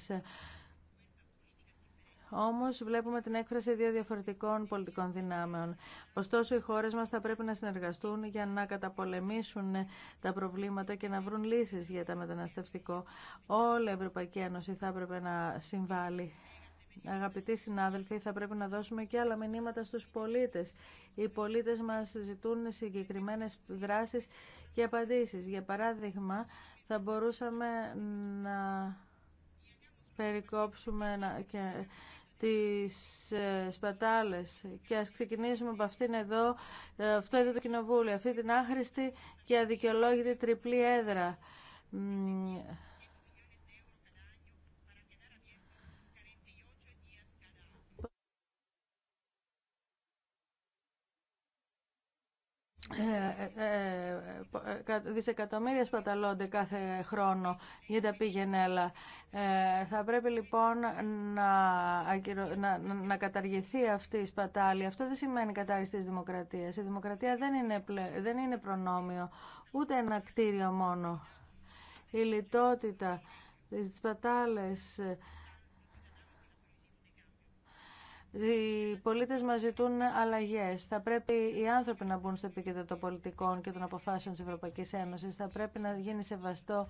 Όμω, βλέπουμε την έκφραση δύο διαφορετικών πολιτικών δυνάμεων. Ωστόσο οι χώρες μας θα πρέπει να συνεργαστούν για να καταπολεμήσουν τα προβλήματα και να βρουν λύσεις για τα μεταναστευτικό. Όλη η Ευρωπαϊκή Ένωση θα έπρεπε να συμβάλλει. Αγαπητοί συνάδελφοι, θα πρέπει να δώσουμε και άλλα μηνύματα στους πολίτες. Οι πολίτες μας ζητούν συγκεκριμένες δράσεις και απαντήσεις. Για παράδειγμα, θα μπορούσαμε να περικόψουμε και τις ε, σπατάλες και ας ξεκινήσουμε από αυτήν εδώ, ε, αυτό εδώ το κοινοβούλιο, αυτή την άχρηστη και αδικαιολόγητη τριπλή έδρα. Ε, ε, ε, δισεκατομμύρια σπαταλώνται κάθε χρόνο για τα πηγενέλα. θα πρέπει λοιπόν να, να, καταργηθεί αυτή η σπατάλη. Αυτό δεν σημαίνει κατάρριση της δημοκρατίας. Η δημοκρατία δεν είναι, δεν είναι προνόμιο, ούτε ένα κτίριο μόνο. Η λιτότητα, τις σπατάλες, οι πολίτες μας ζητούν αλλαγές. Θα πρέπει οι άνθρωποι να μπουν στο επίκεντρο των πολιτικών και των αποφάσεων της Ευρωπαϊκής Ένωσης. Θα πρέπει να γίνει σεβαστό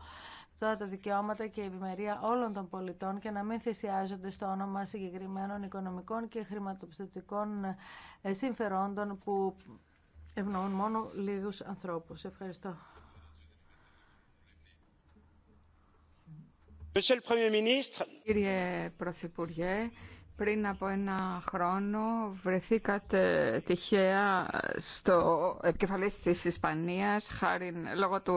τώρα τα δικαιώματα και η ευημερία όλων των πολιτών και να μην θυσιάζονται στο όνομα συγκεκριμένων οικονομικών και χρηματοπιστωτικών ε, συμφερόντων που ευνοούν μόνο λίγους ανθρώπους. Ευχαριστώ. Κύριε Πρωθυπουργέ, πριν από ένα χρόνο βρεθήκατε τυχαία στο επικεφαλής της Ισπανίας χάρη, λόγω του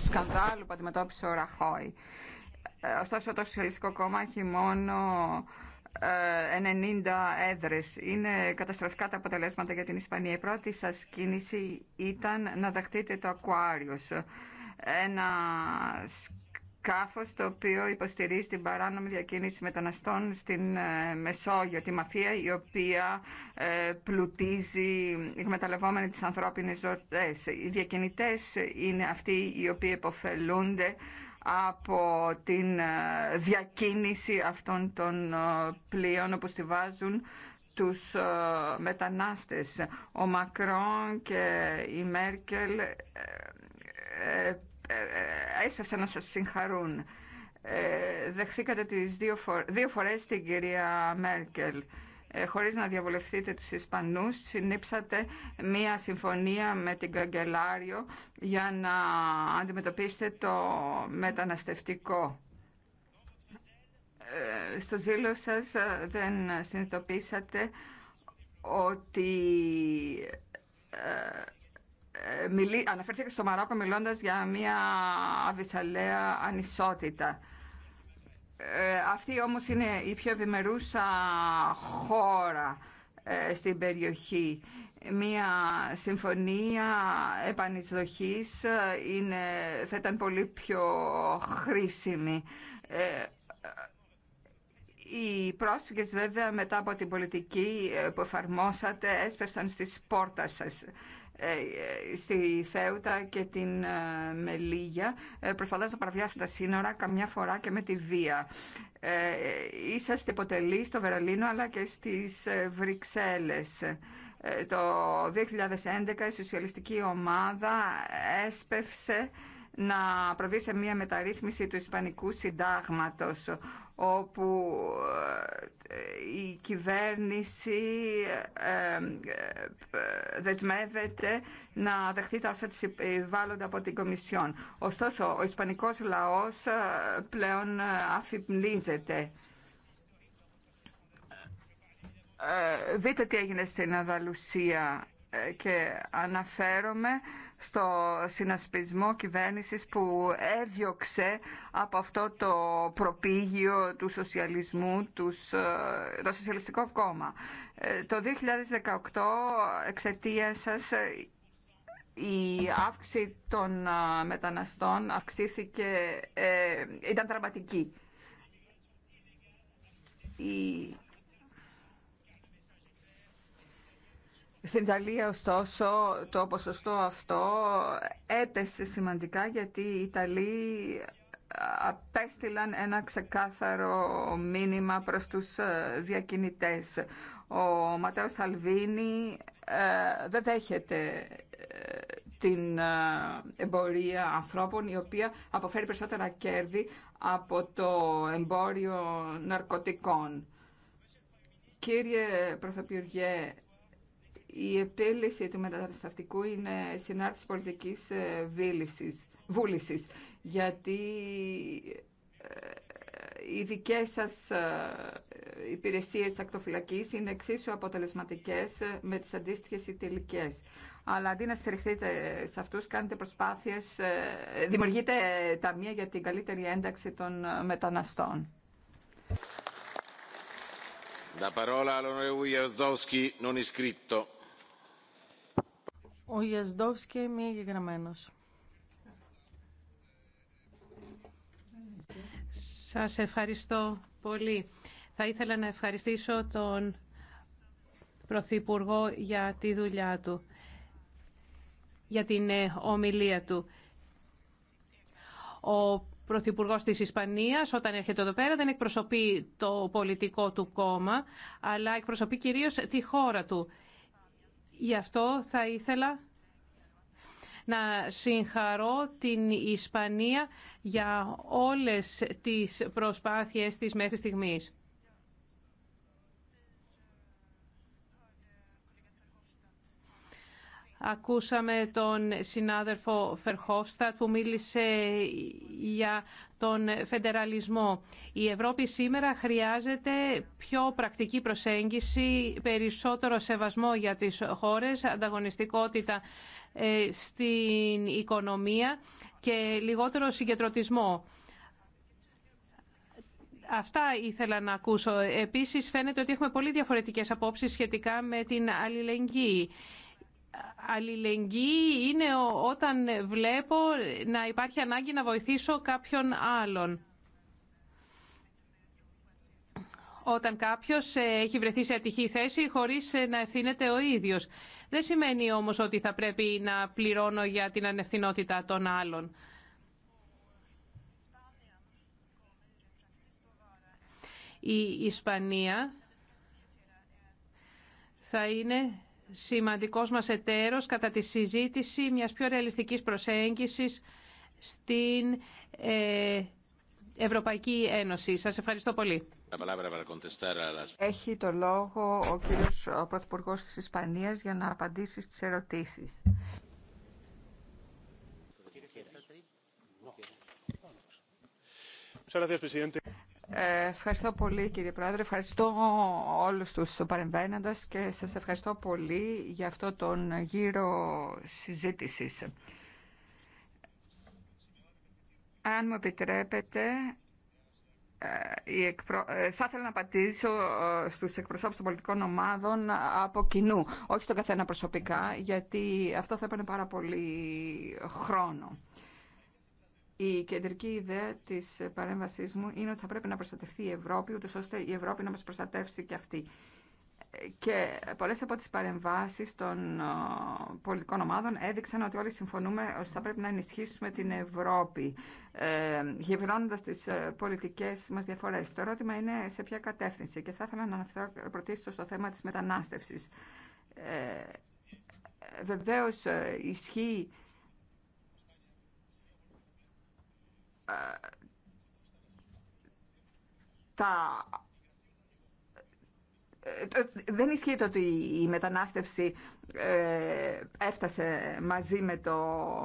σκανδάλου που αντιμετώπισε ο Ραχώη. Ε, ωστόσο το Σοσιαλιστικό Κόμμα έχει μόνο 90 ε, έδρες. Είναι καταστροφικά τα αποτελέσματα για την Ισπανία. Η πρώτη σας κίνηση ήταν να δεχτείτε το Aquarius, ένα σκάφος το οποίο υποστηρίζει την παράνομη διακίνηση μεταναστών στην ε, Μεσόγειο, τη μαφία η οποία ε, πλουτίζει εκμεταλλευόμενη τις ανθρώπινες ζωέ. Οι διακινητές είναι αυτοί οι οποίοι υποφελούνται από την ε, διακίνηση αυτών των πλοίων όπου βάζουν τους μετανάστες. Ο Μακρόν και η Μέρκελ ε, ε, έσπευσαν να σας συγχαρούν. Ε, δεχθήκατε τις δύο, φορ... δύο φορές την κυρία Μέρκελ. Ε, χωρίς να διαβολευτείτε τους Ισπανούς, συνήψατε μία συμφωνία με την Καγκελάριο για να αντιμετωπίσετε το μεταναστευτικό. στο ζήλο σας δεν συνειδητοποίησατε ότι ε, μιλή, αναφέρθηκε στο Μαρόκο μιλώντας για μια αβυσαλαία ανισότητα. Ε, αυτή όμως είναι η πιο ευημερούσα χώρα ε, στην περιοχή. Μια συμφωνία επανεισδοχής είναι, θα ήταν πολύ πιο χρήσιμη. Ε, οι πρόσφυγες βέβαια μετά από την πολιτική που εφαρμόσατε έσπευσαν στις πόρτα σας. Ε, ε, στη Θέουτα και την ε, Μελίγια προσπαθώντας να παραβιάσουν τα σύνορα καμιά φορά και με τη βία. Είσαστε υποτελεί στο Βερολίνο αλλά και στις Βρυξέλλες. Το 2011 η σοσιαλιστική ομάδα έσπευσε να προβεί σε μια μεταρρύθμιση του Ισπανικού Συντάγματος όπου ε, η κυβέρνηση ε, ε, δεσμεύεται να δεχτεί τα όσα της βάλλονται από την Κομισιόν. Ωστόσο, ο Ισπανικός λαός πλέον αφυπνίζεται. Δείτε τι έγινε στην Ανδαλουσία και αναφέρομαι στο συνασπισμό κυβέρνησης που έδιωξε από αυτό το προπήγιο του σοσιαλισμού τους, ε, το Σοσιαλιστικό Κόμμα. Ε, το 2018 εξαιτία σας ε, η αύξηση των μεταναστών αυξήθηκε, ήταν δραματική. Στην Ιταλία, ωστόσο, το ποσοστό αυτό έπεσε σημαντικά γιατί οι Ιταλοί απέστειλαν ένα ξεκάθαρο μήνυμα προς τους ε, διακινητές. Ο Ματέο Αλβίνη ε, δεν δέχεται ε, την εμπορία ανθρώπων η οποία αποφέρει περισσότερα κέρδη από το εμπόριο ναρκωτικών. Κύριε Πρωθυπουργέ, η επίλυση του μεταναστευτικού είναι συνάρτηση πολιτικής ε, βίλησης, βούλησης, γιατί ε, οι δικές σας ε, υπηρεσίες ακτοφυλακής είναι εξίσου αποτελεσματικές με τις αντίστοιχες ιτηλικές. Αλλά αντί να στηριχθείτε σε αυτούς, κάνετε προσπάθειες, δημιουργείτε ταμεία για την καλύτερη ένταξη των μεταναστών. parola all'onorevole non iscritto. Ο και μη Σας ευχαριστώ πολύ. Θα ήθελα να ευχαριστήσω τον Πρωθυπουργό για τη δουλειά του, για την ε, ομιλία του. Ο Πρωθυπουργός της Ισπανίας, όταν έρχεται εδώ πέρα, δεν εκπροσωπεί το πολιτικό του κόμμα, αλλά εκπροσωπεί κυρίως τη χώρα του. Γι' αυτό θα ήθελα να συγχαρώ την Ισπανία για όλες τις προσπάθειες της μέχρι στιγμής. Ακούσαμε τον συνάδελφο Φερχόφστατ που μίλησε για τον φεντεραλισμό. Η Ευρώπη σήμερα χρειάζεται πιο πρακτική προσέγγιση, περισσότερο σεβασμό για τις χώρες, ανταγωνιστικότητα ε, στην οικονομία και λιγότερο συγκεντρωτισμό. Αυτά ήθελα να ακούσω. Επίσης φαίνεται ότι έχουμε πολύ διαφορετικές απόψεις σχετικά με την αλληλεγγύη αλληλεγγύη είναι όταν βλέπω να υπάρχει ανάγκη να βοηθήσω κάποιον άλλον. Όταν κάποιος ε, έχει βρεθεί σε ατυχή θέση χωρίς ε, να ευθύνεται ο ίδιος. Δεν σημαίνει όμως ότι θα πρέπει να πληρώνω για την ανευθυνότητα των άλλων. Η Ισπανία θα είναι σημαντικός μας εταίρος κατά τη συζήτηση μιας πιο ρεαλιστικής προσέγγισης στην ε, Ευρωπαϊκή Ένωση. Σας ευχαριστώ πολύ. Έχει το λόγο ο κύριος ο Πρωθυπουργός της Ισπανίας για να απαντήσει στις ερωτήσεις. Ε, ευχαριστώ πολύ κύριε Πρόεδρε, ευχαριστώ όλους τους παρεμβαίνοντας και σας ευχαριστώ πολύ για αυτό τον γύρο συζήτησης. Αν μου επιτρέπετε, ε, ε, θα ήθελα να πατήσω στους εκπροσώπους των πολιτικών ομάδων από κοινού, όχι στον καθένα προσωπικά, γιατί αυτό θα έπαιρνε πάρα πολύ χρόνο. Η κεντρική ιδέα τη παρέμβασή μου είναι ότι θα πρέπει να προστατευτεί η Ευρώπη, ούτω ώστε η Ευρώπη να μα προστατεύσει και αυτή. Και πολλές από τις παρεμβάσεις των πολιτικών ομάδων έδειξαν ότι όλοι συμφωνούμε ότι θα πρέπει να ενισχύσουμε την Ευρώπη, ε, γευρώνοντας τις ε, πολιτικές μας διαφορές. Το ερώτημα είναι σε ποια κατεύθυνση και θα ήθελα να αναφερθώ στο θέμα της μετανάστευσης. Ε, Βεβαίω ε, ισχύει τα ε, ε, δεν ισχύει το ότι η μετανάστευση ε, έφτασε μαζί με, το,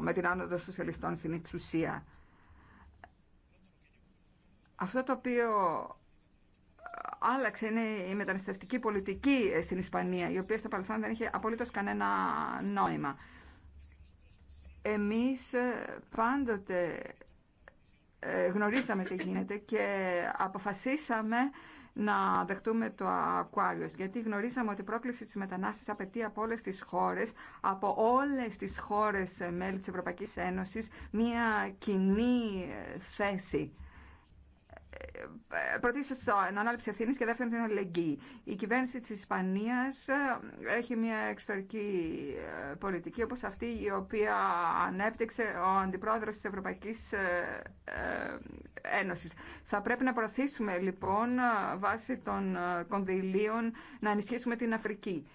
με την άνοδο των σοσιαλιστών στην εξουσία. Αυτό το οποίο άλλαξε είναι η μεταναστευτική πολιτική στην Ισπανία, η οποία στο παρελθόν δεν είχε απολύτως κανένα νόημα. Εμείς πάντοτε ε, γνωρίσαμε τι γίνεται και αποφασίσαμε να δεχτούμε το Aquarius, γιατί γνωρίσαμε ότι η πρόκληση της μετανάστευση απαιτεί από όλες τις χώρες, από όλες τις χώρες ε, μέλη της Ευρωπαϊκής Ένωσης, μια κοινή ε, θέση πρωτίστω το ανάληψη ευθύνη και δεύτερον την αλληλεγγύη. Η κυβέρνηση της Ισπανίας ε, έχει μια εξωτερική ε, πολιτική όπως αυτή η οποία ανέπτυξε ο αντιπρόεδρος της Ευρωπαϊκής ε, Ένωσης. Θα πρέπει να προωθήσουμε λοιπόν βάσει των κονδυλίων να ενισχύσουμε την Αφρική.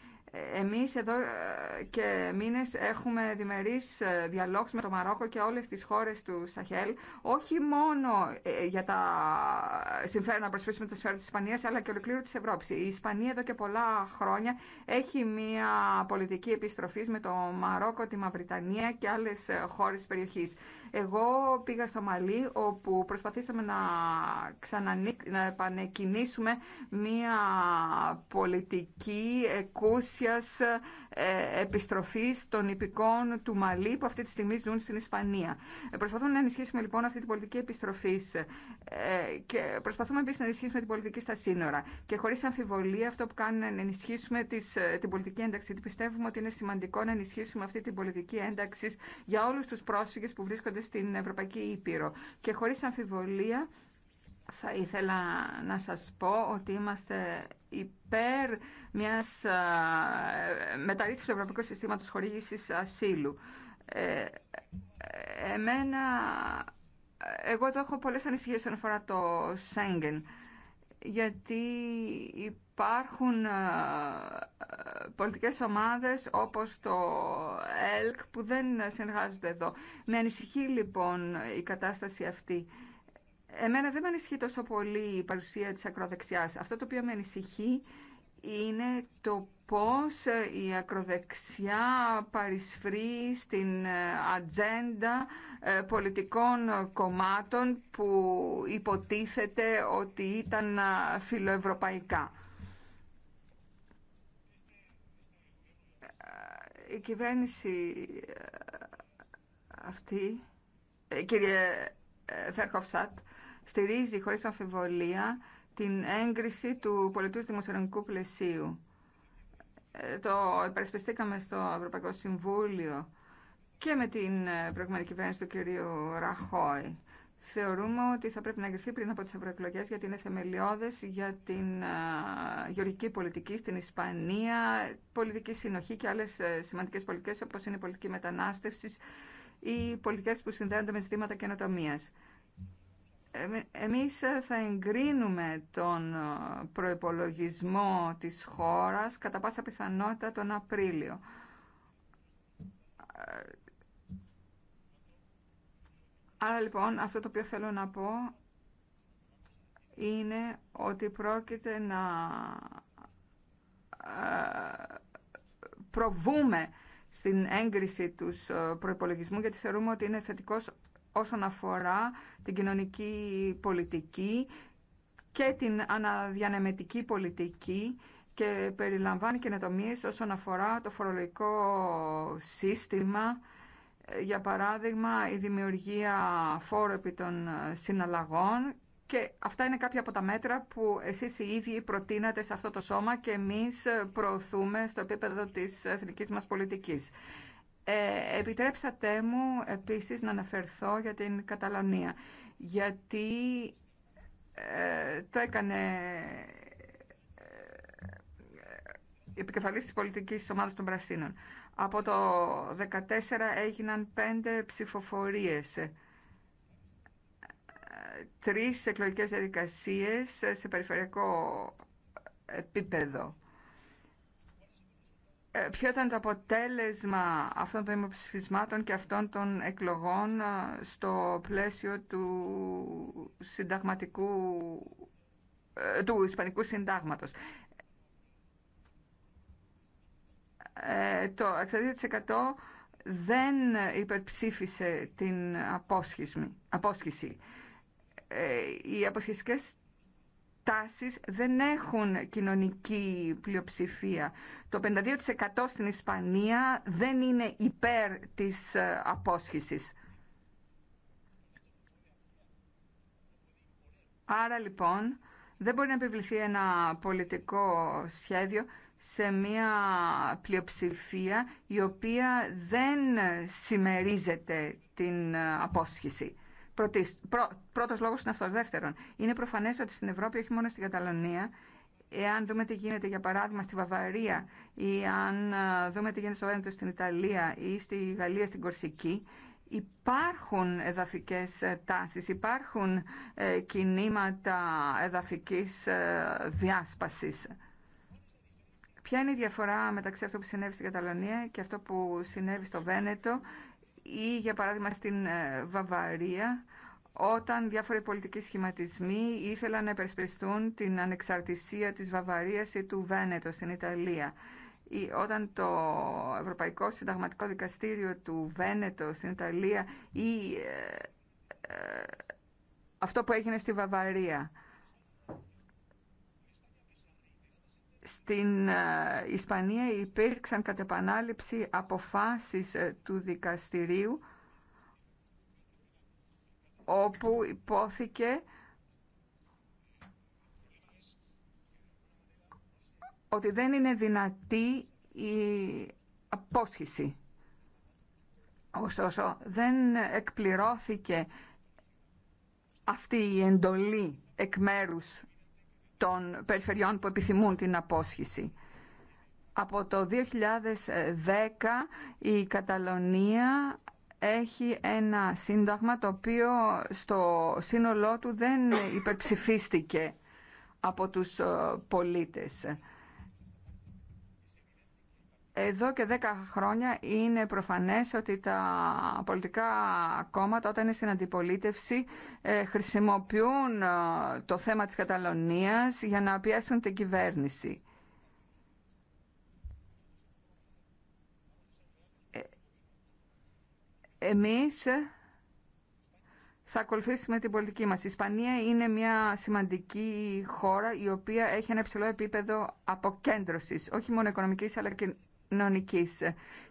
Εμείς εδώ ε, και μήνες έχουμε διμερείς ε, διαλόγους με το Μαρόκο και όλες τις χώρες του Σαχέλ, όχι μόνο ε, για τα συμφέροντα να προσπίσουμε τα της Ισπανίας, αλλά και ολοκλήρου της Ευρώπης. Η Ισπανία εδώ και πολλά χρόνια έχει μια πολιτική επιστροφής με το Μαρόκο, τη Μαυριτανία και άλλες χώρες της περιοχής. Εγώ πήγα στο Μαλί, όπου προσπαθήσαμε να, να επανεκκινήσουμε μια πολιτική εκούση ε, επιστροφής των υπηκών του Μαλή που αυτή τη στιγμή ζουν στην Ισπανία. Ε, προσπαθούμε να ενισχύσουμε λοιπόν αυτή την πολιτική επιστροφής ε, και προσπαθούμε επίσης να ενισχύσουμε την πολιτική στα σύνορα. Και χωρίς αμφιβολία αυτό που κάνουμε να ενισχύσουμε τις, ε, την πολιτική ένταξη. Πιστεύουμε ότι είναι σημαντικό να ενισχύσουμε αυτή την πολιτική ένταξη για όλους τους πρόσφυγες που βρίσκονται στην Ευρωπαϊκή Ήπειρο. Και χωρίς αμφιβολία θα ήθελα να σας πω ότι είμαστε υπέρ μιας μεταρρύθμισης του Ευρωπαϊκού Συστήματος Χορήγησης Ασύλου. Ε, εμένα, εγώ εδώ έχω πολλές ανησυχίες όσον αφορά το Σέγγεν, γιατί υπάρχουν πολιτικές ομάδες όπως το ΕΛΚ που δεν συνεργάζονται εδώ. Με ανησυχεί λοιπόν η κατάσταση αυτή. Εμένα δεν με ανησυχεί τόσο πολύ η παρουσία της ακροδεξιάς. Αυτό το οποίο με ανησυχεί είναι το πώς η ακροδεξιά παρισφρεί στην ατζέντα ε, πολιτικών κομμάτων που υποτίθεται ότι ήταν ε, φιλοευρωπαϊκά. Ε, η κυβέρνηση αυτή, κύριε Φέρχοφσατ, στηρίζει χωρίς αμφιβολία την έγκριση του πολιτού δημοσιονομικού πλαισίου. Ε, το υπερασπιστήκαμε στο Ευρωπαϊκό Συμβούλιο και με την ε, προηγούμενη κυβέρνηση του κυρίου Ραχώη. Θεωρούμε ότι θα πρέπει να εγκριθεί πριν από τις ευρωεκλογέ γιατί είναι θεμελιώδες για την ε, γεωργική πολιτική στην Ισπανία, πολιτική συνοχή και άλλες σημαντικές πολιτικές όπως είναι η πολιτική μετανάστευσης ή πολιτικές που συνδέονται με ζητήματα καινοτομίας. Εμείς ε, θα εγκρίνουμε τον ε, προϋπολογισμό της χώρας κατά πάσα πιθανότητα τον Απρίλιο. Ε, άρα λοιπόν αυτό το οποίο θέλω να πω είναι ότι πρόκειται να προβούμε στην έγκριση του προϋπολογισμού γιατί θεωρούμε ότι είναι θετικός όσον αφορά την κοινωνική πολιτική και την αναδιανεμετική πολιτική και περιλαμβάνει καινοτομίες όσον αφορά το φορολογικό σύστημα, για παράδειγμα η δημιουργία φόρου επί των συναλλαγών και αυτά είναι κάποια από τα μέτρα που εσείς οι ίδιοι προτείνατε σε αυτό το σώμα και εμείς προωθούμε στο επίπεδο της εθνικής μας πολιτικής. Ε, επιτρέψατε μου επίσης να αναφερθώ για την Καταλωνία, γιατί ε, το έκανε η ε, επικεφαλή της πολιτικής ομάδας των Πρασίνων. Από το 2014 έγιναν πέντε ψηφοφορίες, ε, τρεις εκλογικές διαδικασίες σε περιφερειακό επίπεδο. Ε, ποιο ήταν το αποτέλεσμα αυτών των υποψηφισμάτων και αυτών των εκλογών ε, στο πλαίσιο του συνταγματικού ε, του Ισπανικού Συντάγματος. το 62% δεν υπερψήφισε την απόσχηση. Οι αποσχεσικές τάσεις δεν έχουν κοινωνική πλειοψηφία. Το 52% στην Ισπανία δεν είναι υπέρ της ε, απόσχησης. Άρα λοιπόν δεν μπορεί να επιβληθεί ένα πολιτικό σχέδιο σε μια πλειοψηφία η οποία δεν συμμερίζεται την ε, απόσχηση. Πρώτο λόγο πρώτος λόγος είναι αυτός. Δεύτερον, είναι προφανές ότι στην Ευρώπη, όχι μόνο στην Καταλωνία, εάν δούμε τι γίνεται για παράδειγμα στη Βαυαρία ή εάν δούμε τι γίνεται στο Βένετο στην Ιταλία ή στη Γαλλία, στην Κορσική, υπάρχουν εδαφικές ε, τάσεις, υπάρχουν ε, κινήματα εδαφικής ε, διάσπασης. Ποια είναι η διαφορά μεταξύ αυτό που συνέβη στην Καταλωνία και αυτό που συνέβη στο Βένετο ή για παράδειγμα στην ε, Βαβαρία όταν διάφοροι πολιτικοί σχηματισμοί ήθελαν να υπερσπιστούν την ανεξαρτησία της Βαβαρίας ή του Βένετο στην Ιταλία. Ή όταν το Ευρωπαϊκό Συνταγματικό Δικαστήριο του Βένετο στην Ιταλία ή ε, ε, αυτό που έγινε στη Βαβαρία. Στην ε, Ισπανία υπήρξαν κατ' επανάληψη αποφάσεις ε, του δικαστηρίου όπου υπόθηκε ότι δεν είναι δυνατή η απόσχηση. Ωστόσο, δεν εκπληρώθηκε αυτή η εντολή εκ μέρους των περιφερειών που επιθυμούν την απόσχηση. Από το 2010 η Καταλωνία έχει ένα σύνταγμα το οποίο στο σύνολό του δεν υπερψηφίστηκε από τους ε, πολίτες. Εδώ και δέκα χρόνια είναι προφανές ότι τα πολιτικά κόμματα όταν είναι στην αντιπολίτευση ε, χρησιμοποιούν ε, το θέμα της Καταλωνίας για να πιέσουν την κυβέρνηση. Ε, εμείς θα ακολουθήσουμε την πολιτική μας. Η Ισπανία είναι μια σημαντική χώρα η οποία έχει ένα υψηλό επίπεδο αποκέντρωσης, όχι μόνο οικονομικής αλλά και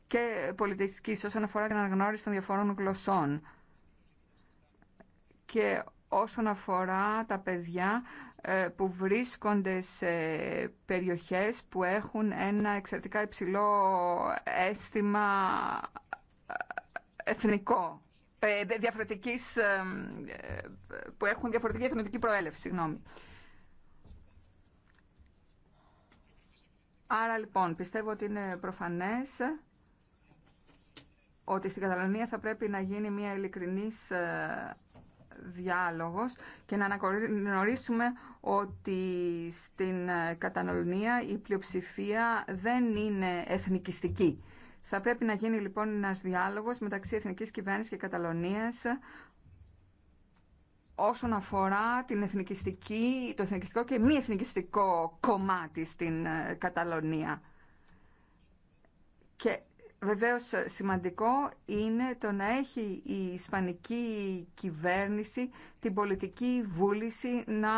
και πολιτιστική όσον αφορά την αναγνώριση των διαφορών γλωσσών και όσον αφορά τα παιδιά ε, που βρίσκονται σε περιοχές που έχουν ένα εξαιρετικά υψηλό αίσθημα ε, εθνικό, ε, διαφορετικής, που έχουν διαφορετική εθνική προέλευση. Συγγνώμη. Άρα λοιπόν πιστεύω ότι είναι προφανές ότι στην Καταλωνία θα πρέπει να γίνει μια ειλικρινής ε, διάλογος και να αναγνωρίσουμε ότι στην ε, Καταλωνία η πλειοψηφία δεν είναι εθνικιστική. Θα πρέπει να γίνει λοιπόν ένας διάλογος μεταξύ εθνικής κυβέρνησης και Καταλωνίας όσον αφορά την εθνικιστική, το εθνικιστικό και μη εθνικιστικό κομμάτι στην ε, Καταλωνία. Και βεβαίως ε, σημαντικό είναι το να έχει η ισπανική κυβέρνηση την πολιτική βούληση να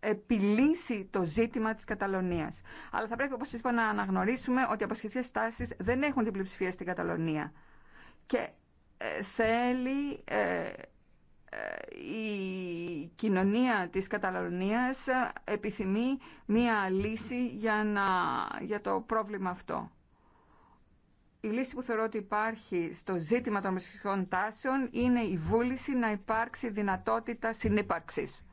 επιλύσει το ζήτημα της Καταλωνίας. Αλλά θα πρέπει, όπως είπα, να αναγνωρίσουμε ότι οι αποσχετικές τάσεις δεν έχουν την πλειοψηφία στην Καταλωνία. Και ε, θέλει η κοινωνία της Καταλωνίας επιθυμεί μία λύση για, να, για το πρόβλημα αυτό. Η λύση που θεωρώ ότι υπάρχει στο ζήτημα των μεσοσυχών τάσεων είναι η βούληση να υπάρξει δυνατότητα συνύπαρξης.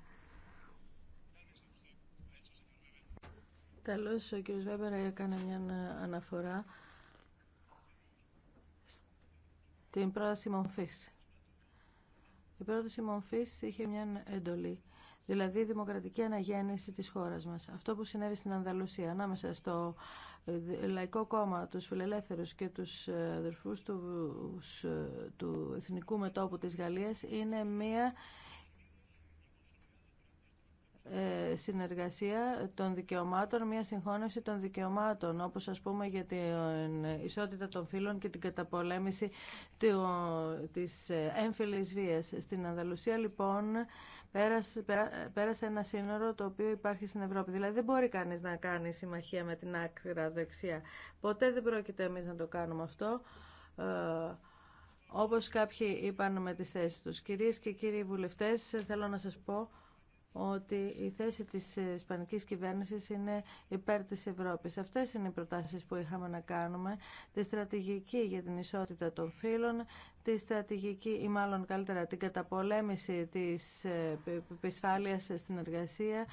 Τέλος, ο κ. Βέμπερα έκανε μια αναφορά στην πρόταση μορφής. Η πρόταση Μομφής είχε μια εντολή δηλαδή η δημοκρατική αναγέννηση της χώρας μας. Αυτό που συνέβη στην Ανδαλουσία, ανάμεσα στο ε, Λαϊκό Κόμμα, τους φιλελεύθερους και τους ε, αδερφούς του, ε, του Εθνικού Μετώπου της Γαλλίας, είναι μία ε, συνεργασία των δικαιωμάτων, μια συγχώνευση των δικαιωμάτων, όπως ας πούμε για την ισότητα των φύλων και την καταπολέμηση της ε, έμφυλης βίας. Στην Ανδαλουσία λοιπόν πέρασε ένα σύνορο το οποίο υπάρχει στην Ευρώπη. Δηλαδή δεν μπορεί κανείς να κάνει συμμαχία με την άκρα δεξιά. Ποτέ δεν πρόκειται εμείς να το κάνουμε αυτό ε, όπως κάποιοι είπαν με τις θέσεις τους. Κυρίες και κύριοι βουλευτές, θέλω να σας πω ότι η θέση της Ισπανικής κυβέρνησης είναι υπέρ της Ευρώπης. Αυτές είναι οι προτάσεις που είχαμε να κάνουμε. Τη στρατηγική για την ισότητα των φύλων, τη στρατηγική ή μάλλον καλύτερα την καταπολέμηση της επισφάλειας στην εργασία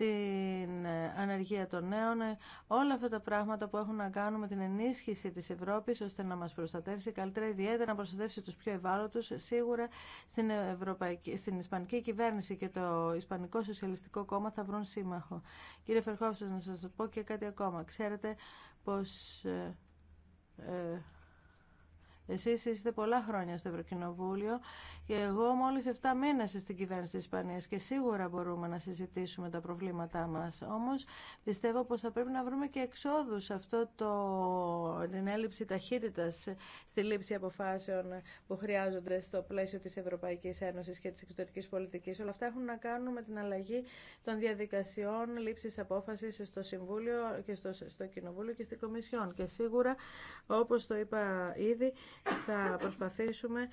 την ε, ανεργία των νέων, ε, όλα αυτά τα πράγματα που έχουν να κάνουν με την ενίσχυση της Ευρώπης ώστε να μας προστατεύσει καλύτερα, ιδιαίτερα να προστατεύσει τους πιο ευάλωτους. Σίγουρα στην, Ευρωπαϊκή, στην Ισπανική κυβέρνηση και το Ισπανικό Σοσιαλιστικό Κόμμα θα βρουν σύμμαχο. Κύριε Φερχόφσας, να σας πω και κάτι ακόμα. Ξέρετε πως... ε, ε Εσεί είστε πολλά χρόνια στο Ευρωκοινοβούλιο και εγώ μόλι 7 μήνε στην κυβέρνηση τη Ισπανία και σίγουρα μπορούμε να συζητήσουμε τα προβλήματά μα. Όμω, πιστεύω πω θα πρέπει να βρούμε και εξόδου σε αυτό το, την έλλειψη ταχύτητα στη λήψη αποφάσεων που χρειάζονται στο πλαίσιο τη Ευρωπαϊκή Ένωση και τη εξωτερική Πολιτική. Όλα αυτά έχουν να κάνουν με την αλλαγή των διαδικασιών λήψη απόφαση στο Συμβούλιο και στο, στο Κοινοβούλιο και στην Κομισιόν. Και σίγουρα, όπω το είπα ήδη, θα προσπαθήσουμε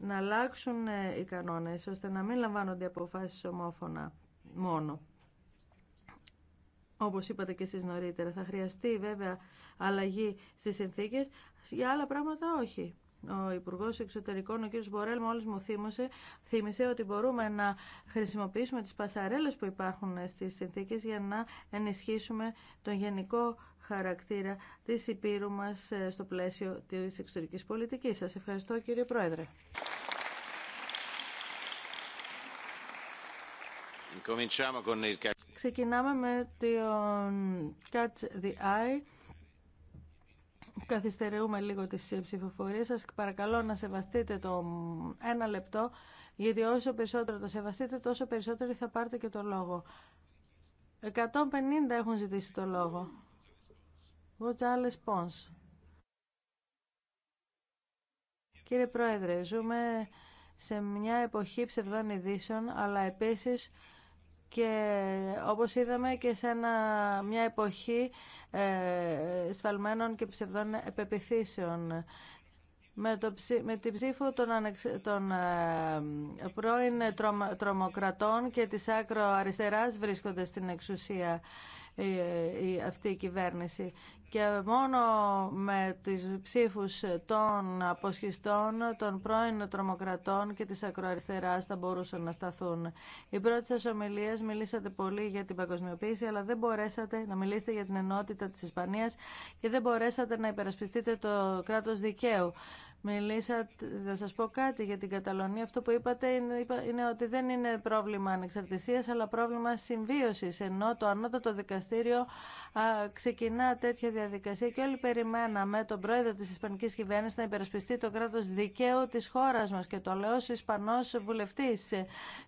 να αλλάξουν ε, οι κανόνες ώστε να μην λαμβάνονται αποφάσεις ομόφωνα μόνο. Όπως είπατε και εσείς νωρίτερα, θα χρειαστεί βέβαια αλλαγή στις συνθήκες, για άλλα πράγματα όχι. Ο Υπουργό Εξωτερικών, ο κ. Μπορέλ, μόλι μου θύμωσε, θύμισε ότι μπορούμε να χρησιμοποιήσουμε τι πασαρέλε που υπάρχουν ε, στι συνθήκε για να ενισχύσουμε τον γενικό χαρακτήρα της Υπήρου μας ε, στο πλαίσιο της εξωτερικής πολιτικής. Σας ευχαριστώ κύριε Πρόεδρε. Ξεκινάμε με τον Catch the Eye. Καθυστερούμε λίγο τις ψηφοφορίες σας. Παρακαλώ να σεβαστείτε το ένα λεπτό, γιατί όσο περισσότερο το σεβαστείτε, τόσο περισσότερο θα πάρετε και το λόγο. 150 έχουν ζητήσει το λόγο. Κύριε Πρόεδρε, ζούμε σε μια εποχή ψευδών ειδήσεων, αλλά επίσης και όπως είδαμε και σε μια εποχή ε, σφαλμένων και ψευδών επεπιθύσεων. Με, την ψήφο των, ε, πρώην τρομοκρατών και της άκρο αριστεράς βρίσκονται στην εξουσία αυτή η κυβέρνηση. Και μόνο με τις ψήφους των αποσχιστών, των πρώην τρομοκρατών και της ακροαριστεράς θα μπορούσαν να σταθούν. Οι πρώτη σας ομιλίες μιλήσατε πολύ για την παγκοσμιοποίηση, αλλά δεν μπορέσατε να μιλήσετε για την ενότητα της Ισπανίας και δεν μπορέσατε να υπερασπιστείτε το κράτος δικαίου. Μιλήσατε, θα σας πω κάτι για την Καταλωνία. Αυτό που είπατε είναι, είναι ότι δεν είναι πρόβλημα ανεξαρτησίας, αλλά πρόβλημα συμβίωσης. Ενώ το ανώτατο δικαστήριο α, ξεκινά τέτοια διαδικασία και όλοι περιμέναμε τον πρόεδρο της Ισπανικής Κυβέρνησης να υπερασπιστεί το κράτος δικαίου της χώρας μας. Και το λέω ως Ισπανός βουλευτής.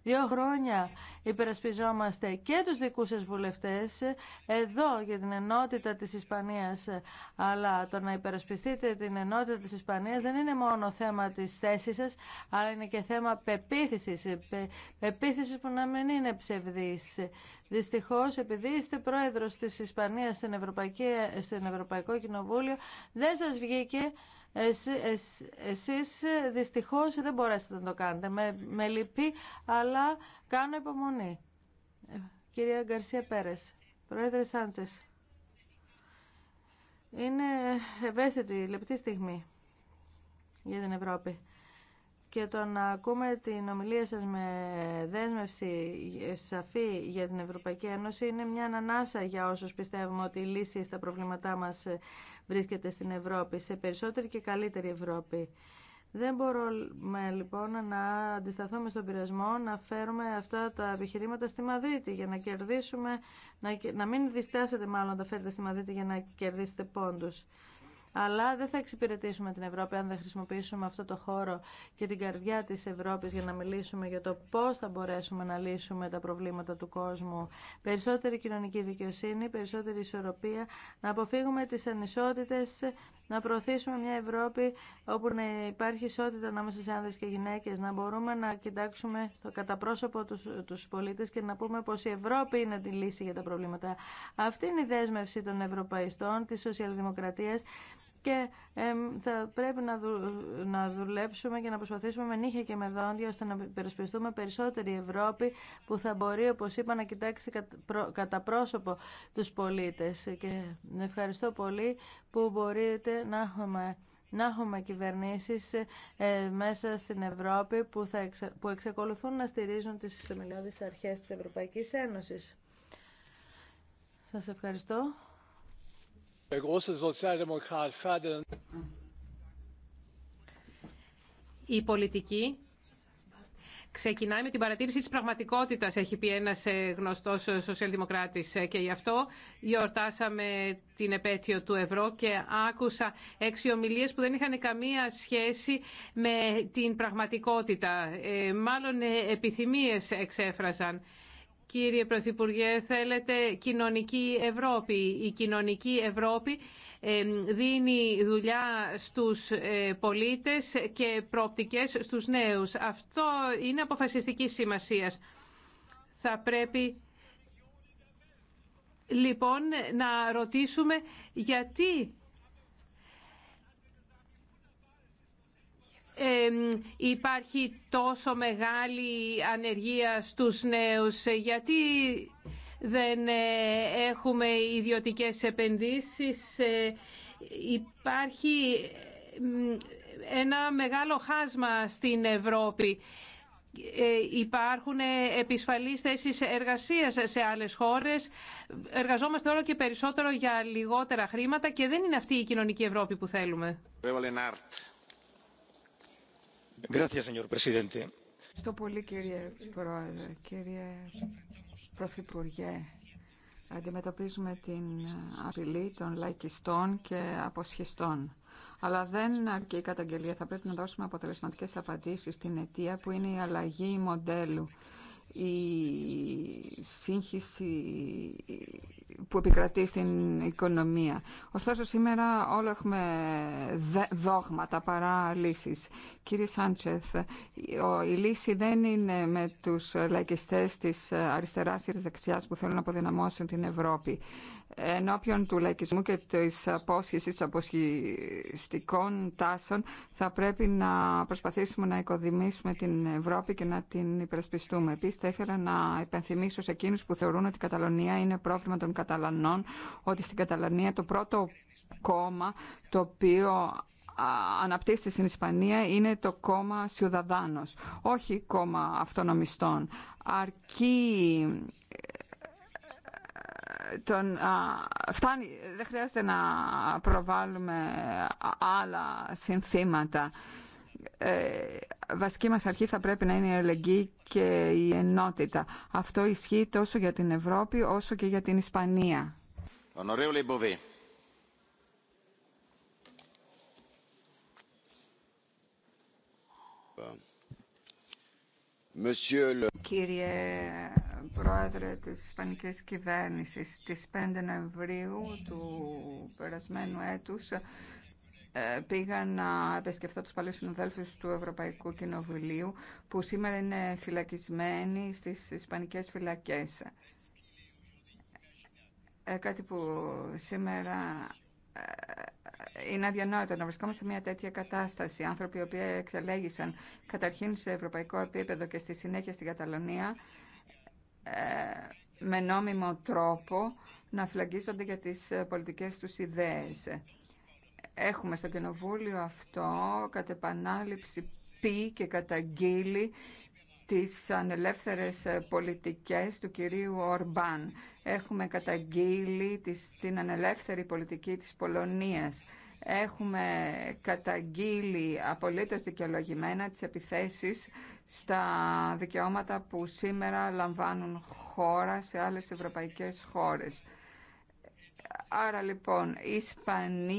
Δύο χρόνια υπερασπιζόμαστε και τους δικούς σας βουλευτές εδώ για την ενότητα της Ισπανίας. Αλλά το να υπερασπιστείτε την ενότητα της Ισπανίας είναι μόνο θέμα της θέσης σας, αλλά είναι και θέμα πεποίθησης, πε, που να μην είναι ψευδής. Δυστυχώς, επειδή είστε πρόεδρος της Ισπανίας στην, στην Ευρωπαϊκό Κοινοβούλιο, δεν σας βγήκε εσείς, εσ, εσείς δυστυχώς δεν μπορέσετε να το κάνετε. Με, με αλλά κάνω υπομονή. Κυρία Γκαρσία Πέρες, Πρόεδρε Σάντσες. Είναι ευαίσθητη, λεπτή στιγμή για την Ευρώπη. Και το να ακούμε την ομιλία σας με δέσμευση σαφή για την Ευρωπαϊκή Ένωση είναι μια ανανάσα για όσους πιστεύουμε ότι η λύση στα προβλήματά μας βρίσκεται στην Ευρώπη, σε περισσότερη και καλύτερη Ευρώπη. Δεν μπορούμε λοιπόν να αντισταθούμε στον πειρασμό να φέρουμε αυτά τα επιχειρήματα στη Μαδρίτη για να κερδίσουμε, να, να μην διστάσετε μάλλον να τα φέρετε στη Μαδρίτη για να κερδίσετε πόντους αλλά δεν θα εξυπηρετήσουμε την Ευρώπη αν δεν χρησιμοποιήσουμε αυτό το χώρο και την καρδιά της Ευρώπης για να μιλήσουμε για το πώς θα μπορέσουμε να λύσουμε τα προβλήματα του κόσμου. Περισσότερη κοινωνική δικαιοσύνη, περισσότερη ισορροπία, να αποφύγουμε τις ανισότητες, να προωθήσουμε μια Ευρώπη όπου να υπάρχει ισότητα ανάμεσα σε άνδρες και γυναίκες, να μπορούμε να κοιτάξουμε στο καταπρόσωπο πρόσωπο τους, τους πολίτες και να πούμε πως η Ευρώπη είναι τη λύση για τα προβλήματα. Αυτή είναι η δέσμευση των Ευρωπαϊστών, της σοσιαλδημοκρατίας και θα πρέπει να, να δουλέψουμε και να προσπαθήσουμε με νύχια και με δόντια ώστε να υπερασπιστούμε περισσότερη Ευρώπη που θα μπορεί, όπως είπα, να κοιτάξει κατά πρόσωπο τους πολίτες. Και ευχαριστώ πολύ που μπορείτε να έχουμε να έχουμε κυβερνήσεις ε, μέσα στην Ευρώπη που, θα εξακολουθούν να στηρίζουν τις θεμελιώδεις αρχές της Ευρωπαϊκής Ένωσης. Σας ευχαριστώ. Η πολιτική ξεκινάει με την παρατήρηση της πραγματικότητας, έχει πει ένας ε, γνωστός ε, σοσιαλδημοκράτης ε, και γι' αυτό γιορτάσαμε την επέτειο του ευρώ και άκουσα έξι ομιλίες που δεν είχαν καμία σχέση με την πραγματικότητα. Μάλλον επιθυμίες εξέφρασαν. Κύριε Πρωθυπουργέ, θέλετε κοινωνική Ευρώπη. Η κοινωνική Ευρώπη δίνει δουλειά στους ε, πολίτες και προοπτικές στους νέους. Αυτό είναι αποφασιστική σημασίας. Θα πρέπει λοιπόν να ρωτήσουμε γιατί υπάρχει τόσο μεγάλη ανεργία στους νέους, ε, γιατί δεν ε, έχουμε ιδιωτικές επενδύσεις, ε, υπάρχει ένα μεγάλο χάσμα στην Ευρώπη. Υπάρχουν επισφαλείς θέσεις εργασίας σε άλλες χώρες. Εργαζόμαστε όλο και περισσότερο για λιγότερα χρήματα και δεν είναι αυτή η κοινωνική Ευρώπη που θέλουμε. Ευχαριστώ πολύ κύριε Πρόεδρε, κύριε Πρωθυπουργέ. Αντιμετωπίζουμε την απειλή των λαϊκιστών και αποσχιστών. Αλλά δεν αρκεί η καταγγελία. Θα πρέπει να δώσουμε αποτελεσματικές απαντήσεις στην αιτία που είναι η αλλαγή μοντέλου η σύγχυση που επικρατεί στην οικονομία. Ωστόσο σήμερα όλο έχουμε δόγματα παρά λύσεις. Κύριε Σάντσεθ, η λύση δεν είναι με τους λαϊκιστές της αριστεράς ή της δεξιάς που θέλουν να αποδυναμώσουν την Ευρώπη ενώπιον του λαϊκισμού και της απόσχεσης των αποσχιστικών τάσεων θα πρέπει να προσπαθήσουμε να οικοδημήσουμε την Ευρώπη και να την υπερασπιστούμε. Επίσης θα ήθελα να υπενθυμίσω σε εκείνους που θεωρούν ότι η Καταλωνία είναι πρόβλημα των Καταλανών, ότι στην Καταλωνία το πρώτο κόμμα το οποίο αναπτύσσεται στην Ισπανία είναι το κόμμα Σιουδαδάνος, όχι κόμμα αυτονομιστών. Αρκεί τον, φτάνει, δεν χρειάζεται να προβάλλουμε άλλα συνθήματα. Ε, βασική μας αρχή θα πρέπει να είναι η ελεγγύη και η ενότητα. Αυτό ισχύει τόσο για την Ευρώπη όσο και για την Ισπανία. Κύριε πρόεδρε της Ισπανικής Κυβέρνησης στις 5 Νοεμβρίου του περασμένου έτους ε, πήγα να επισκεφτώ τους παλιούς συναδέλφους του Ευρωπαϊκού Κοινοβουλίου που σήμερα είναι φυλακισμένοι στις Ισπανικές φυλακές. Ε, κάτι που σήμερα ε, είναι αδιανόητο να βρισκόμαστε σε μια τέτοια κατάσταση. Άνθρωποι οι οποίοι εξελέγησαν καταρχήν σε ευρωπαϊκό επίπεδο και στη συνέχεια στην Καταλωνία με νόμιμο τρόπο να φλαγίζονται για τις ε, πολιτικές τους ιδέες. Έχουμε στο Κοινοβούλιο αυτό κατ' επανάληψη πει και καταγγείλει τις ανελεύθερες ε, πολιτικές του κυρίου Ορμπάν. Έχουμε καταγγείλει την ανελεύθερη πολιτική της Πολωνίας Έχουμε καταγγείλει απολύτως δικαιολογημένα τις επιθέσεις στα δικαιώματα που σήμερα λαμβάνουν χώρα σε άλλες ευρωπαϊκές χώρες. Άρα λοιπόν η Ισπανία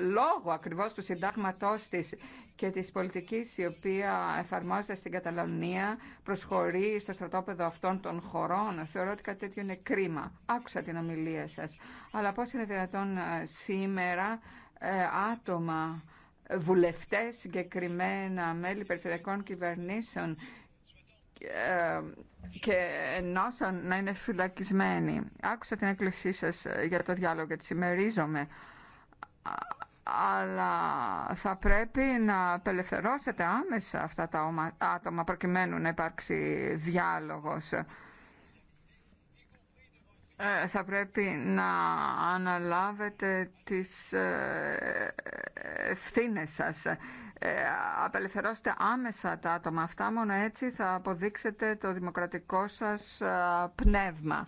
λόγω ακριβώς του συντάγματός της και της πολιτικής η οποία εφαρμόζεται στην Καταλωνία προσχωρεί στο στρατόπεδο αυτών των χωρών. Θεωρώ ότι κάτι τέτοιο είναι κρίμα. Άκουσα την ομιλία σας. Αλλά πώς είναι δυνατόν ε, σήμερα ε, άτομα, βουλευτές συγκεκριμένα, μέλη περιφερειακών κυβερνήσεων ε, και ενώσαν να είναι φυλακισμένοι. Άκουσα την έκκλησή σας για το διάλογο και τη συμμερίζομαι αλλά θα πρέπει να απελευθερώσετε άμεσα αυτά τα άτομα προκειμένου να υπάρξει διάλογος. Ε, θα πρέπει να αναλάβετε τις ε, ευθύνε σας. Ε, απελευθερώστε άμεσα τα άτομα αυτά, μόνο έτσι θα αποδείξετε το δημοκρατικό σας πνεύμα.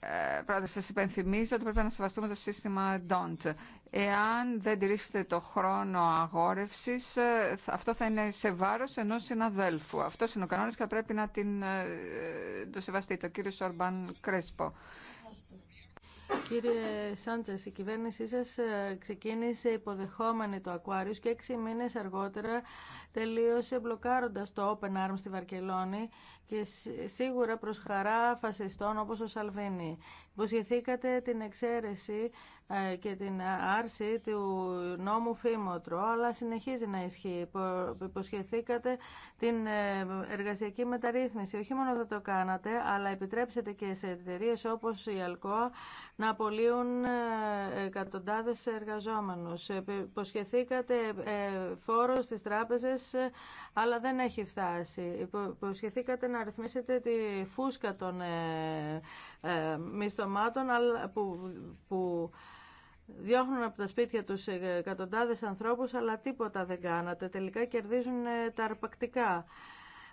Ε, Πρώτα, σας υπενθυμίζω ότι πρέπει να σεβαστούμε το σύστημα DONT. Εάν δεν τηρήσετε το χρόνο αγόρευσης, ε, αυτό θα είναι σε βάρος ενός συναδέλφου. Αυτό είναι ο κανόνας και θα πρέπει να την, ε, το σεβαστείτε. Ο κύριος Ορμπαν Κρέσπο. Κύριε Σάντζε, η κυβέρνησή σα ξεκίνησε υποδεχόμενη το Aquarius και έξι μήνε αργότερα τελείωσε μπλοκάροντας το Open Arms στη Βαρκελόνη και σίγουρα προς χαρά φασιστών όπως ο Σαλβίνη. Υποσχεθήκατε την εξαίρεση ε, και την άρση του νόμου Φήμοτρο, αλλά συνεχίζει να ισχύει. Υποσχεθήκατε την ε, εργασιακή μεταρρύθμιση. Όχι μόνο θα το κάνατε, αλλά επιτρέψετε και σε εταιρείε όπως η Αλκοά να απολύουν ε, εκατοντάδες εργαζόμενους. Υποσχεθήκατε φόρο στις τράπεζες ε, αλλά δεν έχει φτάσει. Υποσχεθήκατε να ρυθμίσετε τη φούσκα των ε, ε, μισθωμάτων που, που διώχνουν από τα σπίτια τους εκατοντάδες ανθρώπους, αλλά τίποτα δεν κάνατε. Τελικά κερδίζουν τα αρπακτικά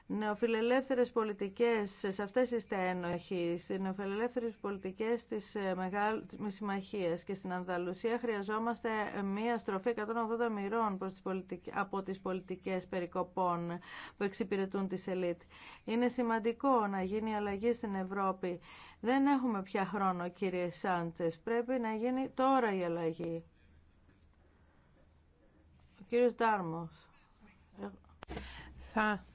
νεοφιλελεύθερες πολιτικές σε αυτές τις ένοχοι, στις νεοφιλελεύθερες πολιτικές της ε, Μεγάλης Συμμαχίας και στην Ανδαλουσία χρειαζόμαστε ε, μία στροφή 180 μοιρών από τις πολιτικές περικοπών που εξυπηρετούν τις ελίτ. Είναι σημαντικό να γίνει αλλαγή στην Ευρώπη. Δεν έχουμε πια χρόνο κύριε Σάντσες, πρέπει να γίνει τώρα η αλλαγή. Ο κύριος Ντάρμος. Ε, Θα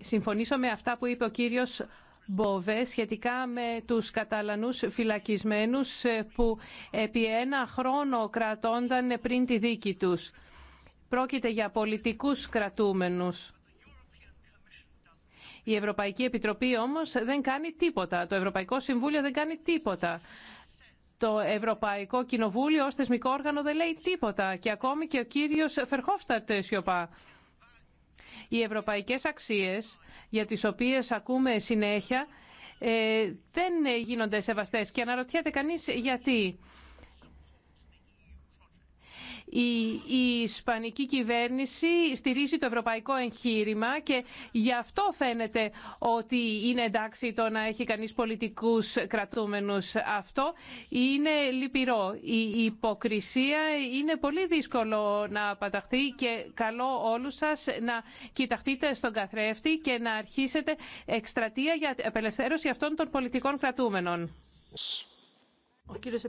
συμφωνήσω με αυτά που είπε ο κύριος Μποβέ σχετικά με τους Καταλανούς φυλακισμένους ε, που επί ένα χρόνο κρατώνταν πριν τη δίκη τους. Πρόκειται για πολιτικούς κρατούμενους. Η Ευρωπαϊκή Επιτροπή όμως δεν κάνει τίποτα. Το Ευρωπαϊκό Συμβούλιο δεν κάνει τίποτα. Το Ευρωπαϊκό Κοινοβούλιο ως θεσμικό όργανο δεν λέει τίποτα. Και ακόμη και ο κύριος Φερχόφστατ σιωπά. Οι ευρωπαϊκές αξίες για τις οποίες ακούμε συνέχεια ε, δεν γίνονται σεβαστές και αναρωτιέται κανείς γιατί η Ισπανική κυβέρνηση στηρίζει το ευρωπαϊκό εγχείρημα και γι' αυτό φαίνεται ότι είναι εντάξει το να έχει κανείς πολιτικούς κρατούμενους. Αυτό είναι λυπηρό. Η υποκρισία είναι πολύ δύσκολο να παταχθεί και καλό όλους σας να κοιταχτείτε στον καθρέφτη και να αρχίσετε εκστρατεία για απελευθέρωση αυτών των πολιτικών κρατούμενων. Ο κύριος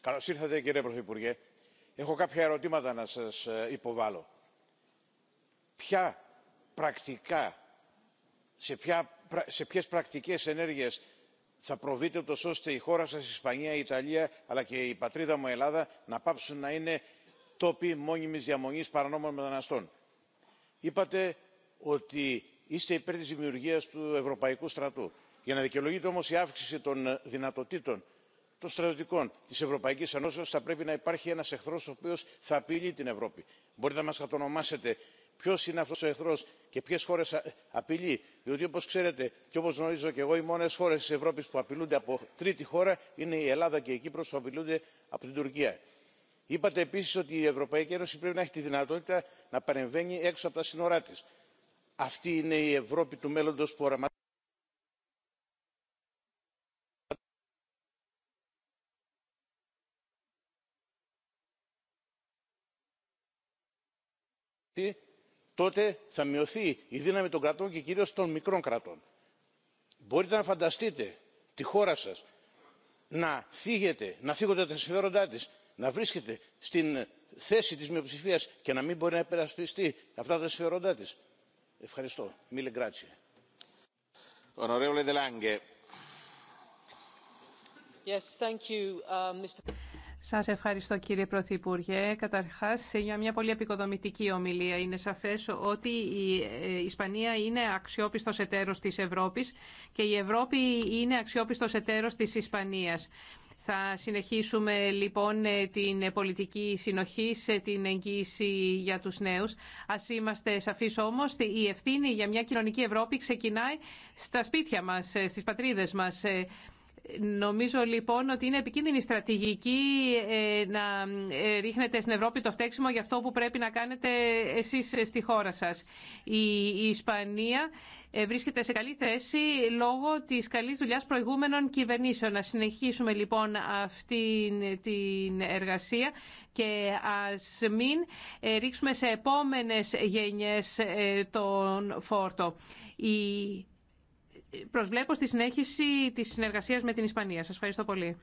Καλώ ήρθατε κύριε Πρωθυπουργέ. Έχω κάποια ερωτήματα να σας ε, υποβάλω. Ποια πρακτικά, σε, ποιε πρακτικέ ποιες πρακτικές ενέργειες θα προβείτε ούτως ώστε η χώρα σας, η Ισπανία, η Ιταλία αλλά και η πατρίδα μου Ελλάδα να πάψουν να είναι τόποι μόνιμης διαμονής παρανόμων μεταναστών. Είπατε ότι είστε υπέρ της δημιουργίας του Ευρωπαϊκού Στρατού. Για να δικαιολογείται όμως η αύξηση των δυνατοτήτων των στρατιωτικών της ευρωπαϊκής ενώσεως θα πρέπει να υπάρχει ένας εχθρός ο οποίος θα απειλεί την ευρώπη. μπορείτε να μας κατονομάσετε ποιος είναι αυτός ο εχθρός και ποιες χώρες απειλεί διότι όπως ξέρετε και όπως γνωρίζω και εγώ οι μόνες χώρες της ευρώπης που απειλούνται από τρίτη χώρα είναι η ελλάδα και η κύπρος που απειλούνται από την τουρκία. είπατε επίσης ότι η ευρωπαϊκή ένωση πρέπει να έχει τη δυνατότητα να παρεμβαίνει έξω από τα σύνορά τη. αυτή είναι η ευρώπη του μέλλοντος που τότε θα μειωθεί η δύναμη των κρατών και κυρίως των μικρών κρατών. μπορείτε να φανταστείτε τη χώρα σας να θίγεται να θίγονται τα συμφέροντά της να βρίσκεται στην θέση της μειοψηφίας και να μην μπορεί να υπερασπιστεί αυτά τα συμφέροντά της. ευχαριστώ. Yes, thank uh, σας ευχαριστώ κύριε Πρωθυπουργέ. Καταρχάς για μια πολύ επικοδομητική ομιλία. Είναι σαφές ότι η ε, Ισπανία είναι αξιόπιστος ετέρος της Ευρώπη και η Ευρώπη είναι αξιόπιστος εταίρο της Ισπανίας. Θα συνεχίσουμε λοιπόν ε, την πολιτική συνοχή σε την εγγύηση για τους νέους. Ας είμαστε σαφείς όμως, η ευθύνη για μια κοινωνική Ευρώπη ξεκινάει στα σπίτια μας, ε, στις πατρίδες μας. Νομίζω λοιπόν ότι είναι επικίνδυνη στρατηγική ε, να ε, ρίχνετε στην Ευρώπη το φταίξιμο για αυτό που πρέπει να κάνετε εσείς ε, στη χώρα σας. Η Ισπανία βρίσκεται σε καλή θέση λόγω της καλής δουλειάς προηγούμενων κυβερνήσεων. Να συνεχίσουμε λοιπόν αυτή την εργασία και ας μην ρίξουμε σε επόμενες γενιές τον φόρτο προσβλέπω στη συνέχιση τη συνεργασία με την Ισπανία. Σας ευχαριστώ πολύ.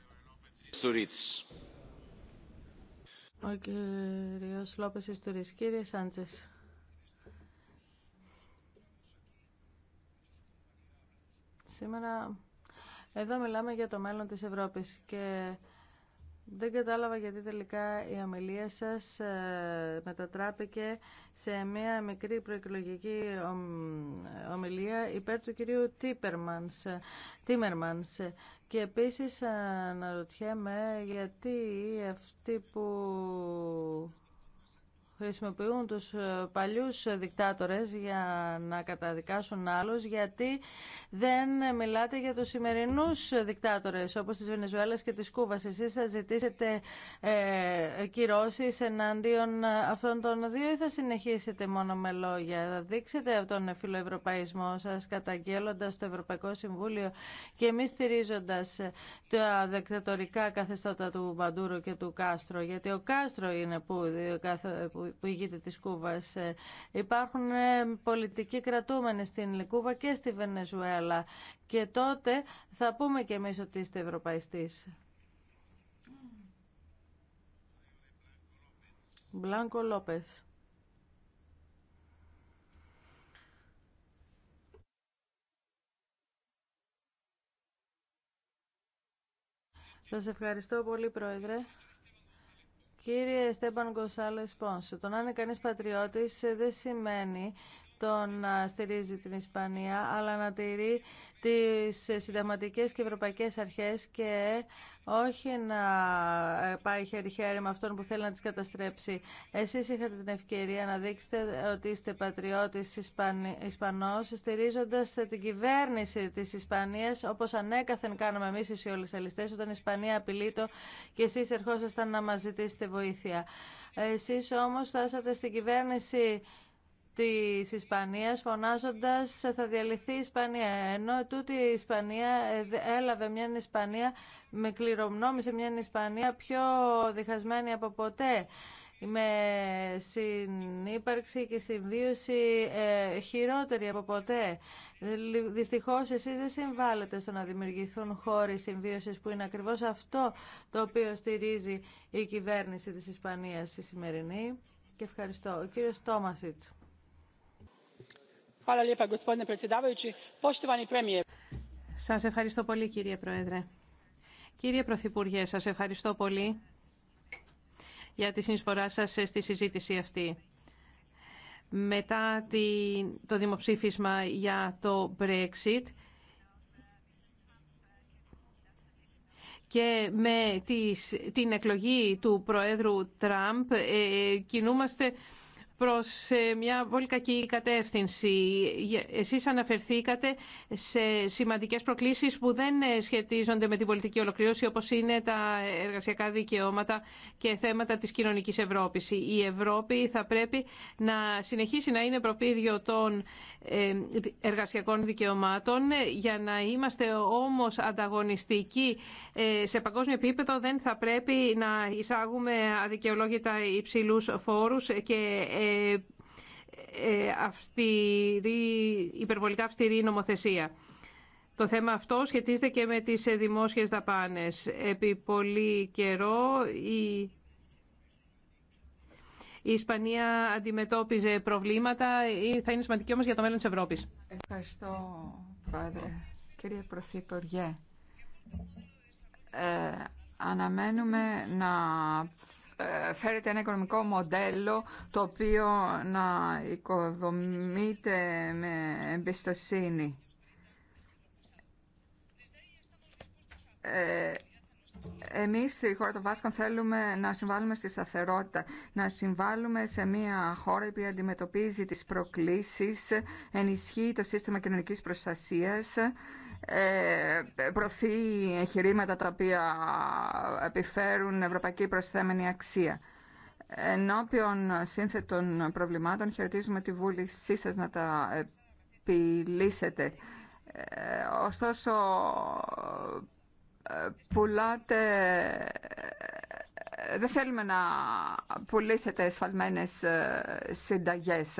Ο κύριος Λόπες Ιστουρίς. Κύριε Σάντζες. Σήμερα εδώ μιλάμε για το μέλλον της Ευρώπης και δεν κατάλαβα γιατί τελικά η ομιλία σας ε, μετατράπηκε σε μια μικρή προεκλογική ομιλία υπέρ του κυρίου Τίπερμανς, ε, Τίμερμανς. Και επίσης αναρωτιέμαι γιατί αυτοί που χρησιμοποιούν τους ε, παλιούς δικτάτορες για να καταδικάσουν άλλους γιατί δεν μιλάτε για τους σημερινούς δικτάτορες όπως της Βενεζουέλας και της Κούβας. Εσείς θα ζητήσετε ε, κυρώσεις εναντίον αυτών των δύο ή θα συνεχίσετε μόνο με λόγια. Θα δείξετε τον φιλοευρωπαϊσμό σας καταγγέλλοντας το Ευρωπαϊκό Συμβούλιο και μη στηρίζοντα τα δικτατορικά καθεστώτα του Μπαντούρο και του Κάστρο γιατί ο Κάστρο είναι που ε, που ηγείται της Κούβας. Ε, υπάρχουν ε, πολιτικοί κρατούμενοι στην Κούβα και στη Βενεζουέλα και τότε θα πούμε και εμείς ότι είστε ευρωπαϊστής. Μπλάνκο Σας ευχαριστώ πολύ, Πρόεδρε. Κύριε Στέμπαν Γκοσάλε Πόνσο, το να είναι κανείς πατριώτης ε, δεν σημαίνει το να στηρίζει την Ισπανία, αλλά να τηρεί τις συνταγματικές και ευρωπαϊκές αρχές και όχι να ε, πάει χέρι-χέρι με αυτόν που θέλει να τις καταστρέψει. Εσείς είχατε την ευκαιρία να δείξετε ότι είστε πατριώτης Ισπανι... Ισπανός, στηρίζοντας την κυβέρνηση της Ισπανίας, όπως ανέκαθεν κάναμε εμείς οι σιωλισσαλιστές, όταν η Ισπανία το και εσείς ερχόσασταν να μας ζητήσετε βοήθεια. Εσείς όμως στάσατε στην κυβέρνηση Τη Ισπανίας φωνάζοντας θα διαλυθεί η Ισπανία ενώ τούτη η Ισπανία ε, έλαβε μια Ισπανία με σε μια Ισπανία πιο διχασμένη από ποτέ με συνύπαρξη και συμβίωση ε, χειρότερη από ποτέ. Δυστυχώς εσείς δεν συμβάλλετε στο να δημιουργηθούν χώροι συμβίωσης που είναι ακριβώς αυτό το οποίο στηρίζει η κυβέρνηση της Ισπανίας η σημερινή. Και ευχαριστώ. Ο κύριος Τόμασιτς. Σα σας ευχαριστώ πολύ κύριε πρόεδρε κύριε πρωθυπουργέ σας ευχαριστώ πολύ για τη συνεισφορά σας στη συζήτηση αυτή μετά το δημοψήφισμα για το Brexit και με την εκλογή του Προέδρου Τραμπ ε, ε, κινούμαστε προς ε, μια πολύ κακή κατεύθυνση. Εσείς αναφερθήκατε σε σημαντικές προκλήσεις που δεν ε, σχετίζονται με την πολιτική ολοκλήρωση όπως είναι τα εργασιακά δικαιώματα και θέματα της κοινωνικής Ευρώπης. Η Ευρώπη θα πρέπει να συνεχίσει να είναι προπίδιο των ε, εργασιακών δικαιωμάτων για να είμαστε όμως ανταγωνιστικοί σε παγκόσμιο επίπεδο δεν θα πρέπει να εισάγουμε αδικαιολόγητα υψηλούς φόρους και ε, αυστηρή, υπερβολικά αυστηρή νομοθεσία. Το θέμα αυτό σχετίζεται και με τις δημόσιες δαπάνες. Επί πολύ καιρό η Ισπανία αντιμετώπιζε προβλήματα ή ε, θα είναι σημαντική όμως για το μέλλον της Ευρώπης. Ευχαριστώ, Κύριε Πρωθυπουργέ, ε, αναμένουμε να ε, φέρετε ένα οικονομικό μοντέλο το οποίο να οικοδομείται με εμπιστοσύνη. Ε, εμείς η χώρα των Βάσκων θέλουμε να συμβάλλουμε στη σταθερότητα, να συμβάλλουμε σε μια χώρα που αντιμετωπίζει τις προκλήσεις, ενισχύει το σύστημα κοινωνικής προστασίας ε, προωθεί εγχειρήματα τα οποία επιφέρουν ευρωπαϊκή προσθέμενη αξία. Ενώπιον σύνθετων προβλημάτων χαιρετίζουμε τη βούλησή σας να τα επιλύσετε. Ε, ωστόσο, ε, πουλάτε... Δεν θέλουμε να πουλήσετε εσφαλμένες συνταγές.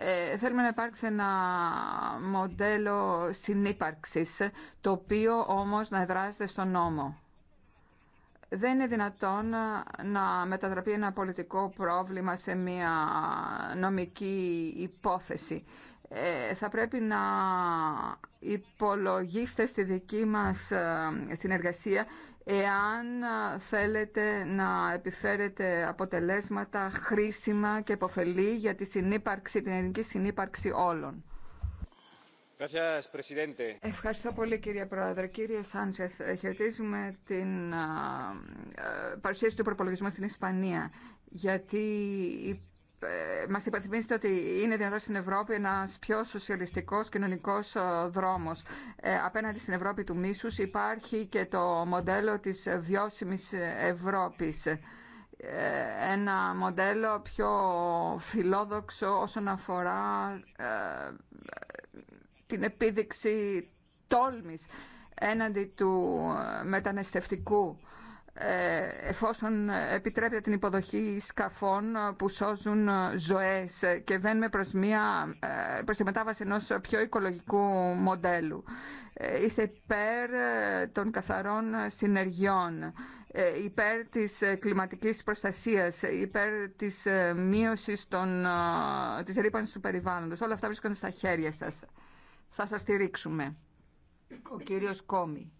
Ε, θέλουμε να υπάρξει ένα μοντέλο συνύπαρξης, το οποίο όμως να εδράζεται στον νόμο. Δεν είναι δυνατόν να μετατραπεί ένα πολιτικό πρόβλημα σε μια νομική υπόθεση. Ε, θα πρέπει να υπολογίστε στη δική μας ε, συνεργασία εάν θέλετε να επιφέρετε αποτελέσματα χρήσιμα και υποφελή για τη συνύπαρξη, την ελληνική συνύπαρξη όλων. Ευχαριστώ πολύ κύριε Πρόεδρε. Κύριε Σάντσεφ, ε, χαιρετίζουμε την ε, παρουσίαση του προπολογισμού στην Ισπανία γιατί ε, μας υπενθυμίζετε ότι είναι δυνατόν στην Ευρώπη ένας πιο σοσιαλιστικός κοινωνικός ε, δρόμος. Ε, απέναντι στην Ευρώπη του μίσους υπάρχει και το μοντέλο της βιώσιμης Ευρώπης. ένα μοντέλο πιο φιλόδοξο όσον αφορά την επίδειξη τόλμης έναντι του μεταναστευτικού ε, εφόσον επιτρέπεται την υποδοχή σκαφών που σώζουν ζωές και βαίνουμε προς, μια, ε, προς τη μετάβαση ενός πιο οικολογικού μοντέλου. Ε, είστε υπέρ των καθαρών συνεργειών, υπέρ της κλιματικής προστασίας, υπέρ της μείωσης των, της ρήπανσης του περιβάλλοντος. Όλα αυτά βρίσκονται στα χέρια σας. Θα σας στηρίξουμε. Ο κύριος Κόμη.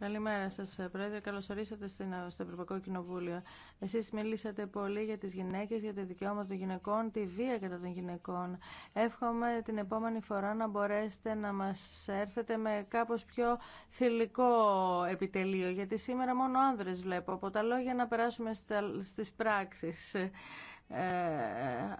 Καλημέρα σα, ε, Πρόεδρε. Καλώ ορίσατε ε, στο Ευρωπαϊκό Κοινοβούλιο. Εσεί μιλήσατε πολύ για τι γυναίκε, για τα δικαιώματα των γυναικών, τη βία κατά των γυναικών. Εύχομαι την επόμενη φορά να μπορέσετε να μα έρθετε με κάπω πιο θηλυκό επιτελείο, γιατί σήμερα μόνο άνδρες βλέπω. Από τα λόγια να περάσουμε στι πράξει. Ε, ε,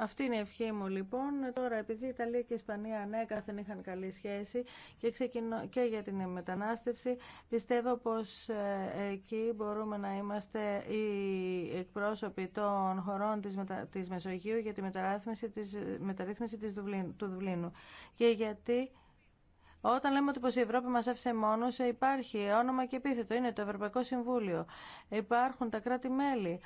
αυτή είναι η ευχή μου λοιπόν. Τώρα επειδή η Ιταλία και η Ισπανία ανέκαθεν είχαν καλή σχέση και, ξεκινώ, για την μετανάστευση πιστεύω πως ε, εκεί μπορούμε να είμαστε οι εκπρόσωποι των χωρών της, της Μεσογείου για τη μεταρρύθμιση της, μεταρρύθμιση της του Δουβλίνου. Και γιατί όταν λέμε ότι πως η Ευρώπη μας άφησε μόνος, ε, υπάρχει όνομα και επίθετο. Είναι το Ευρωπαϊκό Συμβούλιο. Υπάρχουν τα κράτη-μέλη.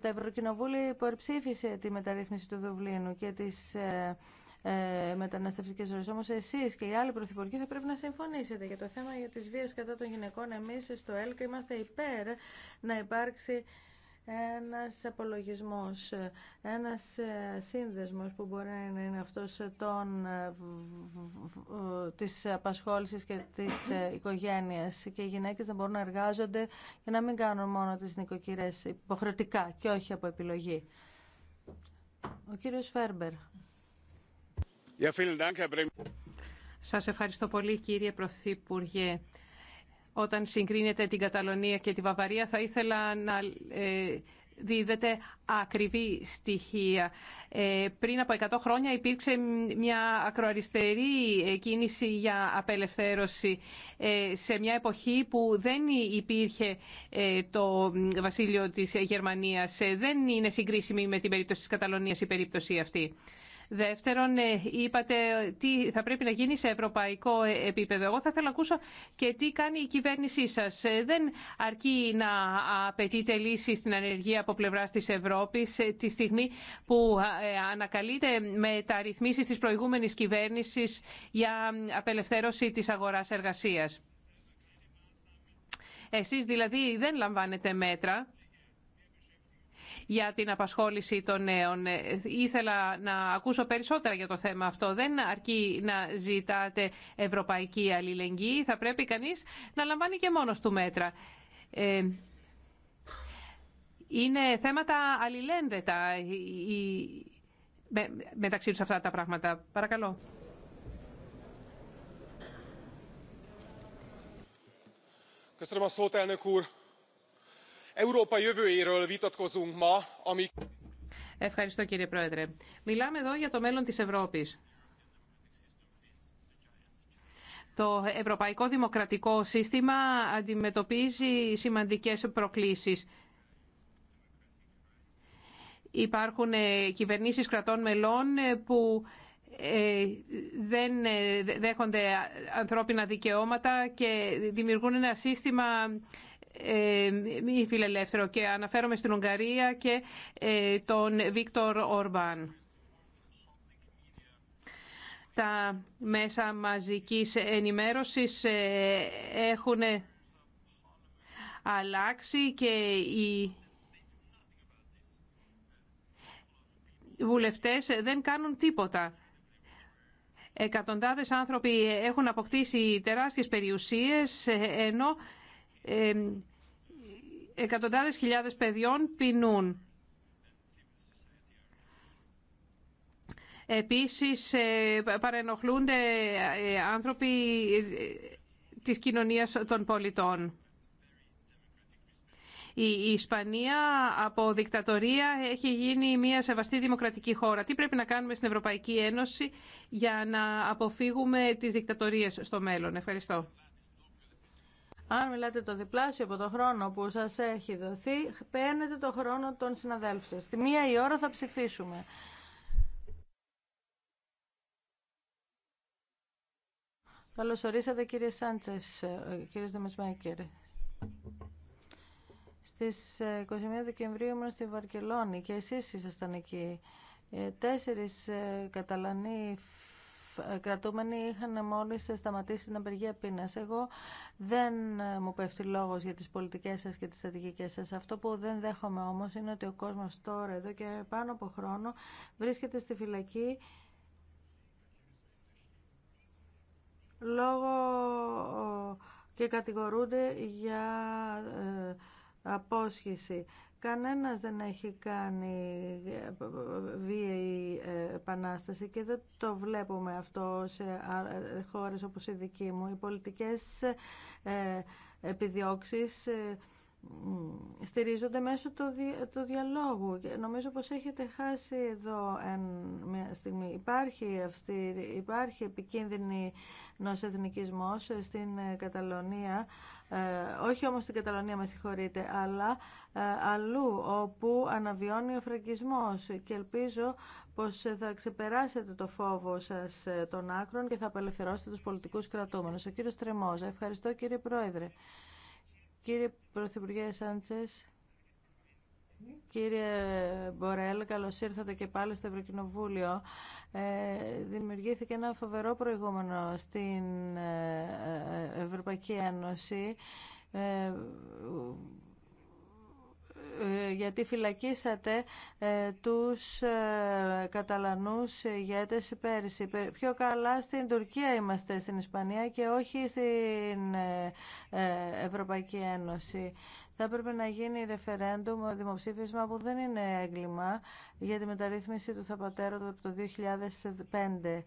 Τα Ευρωκοινοβούλια υποψήφισε τη μεταρρύθμιση του Δουβλίνου και τις ε, ε μεταναστευτικέ Όμως Όμω εσεί και οι άλλοι πρωθυπουργοί θα πρέπει να συμφωνήσετε για το θέμα για τις βίες κατά των γυναικών. Εμεί στο ΕΛΚ είμαστε υπέρ να υπάρξει ένας απολογισμός, ένας ε, σύνδεσμος που μπορεί να είναι αυτός των, ε, ε, της απασχόλησης και της οικογένειας και οι γυναίκες να μπορούν να εργάζονται και να μην κάνουν μόνο τις νοικοκυρές υποχρεωτικά και όχι από επιλογή. Ο κύριος Φέρμπερ. Σας ευχαριστώ πολύ κύριε Πρωθυπουργέ όταν συγκρίνεται την Καταλωνία και τη Βαβαρία. Θα ήθελα να ε, δίδεται ακριβή στοιχεία. Ε, πριν από 100 χρόνια υπήρξε μια ακροαριστερή ε, κίνηση για απελευθέρωση σε μια εποχή που δεν υπήρχε το βασίλειο της Γερμανίας. δεν είναι συγκρίσιμη με την περίπτωση της Καταλωνίας η περίπτωση αυτή. Δεύτερον, ε, είπατε τι θα πρέπει να γίνει σε ευρωπαϊκό ε, επίπεδο. Εγώ θα ήθελα να ακούσω και τι κάνει η κυβέρνησή σας. Ε, δεν αρκεί να απαιτείτε λύση στην ανεργία από πλευρά της Ευρώπης τη στιγμή που ανακαλείται με τα ρυθμίσει της προηγούμενης κυβέρνησης για απελευθέρωση της αγοράς εργασίας. Εσείς δηλαδή δεν λαμβάνετε μέτρα για την απασχόληση των νέων. Ε, ήθελα να ακούσω περισσότερα για το θέμα αυτό. Δεν αρκεί να ζητάτε ευρωπαϊκή αλληλεγγύη. Θα πρέπει κανείς να λαμβάνει και μόνος του μέτρα. Ε, είναι θέματα αλληλένδετα μεταξύ τους αυτά τα πράγματα. Παρακαλώ. Köszönöm Ευχαριστώ κύριε Πρόεδρε. Μιλάμε εδώ για το μέλλον της Ευρώπης. Το Ευρωπαϊκό Δημοκρατικό Σύστημα αντιμετωπίζει σημαντικές προκλήσεις. Υπάρχουν ε, κυβερνήσεις κρατών μελών ε, που ε, δεν δέχονται ανθρώπινα δικαιώματα και δημιουργούν ένα σύστημα ε, μη φιλελεύθερο και αναφέρομαι στην Ουγγαρία και ε, τον Βίκτορ Ορμπάν. Τα μέσα μαζικής ενημέρωσης ε, έχουν αλλάξει και οι βουλευτές δεν κάνουν τίποτα. Εκατοντάδες άνθρωποι έχουν αποκτήσει τεράστιες περιουσίες, ενώ εκατοντάδες χιλιάδες παιδιών πεινούν. Επίσης ε, παρενοχλούνται ε, άνθρωποι ε, της κοινωνίας των πολιτών. Η Ισπανία από δικτατορία έχει γίνει μια σεβαστή δημοκρατική χώρα. Τι πρέπει να κάνουμε στην Ευρωπαϊκή Ένωση για να αποφύγουμε τις δικτατορίες στο μέλλον. Ευχαριστώ. Αν μιλάτε το διπλάσιο από το χρόνο που σα έχει δοθεί, παίρνετε το χρόνο των συναδέλφων σας. Στη μία η ώρα θα ψηφίσουμε. Καλώ ορίσατε κύριε Σάντσε, ε, κύριε Δεμεσμάκερ. Στις 21 ε, Δεκεμβρίου ήμουν στη Βαρκελόνη και εσείς ήσασταν εκεί. Ε, τέσσερις Καταλανοί κρατούμενοι είχαν μόλις σταματήσει την απεργία πείνας. Εγώ δεν ε, μου πέφτει λόγος για τις πολιτικές σας και τις στρατηγικές σας. Αυτό που δεν δέχομαι όμως είναι ότι ο κόσμος τώρα εδώ και πάνω από χρόνο βρίσκεται στη φυλακή λόγω και κατηγορούνται για ε, απόσχηση. Κανένας δεν έχει κάνει ε, βίαιη ε, επανάσταση και δεν το βλέπουμε αυτό σε ε, χώρες όπως η δική μου. Οι πολιτικές επιδιώξεις στηρίζονται μέσω του, διαλόγου. Νομίζω πως έχετε χάσει εδώ μια στιγμή. Υπάρχει, αυτή, υπάρχει επικίνδυνη εθνικισμός στην Καταλωνία ε, όχι όμως στην Καταλωνία, με συγχωρείτε, αλλά ε, αλλού όπου αναβιώνει ο φραγκισμός και ελπίζω πως θα ξεπεράσετε το φόβο σας ε, των άκρων και θα απελευθερώσετε τους πολιτικούς κρατούμενους. Ο κύριος Τρεμόζα, ευχαριστώ κύριε Πρόεδρε. Κύριε Πρωθυπουργέ Σάντσες, Κύριε Μπορέλ, καλώς ήρθατε και πάλι στο Ευρωκοινοβούλιο. Ε, δημιουργήθηκε ένα φοβερό προηγούμενο στην ε, ε, Ευρωπαϊκή Ένωση γιατί φυλακίσατε τους καταλανούς ηγέτες πέρυσι. Πιο καλά στην Τουρκία είμαστε, στην Ισπανία και όχι στην Ευρωπαϊκή Ένωση θα έπρεπε να γίνει ρεφερέντουμ, δημοψήφισμα που δεν είναι έγκλημα για τη μεταρρύθμιση του Θαπατέρου από το 2005.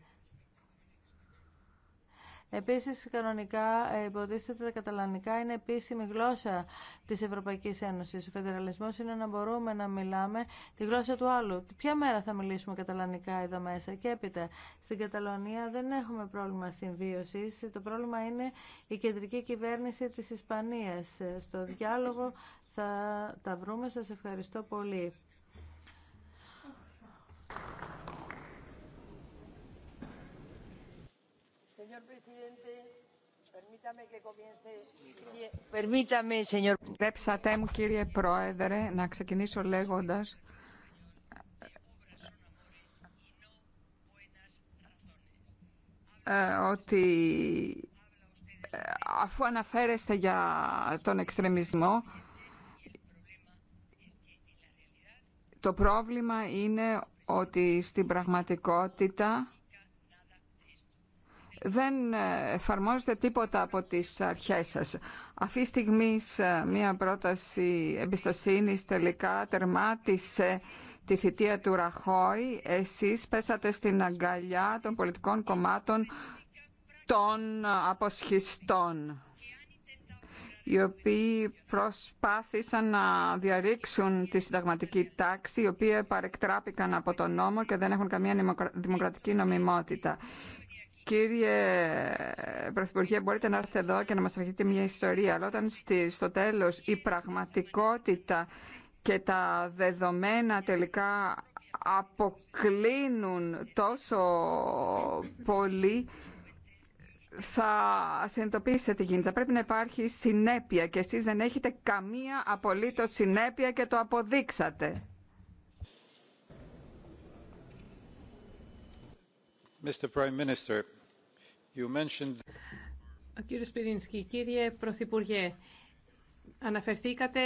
Επίσης, κανονικά ε, υποτίθεται ότι τα καταλανικά είναι επίσημη γλώσσα της Ευρωπαϊκής Ένωσης. Ο φεντεραλισμός είναι να μπορούμε να μιλάμε τη γλώσσα του άλλου. Ποια μέρα θα μιλήσουμε καταλανικά εδώ μέσα και έπειτα. Στην Καταλωνία δεν έχουμε πρόβλημα συμβίωσης. Το πρόβλημα είναι η κεντρική κυβέρνηση της Ισπανίας. Ε, στο διάλογο θα τα βρούμε. Σας ευχαριστώ πολύ. μου κύριε Πρόεδρε να ξεκινήσω λέγοντας ε, ότι ε, αφού αναφέρεστε για τον εξτρεμισμό το πρόβλημα είναι ότι στην πραγματικότητα δεν ε, εφαρμόζεται τίποτα από τις αρχές σας. Αυτή τη στιγμή ε, μια πρόταση εμπιστοσύνης τελικά τερμάτισε τη θητεία του Ραχώη. Εσείς πέσατε στην αγκαλιά των πολιτικών κομμάτων των αποσχιστών οι οποίοι προσπάθησαν να διαρρήξουν τη συνταγματική τάξη, οι οποίοι παρεκτράπηκαν από τον νόμο και δεν έχουν καμία δημοκρατική νομιμότητα. Κύριε Πρωθυπουργέ, μπορείτε να έρθετε εδώ και να μας αφηγείτε μια ιστορία, αλλά όταν στο τέλος η πραγματικότητα και τα δεδομένα τελικά αποκλίνουν τόσο πολύ, θα συνειδητοποιήσετε τι γίνεται. Πρέπει να υπάρχει συνέπεια και εσείς δεν έχετε καμία απολύτως συνέπεια και το αποδείξατε. Κύριε κύριε Πρωθυπουργέ, Αναφερθήκατε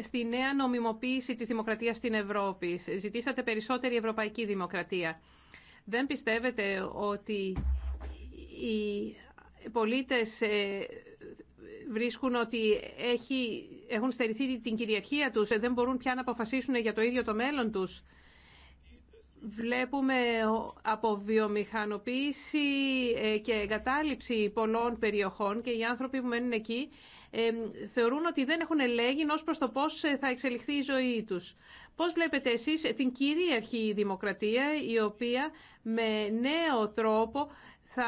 στη νέα νομιμοποίηση της δημοκρατίας στην Ευρώπη. Ζητήσατε περισσότερη ευρωπαϊκή δημοκρατία. Δεν πιστεύετε ότι οι πολίτες ε, βρίσκουν ότι έχουν στερηθεί την κυριαρχία τους, ε, δεν μπορούν πια να αποφασίσουν για το ίδιο το μέλλον τους. Βλέπουμε από βιομηχανοποίηση ε, και εγκατάλειψη πολλών περιοχών και οι άνθρωποι που μένουν εκεί ε, θεωρούν ότι δεν έχουν ελέγγυν ως προς το πώς ε, θα εξελιχθεί η ζωή τους. Πώς βλέπετε εσείς την κυρίαρχη δημοκρατία η οποία με νέο τρόπο θα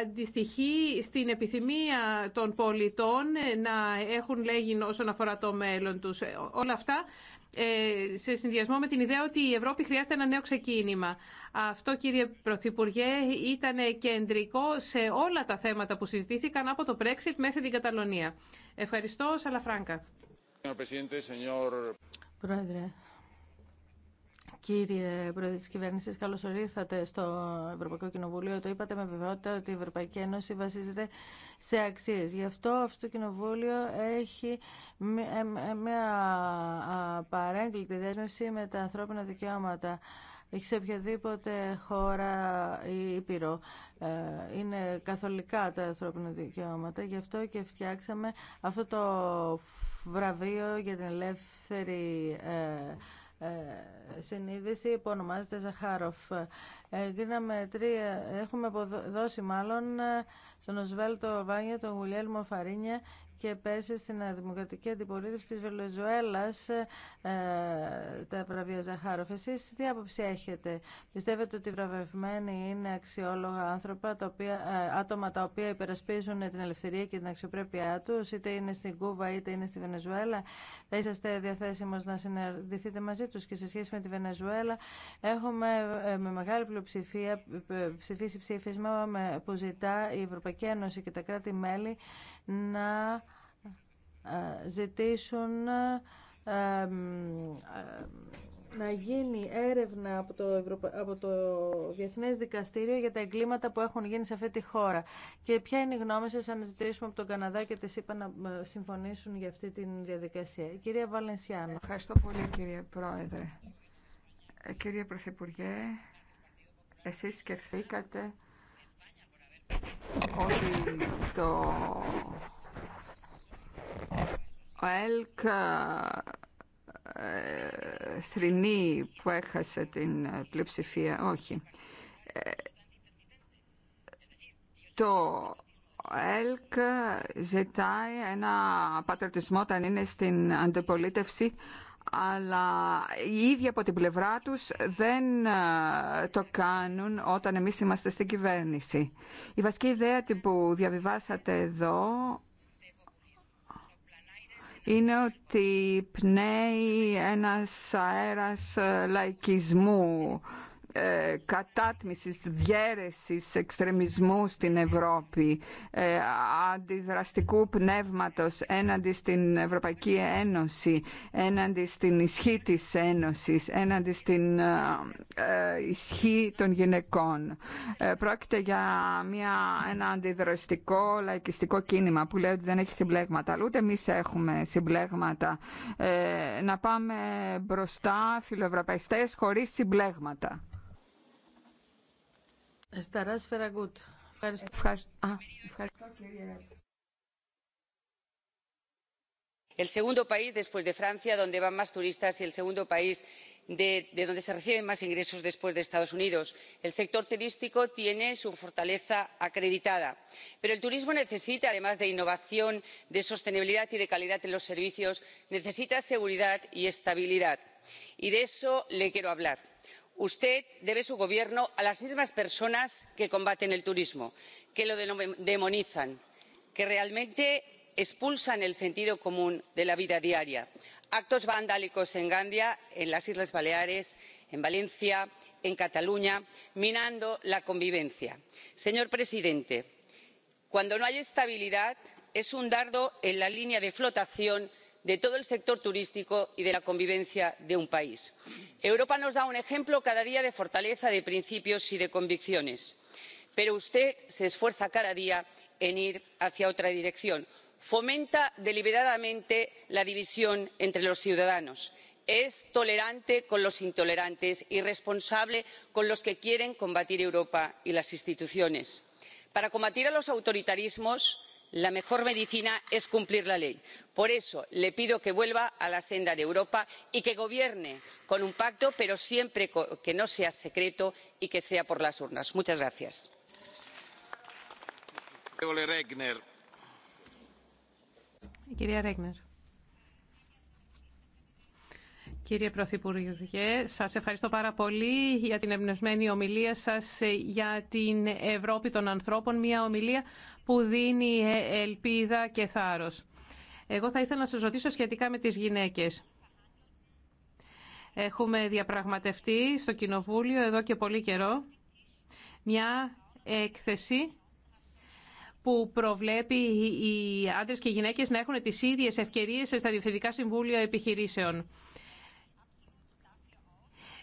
αντιστοιχεί στην επιθυμία των πολιτών να έχουν λέγει όσον αφορά το μέλλον τους. Όλα αυτά ε, σε συνδυασμό με την ιδέα ότι η Ευρώπη χρειάζεται ένα νέο ξεκίνημα. Αυτό, κύριε Πρωθυπουργέ, ήταν κεντρικό σε όλα τα θέματα που συζητήθηκαν από το Brexit μέχρι την Καταλωνία. Ευχαριστώ, Σαλαφράγκα. Κύριε Πρόεδρε τη Κυβέρνηση, καλώ ορίσατε στο Ευρωπαϊκό Κοινοβούλιο. Το είπατε με βεβαιότητα ότι η Ευρωπαϊκή Ένωση βασίζεται σε αξίε. Γι' αυτό αυτό το Κοινοβούλιο έχει ε, ε, μια παρέγκλητη δέσμευση με τα ανθρώπινα δικαιώματα. Έχει σε οποιαδήποτε χώρα ή ήπειρο. Ε, είναι καθολικά τα ανθρώπινα δικαιώματα. Γι' αυτό και φτιάξαμε αυτό το βραβείο για την ελεύθερη ε, συνείδηση που ονομάζεται Ζαχάροφ. τρία, έχουμε δώσει μάλλον ε, στον Οσβέλτο Βάνια, τον Γουλιέλμο Φαρίνια και πέρσι στην δημοκρατική αντιπολίτευση της ε, τα βραβεία Ζαχάροφ. Εσείς τι άποψη έχετε. Πιστεύετε ότι οι βραβευμένοι είναι αξιόλογα άνθρωπα, τα ε, άτομα τα οποία υπερασπίζουν την ελευθερία και την αξιοπρέπειά τους, είτε είναι στην Κούβα είτε είναι στη Βενεζουέλα. Θα είσαστε διαθέσιμος να συναντηθείτε μαζί τους και σε σχέση με τη Βενεζουέλα έχουμε ε, με μεγάλη πλειοψηφία ε, ψηφίσει ψήφισμα που ζητά η Ευρωπαϊκή Ένωση και τα κράτη-μέλη να ε, ζητήσουν ε, ε, να γίνει έρευνα από το, Ευρωπα... από το Διεθνές Δικαστήριο για τα εγκλήματα που έχουν γίνει σε αυτή τη χώρα. Και ποια είναι η γνώμη σας αν ζητήσουμε από τον Καναδά και τις είπα να συμφωνήσουν για αυτή τη διαδικασία. κυρία Βαλενσιάνο. Ευχαριστώ πολύ κύριε Πρόεδρε. Κύριε Πρωθυπουργέ, εσείς σκεφτήκατε ότι το ο ΕΛΚ ε, που έχασε την πλειοψηφία. Όχι. Ε, το ΕΛΚ ζητάει ένα πατριωτισμό όταν είναι στην αντιπολίτευση αλλά οι ίδιοι από την πλευρά τους δεν ε, το κάνουν όταν εμείς είμαστε στην κυβέρνηση. Η βασική ιδέα που διαβιβάσατε εδώ είναι ότι πνέει ένας αέρας λαϊκισμού ε, κατάτμισης, διέρεσης, εξτρεμισμού στην Ευρώπη, ε, αντιδραστικού πνεύματος έναντι στην Ευρωπαϊκή Ένωση, έναντι στην ισχύ της Ένωσης, έναντι στην ε, ε, ισχύ των γυναικών. πρόκειται για μια, ένα αντιδραστικό λαϊκιστικό κίνημα που λέει ότι δεν έχει συμπλέγματα, αλλά ούτε εμείς έχουμε συμπλέγματα. να πάμε μπροστά φιλοευρωπαϊστές χωρίς συμπλέγματα. Σταράς Φεραγκούτ. Ευχαριστώ. Ευχαριστώ. Α, ευχαριστώ El segundo país después de Francia donde van más turistas y el segundo país de, de donde se reciben más ingresos después de Estados Unidos. El sector turístico tiene su fortaleza acreditada, pero el turismo necesita, además de innovación, de sostenibilidad y de calidad en los servicios, necesita seguridad y estabilidad. Y de eso le quiero hablar usted debe su gobierno a las mismas personas que combaten el turismo que lo demonizan que realmente expulsan el sentido común de la vida diaria actos vandálicos en gandia en las islas baleares en valencia en cataluña minando la convivencia. señor presidente cuando no hay estabilidad es un dardo en la línea de flotación de todo el sector turístico y de la convivencia de un país. europa nos da un ejemplo cada día de fortaleza de principios y de convicciones pero usted se esfuerza cada día en ir hacia otra dirección fomenta deliberadamente la división entre los ciudadanos es tolerante con los intolerantes y responsable con los que quieren combatir europa y las instituciones. para combatir a los autoritarismos la mejor medicina es cumplir la ley. por eso le pido que vuelva a la senda de europa y que gobierne con un pacto pero siempre que no sea secreto y que sea por las urnas. Κύριε Πρωθυπουργέ, σας ευχαριστώ πάρα πολύ για την εμπνευσμένη ομιλία σας για την Ευρώπη των ανθρώπων, μια ομιλία που δίνει ε, ελπίδα και θάρρος. Εγώ θα ήθελα να σας ρωτήσω σχετικά με τις γυναίκες. Έχουμε διαπραγματευτεί στο Κοινοβούλιο εδώ και πολύ καιρό μια έκθεση που προβλέπει οι άντρες και οι γυναίκες να έχουν τις ίδιες ευκαιρίες στα διευθυντικά συμβούλια επιχειρήσεων.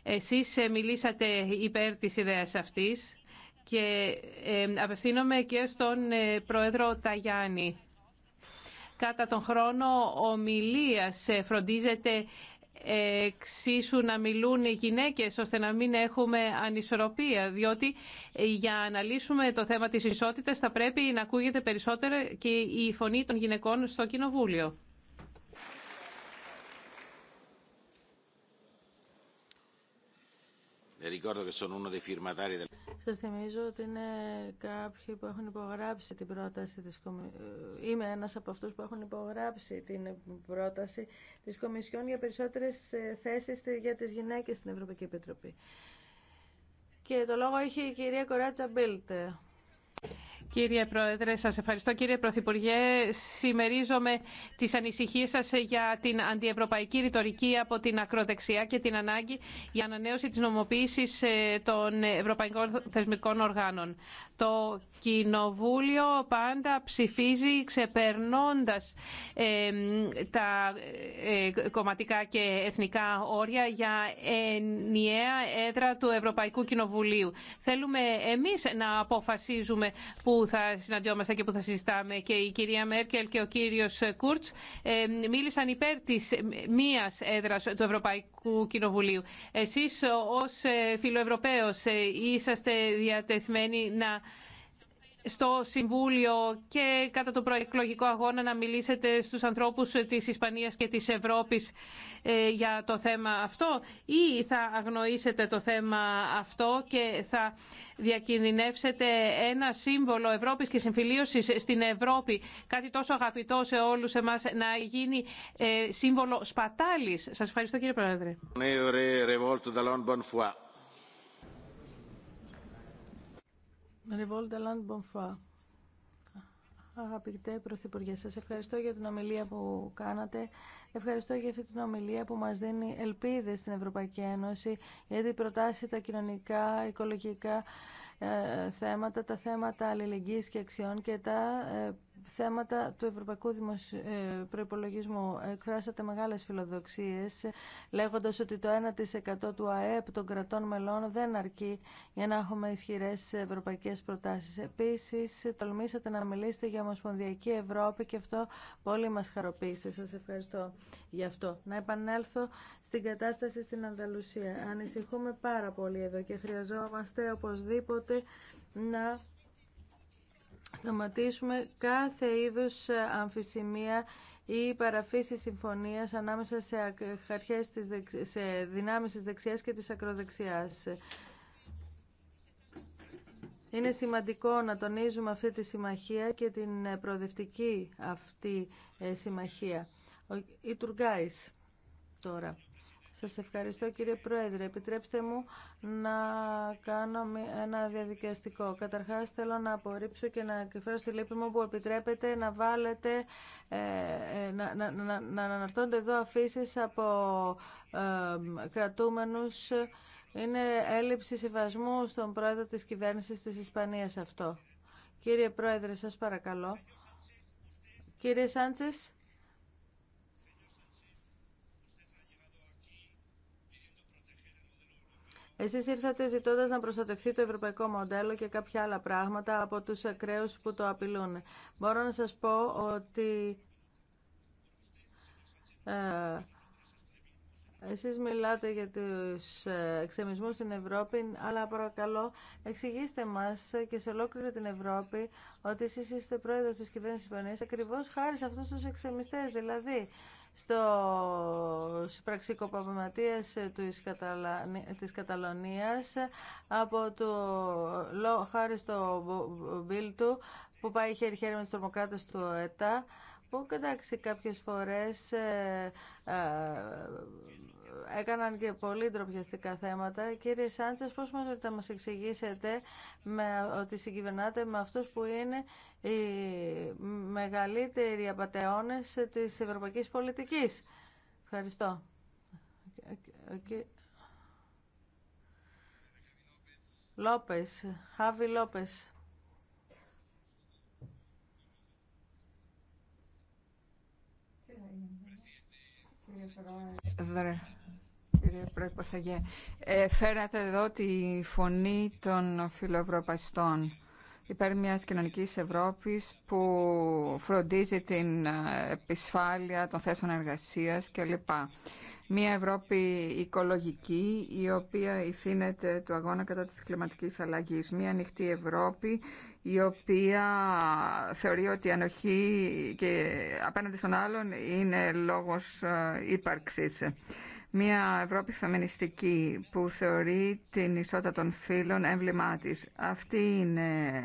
Εσείς ε, μιλήσατε υπέρ της ιδέας αυτής και ε, απευθύνομαι και στον ε, Πρόεδρο Ταγιάννη. Κατά τον χρόνο ομιλίας φροντίζεται εξίσου να μιλούν οι γυναίκες ώστε να μην έχουμε ανισορροπία διότι για να λύσουμε το θέμα της ισότητας θα πρέπει να ακούγεται περισσότερο και η φωνή των γυναικών στο Κοινοβούλιο. Ε, Σα θυμίζω ότι είναι κάποιοι που έχουν υπογράψει την πρόταση τη Κομισιόν. Ε, είμαι ένα από αυτού που έχουν υπογράψει την πρόταση τη Κομισιόν για περισσότερε ε, θέσει για τι γυναίκε στην Ευρωπαϊκή Επιτροπή. Και το λόγο έχει η κυρία Κοράτσα Μπίλτε. Κύριε Πρόεδρε, σας ευχαριστώ. Κύριε Πρωθυπουργέ, συμμερίζομαι τις ανησυχίες σας για την αντιευρωπαϊκή ρητορική από την ακροδεξιά και την ανάγκη για ανανέωση της νομοποίησης ε, των ευρωπαϊκών θεσμικών οργάνων. Το Κοινοβούλιο πάντα ψηφίζει ξεπερνώντας τα ε, κομματικά και εθνικά όρια για ενιαία έδρα του Ευρωπαϊκού Κοινοβουλίου. Θέλουμε εμείς να αποφασίζουμε που θα συναντιόμαστε και που θα συζητάμε. Και η κυρία Μέρκελ και ο κύριος Κούρτς μίλησαν υπέρ της μίας έδρας του Ευρωπαϊκού Κοινοβουλίου. Εσείς ως φιλοευρωπαίος ε, είσαστε διατεθμένοι να στο Συμβούλιο και κατά το προεκλογικό αγώνα να μιλήσετε στους ανθρώπους της Ισπανίας και της Ευρώπης ε, για το θέμα αυτό ή θα αγνοήσετε το θέμα αυτό και θα διακινδυνεύσετε ένα σύμβολο Ευρώπης και συμφιλίωσης στην Ευρώπη, κάτι τόσο αγαπητό σε όλους εμάς, να γίνει ε, σύμβολο σπατάλης. Σας ευχαριστώ κύριε Πρόεδρε. Ναι, Revolta Λαντ Μπομφά. Αγαπητέ Πρωθυπουργέ, σας ευχαριστώ για την ομιλία που κάνατε. Ευχαριστώ για αυτή την ομιλία που μας δίνει ελπίδες στην Ευρωπαϊκή Ένωση, γιατί προτάσει τα κοινωνικά, οικολογικά ε, θέματα, τα θέματα αλληλεγγύης και αξιών και τα ε, θέματα του Ευρωπαϊκού ε, Προϋπολογισμού. Εκφράσατε μεγάλες φιλοδοξίες λέγοντας ότι το 1% του ΑΕΠ των κρατών μελών δεν αρκεί για να έχουμε ισχυρές ευρωπαϊκές προτάσεις. Επίσης, τολμήσατε να μιλήσετε για Ομοσπονδιακή Ευρώπη και αυτό πολύ μας χαροποίησε. Σας ευχαριστώ γι' αυτό. Να επανέλθω στην κατάσταση στην Ανταλουσία. Ανησυχούμε πάρα πολύ εδώ και χρειαζόμαστε οπωσδήποτε να σταματήσουμε κάθε είδους ε, αμφισημία ή παραφύση συμφωνίας ανάμεσα σε, αρχές της σε δυνάμεις της δεξιάς και της ακροδεξιάς. Είναι σημαντικό να τονίζουμε αυτή τη συμμαχία και την ε, προοδευτική αυτή ε, συμμαχία. η τώρα. Σας ευχαριστώ κύριε Πρόεδρε. Επιτρέψτε μου να κάνω ένα διαδικαστικό. Καταρχάς θέλω να απορρίψω και να εκφράσω τη λύπη μου που επιτρέπετε να βάλετε, ε, ε, να, να, να, να αναρτώνται εδώ αφήσει από ε, κρατούμενους. Είναι έλλειψη συμβασμού στον πρόεδρο της κυβέρνησης της Ισπανίας αυτό. Κύριε Πρόεδρε, σας παρακαλώ. Κύριε Σάντσες. Εσεί ήρθατε ζητώντα να προστατευτεί το ευρωπαϊκό μοντέλο και κάποια άλλα πράγματα από του ακραίου που το απειλούν. Μπορώ να σα πω ότι ε, εσείς μιλάτε για τους ε, εξεμισμούς στην Ευρώπη, αλλά παρακαλώ εξηγήστε μας και σε ολόκληρη την Ευρώπη ότι εσείς είστε πρόεδρος της κυβέρνησης Ισπανίας ακριβώς χάρη σε αυτούς τους εξεμιστές. Δηλαδή, στο του της Καταλωνίας από το χάρη στο του που πάει χέρι-χέρι με τους τρομοκράτες του ΕΤΑ που κατάξει κάποιες φορές ε, ε, έκαναν και πολύ ντροπιαστικά θέματα. Κύριε Σάντσες, πώς μας θα μας εξηγήσετε με, ότι συγκυβερνάτε με αυτού που είναι οι μεγαλύτεροι απαταιώνε τη Ευρωπαϊκή Πολιτική. Ευχαριστώ. Λόπες, Χάβι Λόπες. Πρόεδρε, κύριε ε, φέρατε εδώ τη φωνή των φιλοευρωπαϊστών υπέρ μιας κοινωνικής Ευρώπης που φροντίζει την ε, επισφάλεια των θέσεων εργασίας κλπ. Μια Ευρώπη οικολογική η οποία ηθήνεται του αγώνα κατά της κλιματικής αλλαγής. Μια ανοιχτή Ευρώπη η οποία θεωρεί ότι η ανοχή και απέναντι στον άλλον είναι λόγος ε, ύπαρξης. Μια Ευρώπη φεμινιστική που θεωρεί την ισότητα των φίλων έμβλημά τη. Αυτή είναι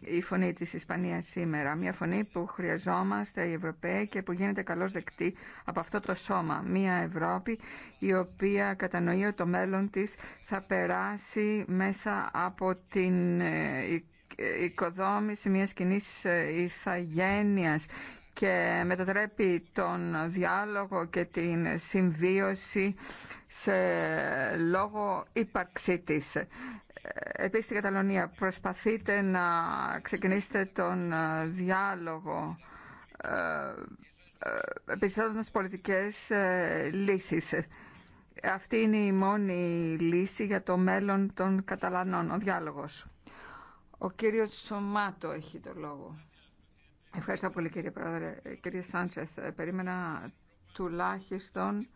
η φωνή της Ισπανίας σήμερα. Μια φωνή που χρειαζόμαστε οι Ευρωπαίοι και που γίνεται καλώς δεκτή από αυτό το σώμα. Μια Ευρώπη η οποία κατανοεί ότι το μέλλον της θα περάσει μέσα από την ε, ε, οικοδόμηση μιας κοινή ε, ηθαγένειας και μετατρέπει τον διάλογο και την συμβίωση σε λόγο ύπαρξή της. Επίσης στην Καταλωνία προσπαθείτε να ξεκινήσετε τον ε, διάλογο ε, ε, επιστρέφοντας πολιτικές λύσεις. Αυτή είναι η μόνη λύση για το μέλλον των Καταλανών, ο διάλογος. Ο κύριος Σωμάτο έχει το λόγο. Ευχαριστώ πολύ κύριε Πρόεδρε. Ε, κύριε Σάντσεθ, ε, περίμενα τουλάχιστον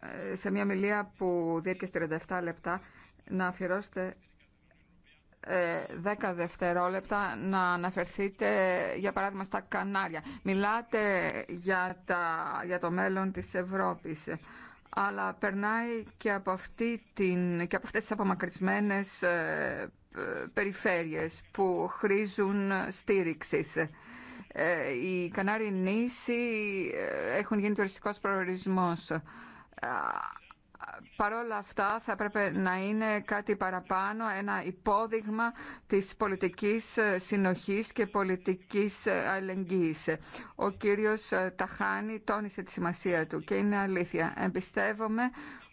ε, σε μια μιλία που διέρχεται 37 λεπτά να αφιερώσετε 10 δευτερόλεπτα να αναφερθείτε για παράδειγμα στα Κανάρια. Μιλάτε για, τα, για το μέλλον της Ευρώπης αλλά περνάει και από, αυτή την, και από αυτές τις απομακρυσμένες περιφέρειες που χρήζουν στήριξης. Ε, οι Κανάριοι νήσοι ε, έχουν γίνει τουριστικός προορισμός. Ε, Παρ' όλα αυτά θα έπρεπε να είναι κάτι παραπάνω, ένα υπόδειγμα της πολιτικής συνοχής και πολιτικής αλληλεγγύης. Ο κύριος Ταχάνη τόνισε τη σημασία του και είναι αλήθεια. Εμπιστεύομαι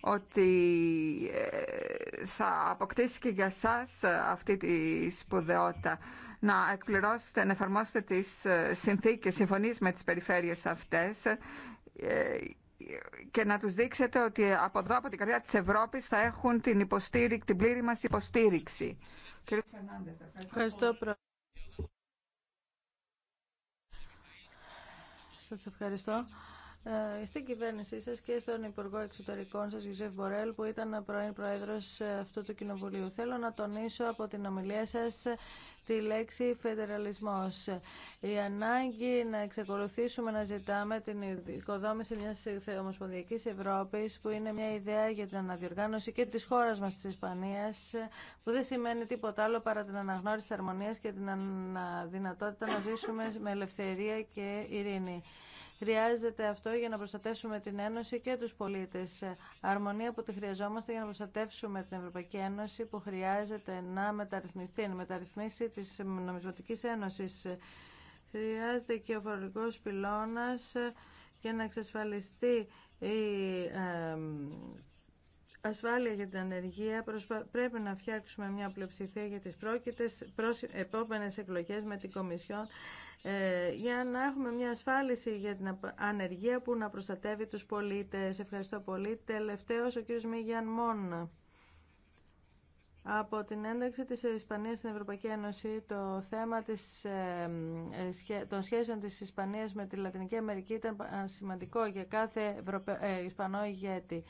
ότι ε, θα αποκτήσει και για σας ε, αυτή τη σπουδαιότητα να εκπληρώσετε, να εφαρμόσετε τις ε, συνθήκες, συμφωνίες με τις περιφέρειες αυτές και να τους δείξετε ότι από εδώ, από την καρδιά της Ευρώπης θα έχουν την, υποστήριξη, την πλήρη μας υποστήριξη. Σας ευχαριστώ. Ε, στην κυβέρνησή σας και στον Υπουργό Εξωτερικών σας, Γιουζεφ Μπορέλ, που ήταν πρώην Πρόεδρος ε, αυτού του Κοινοβουλίου. Θέλω να τονίσω από την ομιλία σας ε, τη λέξη φεδεραλισμός. Η ανάγκη να εξακολουθήσουμε να ζητάμε την οικοδόμηση μιας ομοσπονδιακής Ευρώπης που είναι μια ιδέα για την αναδιοργάνωση και της χώρας μας της Ισπανίας που δεν σημαίνει τίποτα άλλο παρά την αναγνώριση της αρμονίας και την δυνατότητα να ζήσουμε με ελευθερία και ειρήνη. Χρειάζεται αυτό για να προστατεύσουμε την Ένωση και τους πολίτες. Ε, αρμονία που τη χρειαζόμαστε για να προστατεύσουμε την Ευρωπαϊκή Ένωση που χρειάζεται να μεταρρυθμιστεί, να μεταρρυθμίσει της Νομισματικής Ένωσης. Ε, χρειάζεται και ο φορολογικός πυλώνας ε, για να εξασφαλιστεί η ασφάλεια για την ανεργία. Πρέπει να φτιάξουμε μια πλειοψηφία για τις πρόκειτες επόμενες εκλογές με την Κομισιόν ε, για να έχουμε μια ασφάλιση για την ανεργία που να προστατεύει τους πολίτες. Ευχαριστώ πολύ. Τελευταίος ο κύριος Μίγιαν Μόν. Από την ένταξη της Ισπανίας στην Ευρωπαϊκή Ένωση, το θέμα της, ε, ε, των σχέσεων της Ισπανίας με τη Λατινική Αμερική ήταν σημαντικό για κάθε Ισπανό ηγέτη.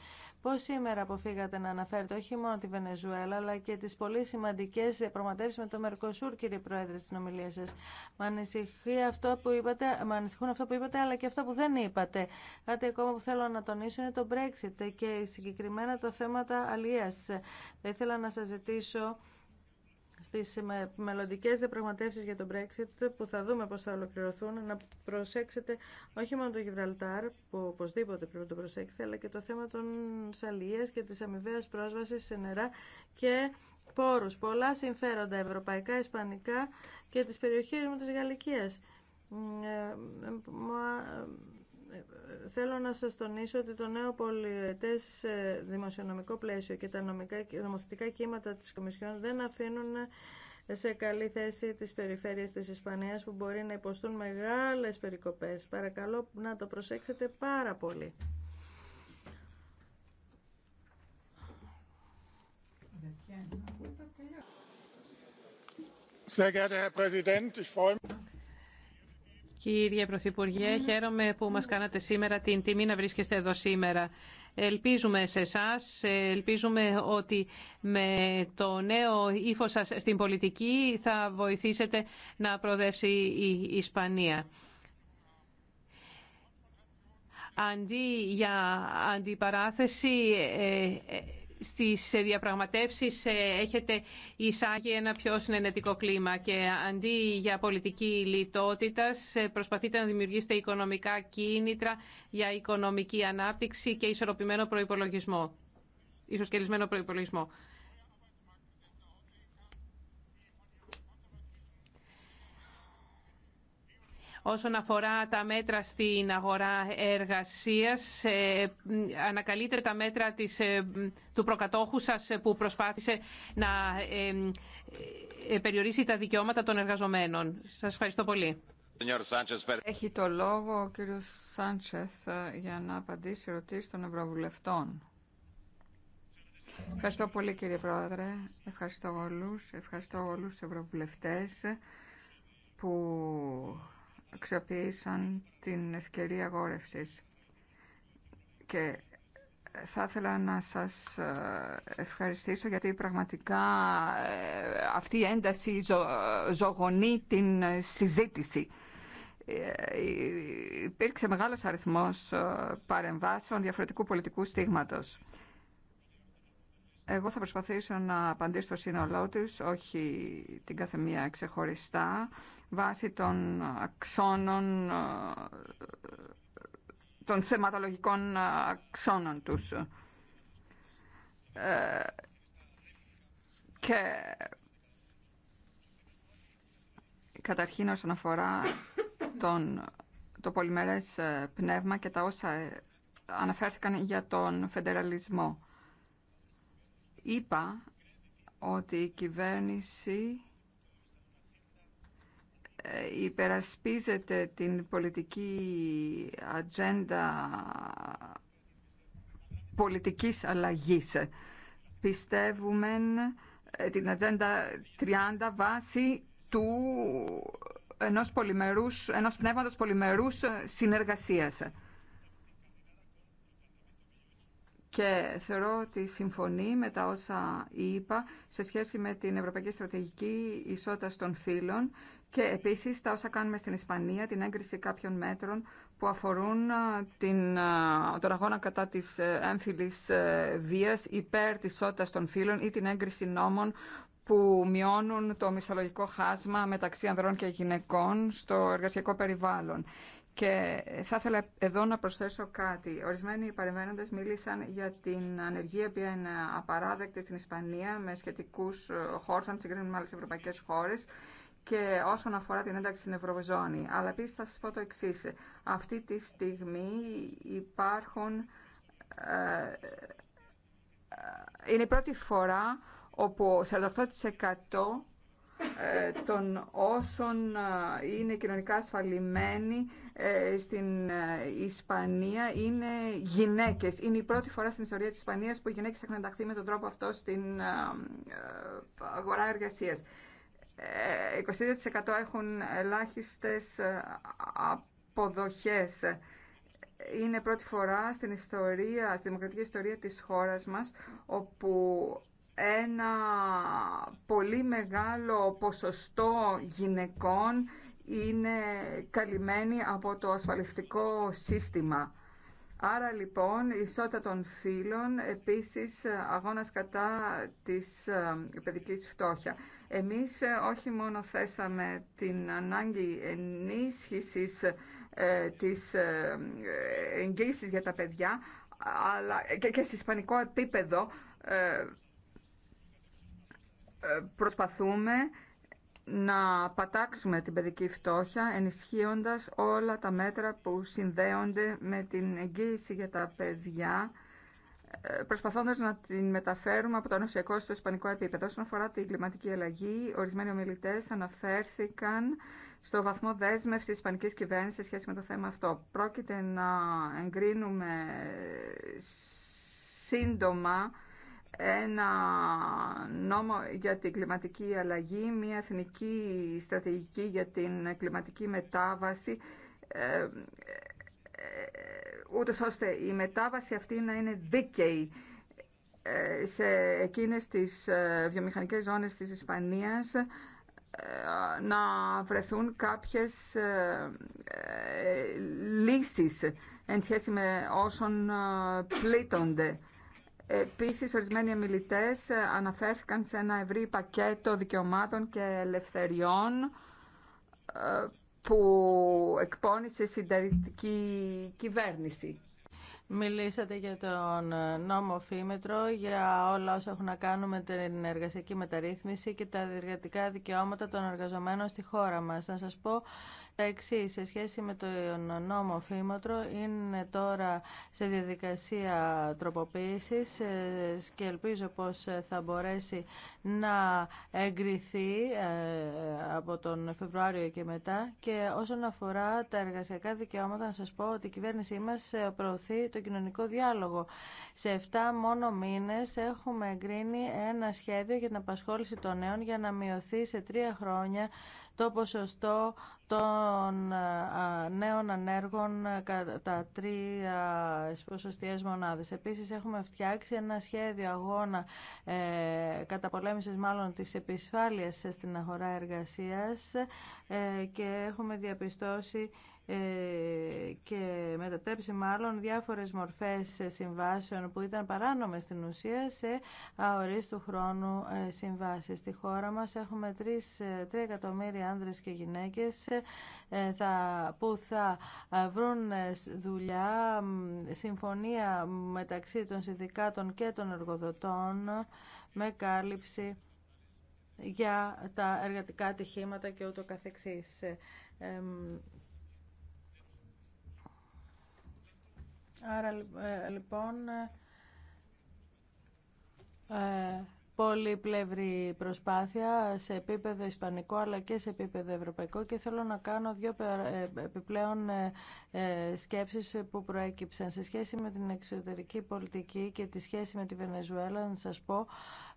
Πώς σήμερα αποφύγατε να αναφέρετε όχι μόνο τη Βενεζουέλα, αλλά και τις πολύ σημαντικές διαπραγματεύσεις με το Μερκοσούρ, κύριε Πρόεδρε, στην ομιλία σας. Μ' αυτό που είπατε, με ανησυχούν αυτό που είπατε, αλλά και αυτά που δεν είπατε. Κάτι ακόμα που θέλω να τονίσω είναι το Brexit και συγκεκριμένα τα θέματα Θα ήθελα να σας ζητήσω στις μελλοντικές διαπραγματεύσεις για τον Brexit που θα δούμε πώς θα ολοκληρωθούν να προσέξετε όχι μόνο το Γιβραλτάρ που οπωσδήποτε πρέπει να το προσέξετε αλλά και το θέμα των σαλίας και της αμοιβαία πρόσβασης σε νερά και πόρους. Πολλά συμφέροντα ευρωπαϊκά, ισπανικά και τις περιοχές μου της Γαλλικίας. Ε, ε, θέλω να σας τονίσω ότι το νέο πολιετές ε, δημοσιονομικό πλαίσιο και τα νομικά, νομοθετικά κύματα της Κομισιόν δεν αφήνουν σε καλή θέση τις περιφέρειες της Ισπανίας που μπορεί να υποστούν μεγάλες περικοπές. Παρακαλώ να το προσέξετε πάρα πολύ. Sehr geehrter Herr Präsident, ich freue Κύριε Πρωθυπουργέ, χαίρομαι που μας κάνατε σήμερα την τιμή να βρίσκεστε εδώ σήμερα. Ελπίζουμε σε εσά, ελπίζουμε ότι με το νέο ύφο σας στην πολιτική θα βοηθήσετε να προοδεύσει η Ισπανία. Αντί για αντιπαράθεση, ε, ε, στις ε, διαπραγματεύσεις ε, έχετε εισάγει ένα πιο συνενετικό κλίμα και αντί για πολιτική λιτότητα ε, προσπαθείτε να δημιουργήσετε οικονομικά κίνητρα για οικονομική ανάπτυξη και ισορροπημένο προϋπολογισμό. Ισοσκελισμένο προϋπολογισμό. Όσον αφορά τα μέτρα στην αγορά εργασίας, ε, ανακαλείτε τα μέτρα της, ε, του προκατόχου σας που προσπάθησε να ε, περιορίσει τα δικαιώματα των εργαζομένων. Σας ευχαριστώ πολύ. Έχει το λόγο ο κύριος Σάντσεθ για να απαντήσει ερωτήσει των Ευρωβουλευτών. Ευχαριστώ πολύ κύριε Πρόεδρε, ευχαριστώ όλους, ευχαριστώ όλους τους Ευρωβουλευτές που αξιοποίησαν την ευκαιρία γόρευσης. Και θα ήθελα να σας ε, ευχαριστήσω γιατί πραγματικά ε, αυτή η ένταση ζω, ζωγονεί την ε, συζήτηση. Υπήρξε μεγάλος αριθμός παρεμβάσεων διαφορετικού πολιτικού στίγματος. Εγώ θα προσπαθήσω να απαντήσω στο σύνολό της, όχι την καθεμία ξεχωριστά βάσει των αξώνων, ε, των θεματολογικών ε, αξώνων τους. Ε, και καταρχήν όσον αφορά τον, το πολυμερές πνεύμα και τα όσα αναφέρθηκαν για τον φεντεραλισμό. Είπα ότι η κυβέρνηση υπερασπίζεται την πολιτική ατζέντα πολιτικής αλλαγής. Πιστεύουμε ε, την ατζέντα 30 βάση του ενός, πολυμερούς, ενός πνεύματος πολυμερούς συνεργασίας. Και θεωρώ ότι συμφωνεί με τα όσα είπα σε σχέση με την Ευρωπαϊκή Στρατηγική Ισότητα των Φύλων και επίση, τα όσα κάνουμε στην Ισπανία, την έγκριση κάποιων μέτρων που αφορούν την, τον αγώνα κατά τη ε, έμφυλη ε, βία, υπέρ τη ισότητα των φύλων ή την έγκριση νόμων που μειώνουν το μισολογικό χάσμα μεταξύ ανδρών και γυναικών στο εργασιακό περιβάλλον. Και θα ήθελα εδώ να προσθέσω κάτι. Ορισμένοι παρεμβαίνοντες μίλησαν για την ανεργία που είναι απαράδεκτη στην Ισπανία με σχετικούς ε, χώρους, αν συγκρίνουμε με άλλες ευρωπαϊκές χώρες και όσον αφορά την ένταξη στην Ευρωζώνη. Αλλά επίση θα σας πω το εξής. Αυτή τη στιγμή υπάρχουν... Ε, ε, είναι η πρώτη φορά όπου 48% ε, των όσων είναι κοινωνικά ασφαλισμένοι στην Ισπανία είναι γυναίκες. Είναι η πρώτη φορά στην ιστορία της Ισπανίας που οι γυναίκες έχουν ενταχθεί με τον τρόπο αυτό στην αγορά εργασίας. 22% ε, έχουν ελάχιστες ε, αποδοχές. Είναι πρώτη φορά στην ιστορία, στη δημοκρατική ιστορία της χώρας μας, όπου ένα πολύ μεγάλο ποσοστό γυναικών είναι καλυμμένοι από το ασφαλιστικό σύστημα. Άρα λοιπόν η ισότητα των φύλων, επίσης αγώνας κατά της ε, παιδικής φτώχεια. Εμείς ε, όχι μόνο θέσαμε την ανάγκη ενίσχυσης ε, της εγγύησης για τα παιδιά, αλλά και, και σε ισπανικό επίπεδο προσπαθούμε να πατάξουμε την παιδική φτώχεια ενισχύοντας όλα τα μέτρα που συνδέονται με την εγγύηση για τα παιδιά ε, προσπαθώντας να την μεταφέρουμε από το νοσιακό στο ισπανικό επίπεδο. Όσον αφορά την κλιματική αλλαγή, ορισμένοι ομιλητές αναφέρθηκαν στο βαθμό δέσμευση της ισπανικής κυβέρνησης σε σχέση με το θέμα αυτό. Πρόκειται να εγκρίνουμε σύντομα ένα νόμο για την κλιματική αλλαγή, μια εθνική στρατηγική για την κλιματική μετάβαση, ε, ε, ούτως ώστε η μετάβαση αυτή να είναι δίκαιη ε, σε εκείνες τις βιομηχανικές ζώνες της Ισπανίας να βρεθούν κάποιες λύσεις εν σχέση με όσων πλήττονται. Επίσης, ορισμένοι εμιλητές ε, αναφέρθηκαν σε ένα ευρύ πακέτο δικαιωμάτων και ελευθεριών ε, που εκπώνησε η συντηρητική κυβέρνηση. Μιλήσατε για τον ε, νόμο Φήμετρο, για όλα όσα έχουν να κάνουν με την εργασιακή μεταρρύθμιση και τα διεργατικά δικαιώματα των εργαζομένων στη χώρα μας. Να σας πω τα εξή, σε σχέση με τον νόμο φήματρο είναι τώρα σε διαδικασία τροποποίηση. Ε, και ελπίζω πω θα μπορέσει να εγκριθεί ε, από τον Φεβρουάριο και μετά. Και όσον αφορά τα εργασιακά δικαιώματα, να σα πω ότι η κυβέρνησή μα ε, προωθεί το κοινωνικό διάλογο. Σε 7 μόνο μήνε έχουμε εγκρίνει ένα σχέδιο για την απασχόληση των νέων για να μειωθεί σε τρία χρόνια το ποσοστό των ε, νέων ανέργων κατά τρία ποσοστιαίες μονάδες. Επίσης έχουμε φτιάξει ένα σχέδιο αγώνα ε, καταπολέμησης μάλλον της επισφάλειας στην αγορά εργασίας ε, και έχουμε διαπιστώσει ε, και μετατρέψει μάλλον διάφορες μορφές συμβάσεων που ήταν παράνομες στην ουσία σε αορίστου χρόνου ε, συμβάσεις. Στη χώρα μας έχουμε 3, 3 ε, εκατομμύρια άνδρες και γυναίκες που θα βρουν δουλειά, συμφωνία μεταξύ των συνδικάτων και των εργοδοτών με κάλυψη για τα εργατικά ατυχήματα και ούτω καθεξής. Άρα ε, λοιπόν ε, ε, πλευρη προσπάθεια σε επίπεδο ισπανικό αλλά και σε επίπεδο ευρωπαϊκό και θέλω να κάνω δύο ε, επιπλέον ε, ε, σκέψεις που προέκυψαν σε σχέση με την εξωτερική πολιτική και τη σχέση με τη Βενεζουέλα να σας πω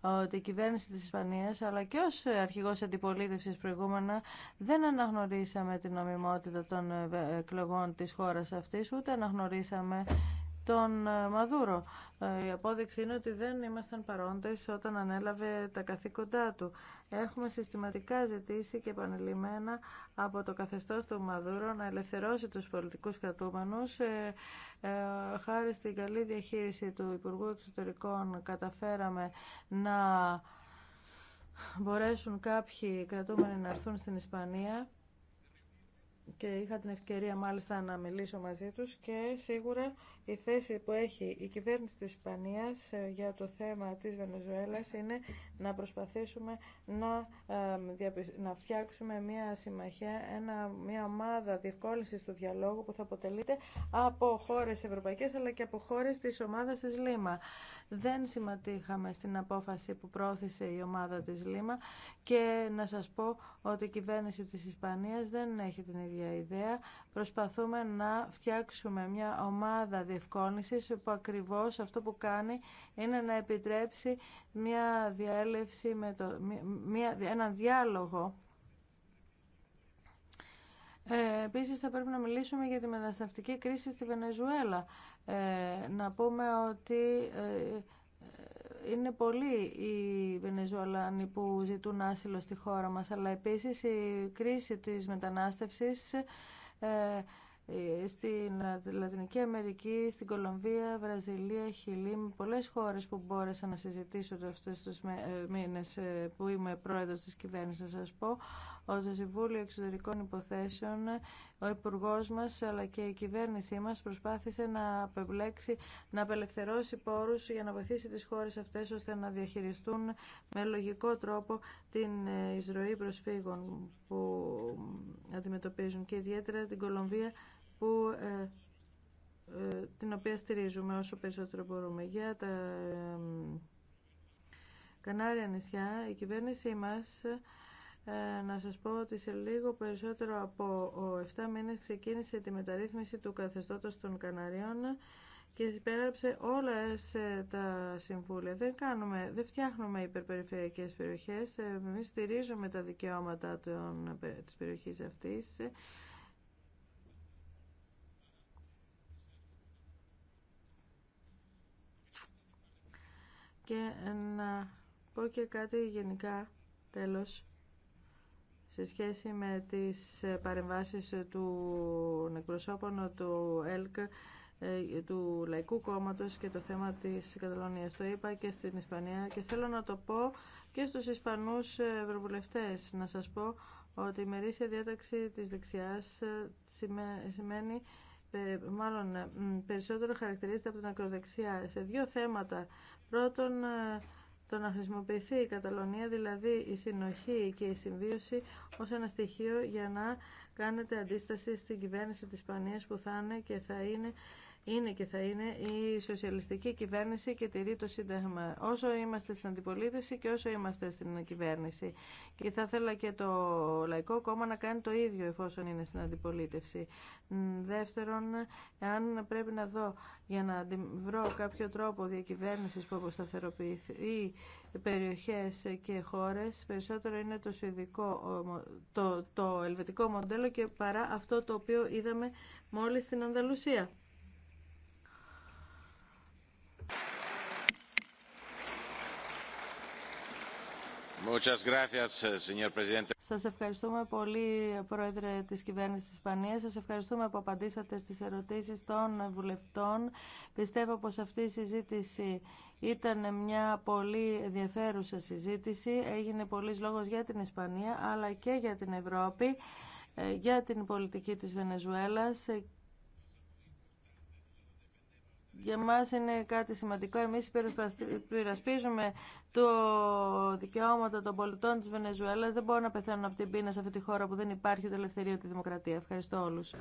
ότι η κυβέρνηση της Ισπανίας αλλά και ως αρχηγός αντιπολίτευσης προηγούμενα δεν αναγνωρίσαμε την νομιμότητα των εκλογών της χώρας αυτής ούτε αναγνωρίσαμε τον ε, Μαδούρο. Ε, η απόδειξη είναι ότι δεν ήμασταν παρόντες όταν ανέλαβε τα καθήκοντά του. Έχουμε συστηματικά ζητήσει και επανελειμμένα από το καθεστώς του Μαδούρο να ελευθερώσει τους πολιτικούς κρατούμενους. Ε, χάρη στην καλή διαχείριση του Υπουργού Εξωτερικών καταφέραμε να μπορέσουν κάποιοι κρατούμενοι να έρθουν στην Ισπανία και είχα την ευκαιρία μάλιστα να μιλήσω μαζί τους και σίγουρα η θέση που έχει η κυβέρνηση της Ισπανίας ε, για το θέμα της Βενεζουέλας είναι να προσπαθήσουμε να, να φτιάξουμε μια συμμαχία, ένα, μια ομάδα διευκόλυνσης του διαλόγου που θα αποτελείται από χώρες ευρωπαϊκές αλλά και από χώρες της ομάδας της Λίμα δεν συμμετείχαμε στην απόφαση που πρόθεσε η ομάδα της Λίμα και να σας πω ότι η κυβέρνηση της Ισπανίας δεν έχει την ίδια ιδέα. Προσπαθούμε να φτιάξουμε μια ομάδα διευκόνησης που ακριβώς αυτό που κάνει είναι να επιτρέψει μια διέλευση με το, μια, ένα διάλογο ε, Επίση, θα πρέπει να μιλήσουμε για τη μεταναστευτική κρίση στη Βενεζουέλα. Ε, να πούμε ότι ε, είναι πολλοί οι Βενεζουαλάνοι που ζητούν άσυλο στη χώρα μας, αλλά επίσης η κρίση της μετανάστευσης ε, στην Λατινική Αμερική, στην Κολομβία, Βραζιλία, Χιλή, με πολλές χώρες που μπόρεσα να συζητήσω αυτούς τους μήνες που είμαι πρόεδρος της κυβέρνησης, να σας πω Ω Συμβούλιο Εξωτερικών Υποθέσεων, ο Υπουργό μα αλλά και η κυβέρνησή μα προσπάθησε να, να απελευθερώσει πόρου για να βοηθήσει τι χώρε αυτέ ώστε να διαχειριστούν με λογικό τρόπο την ε, εισρωή προσφύγων που αντιμετωπίζουν και ιδιαίτερα την Κολομβία που ε, ε, την οποία στηρίζουμε όσο περισσότερο μπορούμε. Για τα Κανάρια νησιά, η κυβέρνησή μας ε, να σας πω ότι σε λίγο περισσότερο από 7 μήνες ξεκίνησε τη μεταρρύθμιση του καθεστώτος των Καναριών και υπέγραψε όλα τα συμβούλια. Δεν, κάνουμε, δεν φτιάχνουμε υπερπεριφερειακές περιοχές, ε, εμεί στηρίζουμε τα δικαιώματα των, ε, της περιοχής αυτής. Και να πω και κάτι γενικά, τέλος σε σχέση με τις ε, παρεμβάσεις ε, του νεκροσώπων, ε, του ΕΛΚ του Λαϊκού Κόμματος και το θέμα της Καταλωνίας. Το είπα και στην Ισπανία και θέλω να το πω και στους Ισπανούς Ευρωβουλευτές. Να σας πω ότι η μερίσια διάταξη της δεξιάς σημαίνει μάλλον περισσότερο χαρακτηρίζεται από την ακροδεξιά σε δύο θέματα. Πρώτον, το να χρησιμοποιηθεί η Καταλωνία, δηλαδή η συνοχή και η συμβίωση, ως ένα στοιχείο για να κάνετε αντίσταση στην κυβέρνηση της Ισπανίας που θα είναι και θα είναι είναι και θα είναι η σοσιαλιστική κυβέρνηση και τηρεί το Σύνταγμα όσο είμαστε στην αντιπολίτευση και όσο είμαστε στην κυβέρνηση. Και θα ήθελα και το Λαϊκό Κόμμα να κάνει το ίδιο εφόσον είναι στην αντιπολίτευση. Δεύτερον, αν πρέπει να δω για να βρω κάποιο τρόπο διακυβέρνησης που αποσταθεροποιηθεί περιοχέ και χώρε, περισσότερο είναι το, το, το ελβετικό μοντέλο και παρά αυτό το οποίο είδαμε μόλι στην Ανδαλουσία. Σας ευχαριστούμε πολύ, Πρόεδρε της Κυβέρνησης της Ισπανίας. Σας ευχαριστούμε που απαντήσατε στις ερωτήσεις των βουλευτών. Πιστεύω πως αυτή η συζήτηση ήταν μια πολύ ενδιαφέρουσα συζήτηση. Έγινε πολλή λόγος για την Ισπανία, αλλά και για την Ευρώπη ε, για την πολιτική της Βενεζουέλας για μας είναι κάτι σημαντικό. Εμείς υπερασπίζουμε το δικαιώματα των πολιτών της Βενεζουέλας. Δεν μπορούν να πεθαίνουν από την πείνα σε αυτή τη χώρα που δεν υπάρχει ούτε ελευθερία ούτε δημοκρατία. Ευχαριστώ όλους.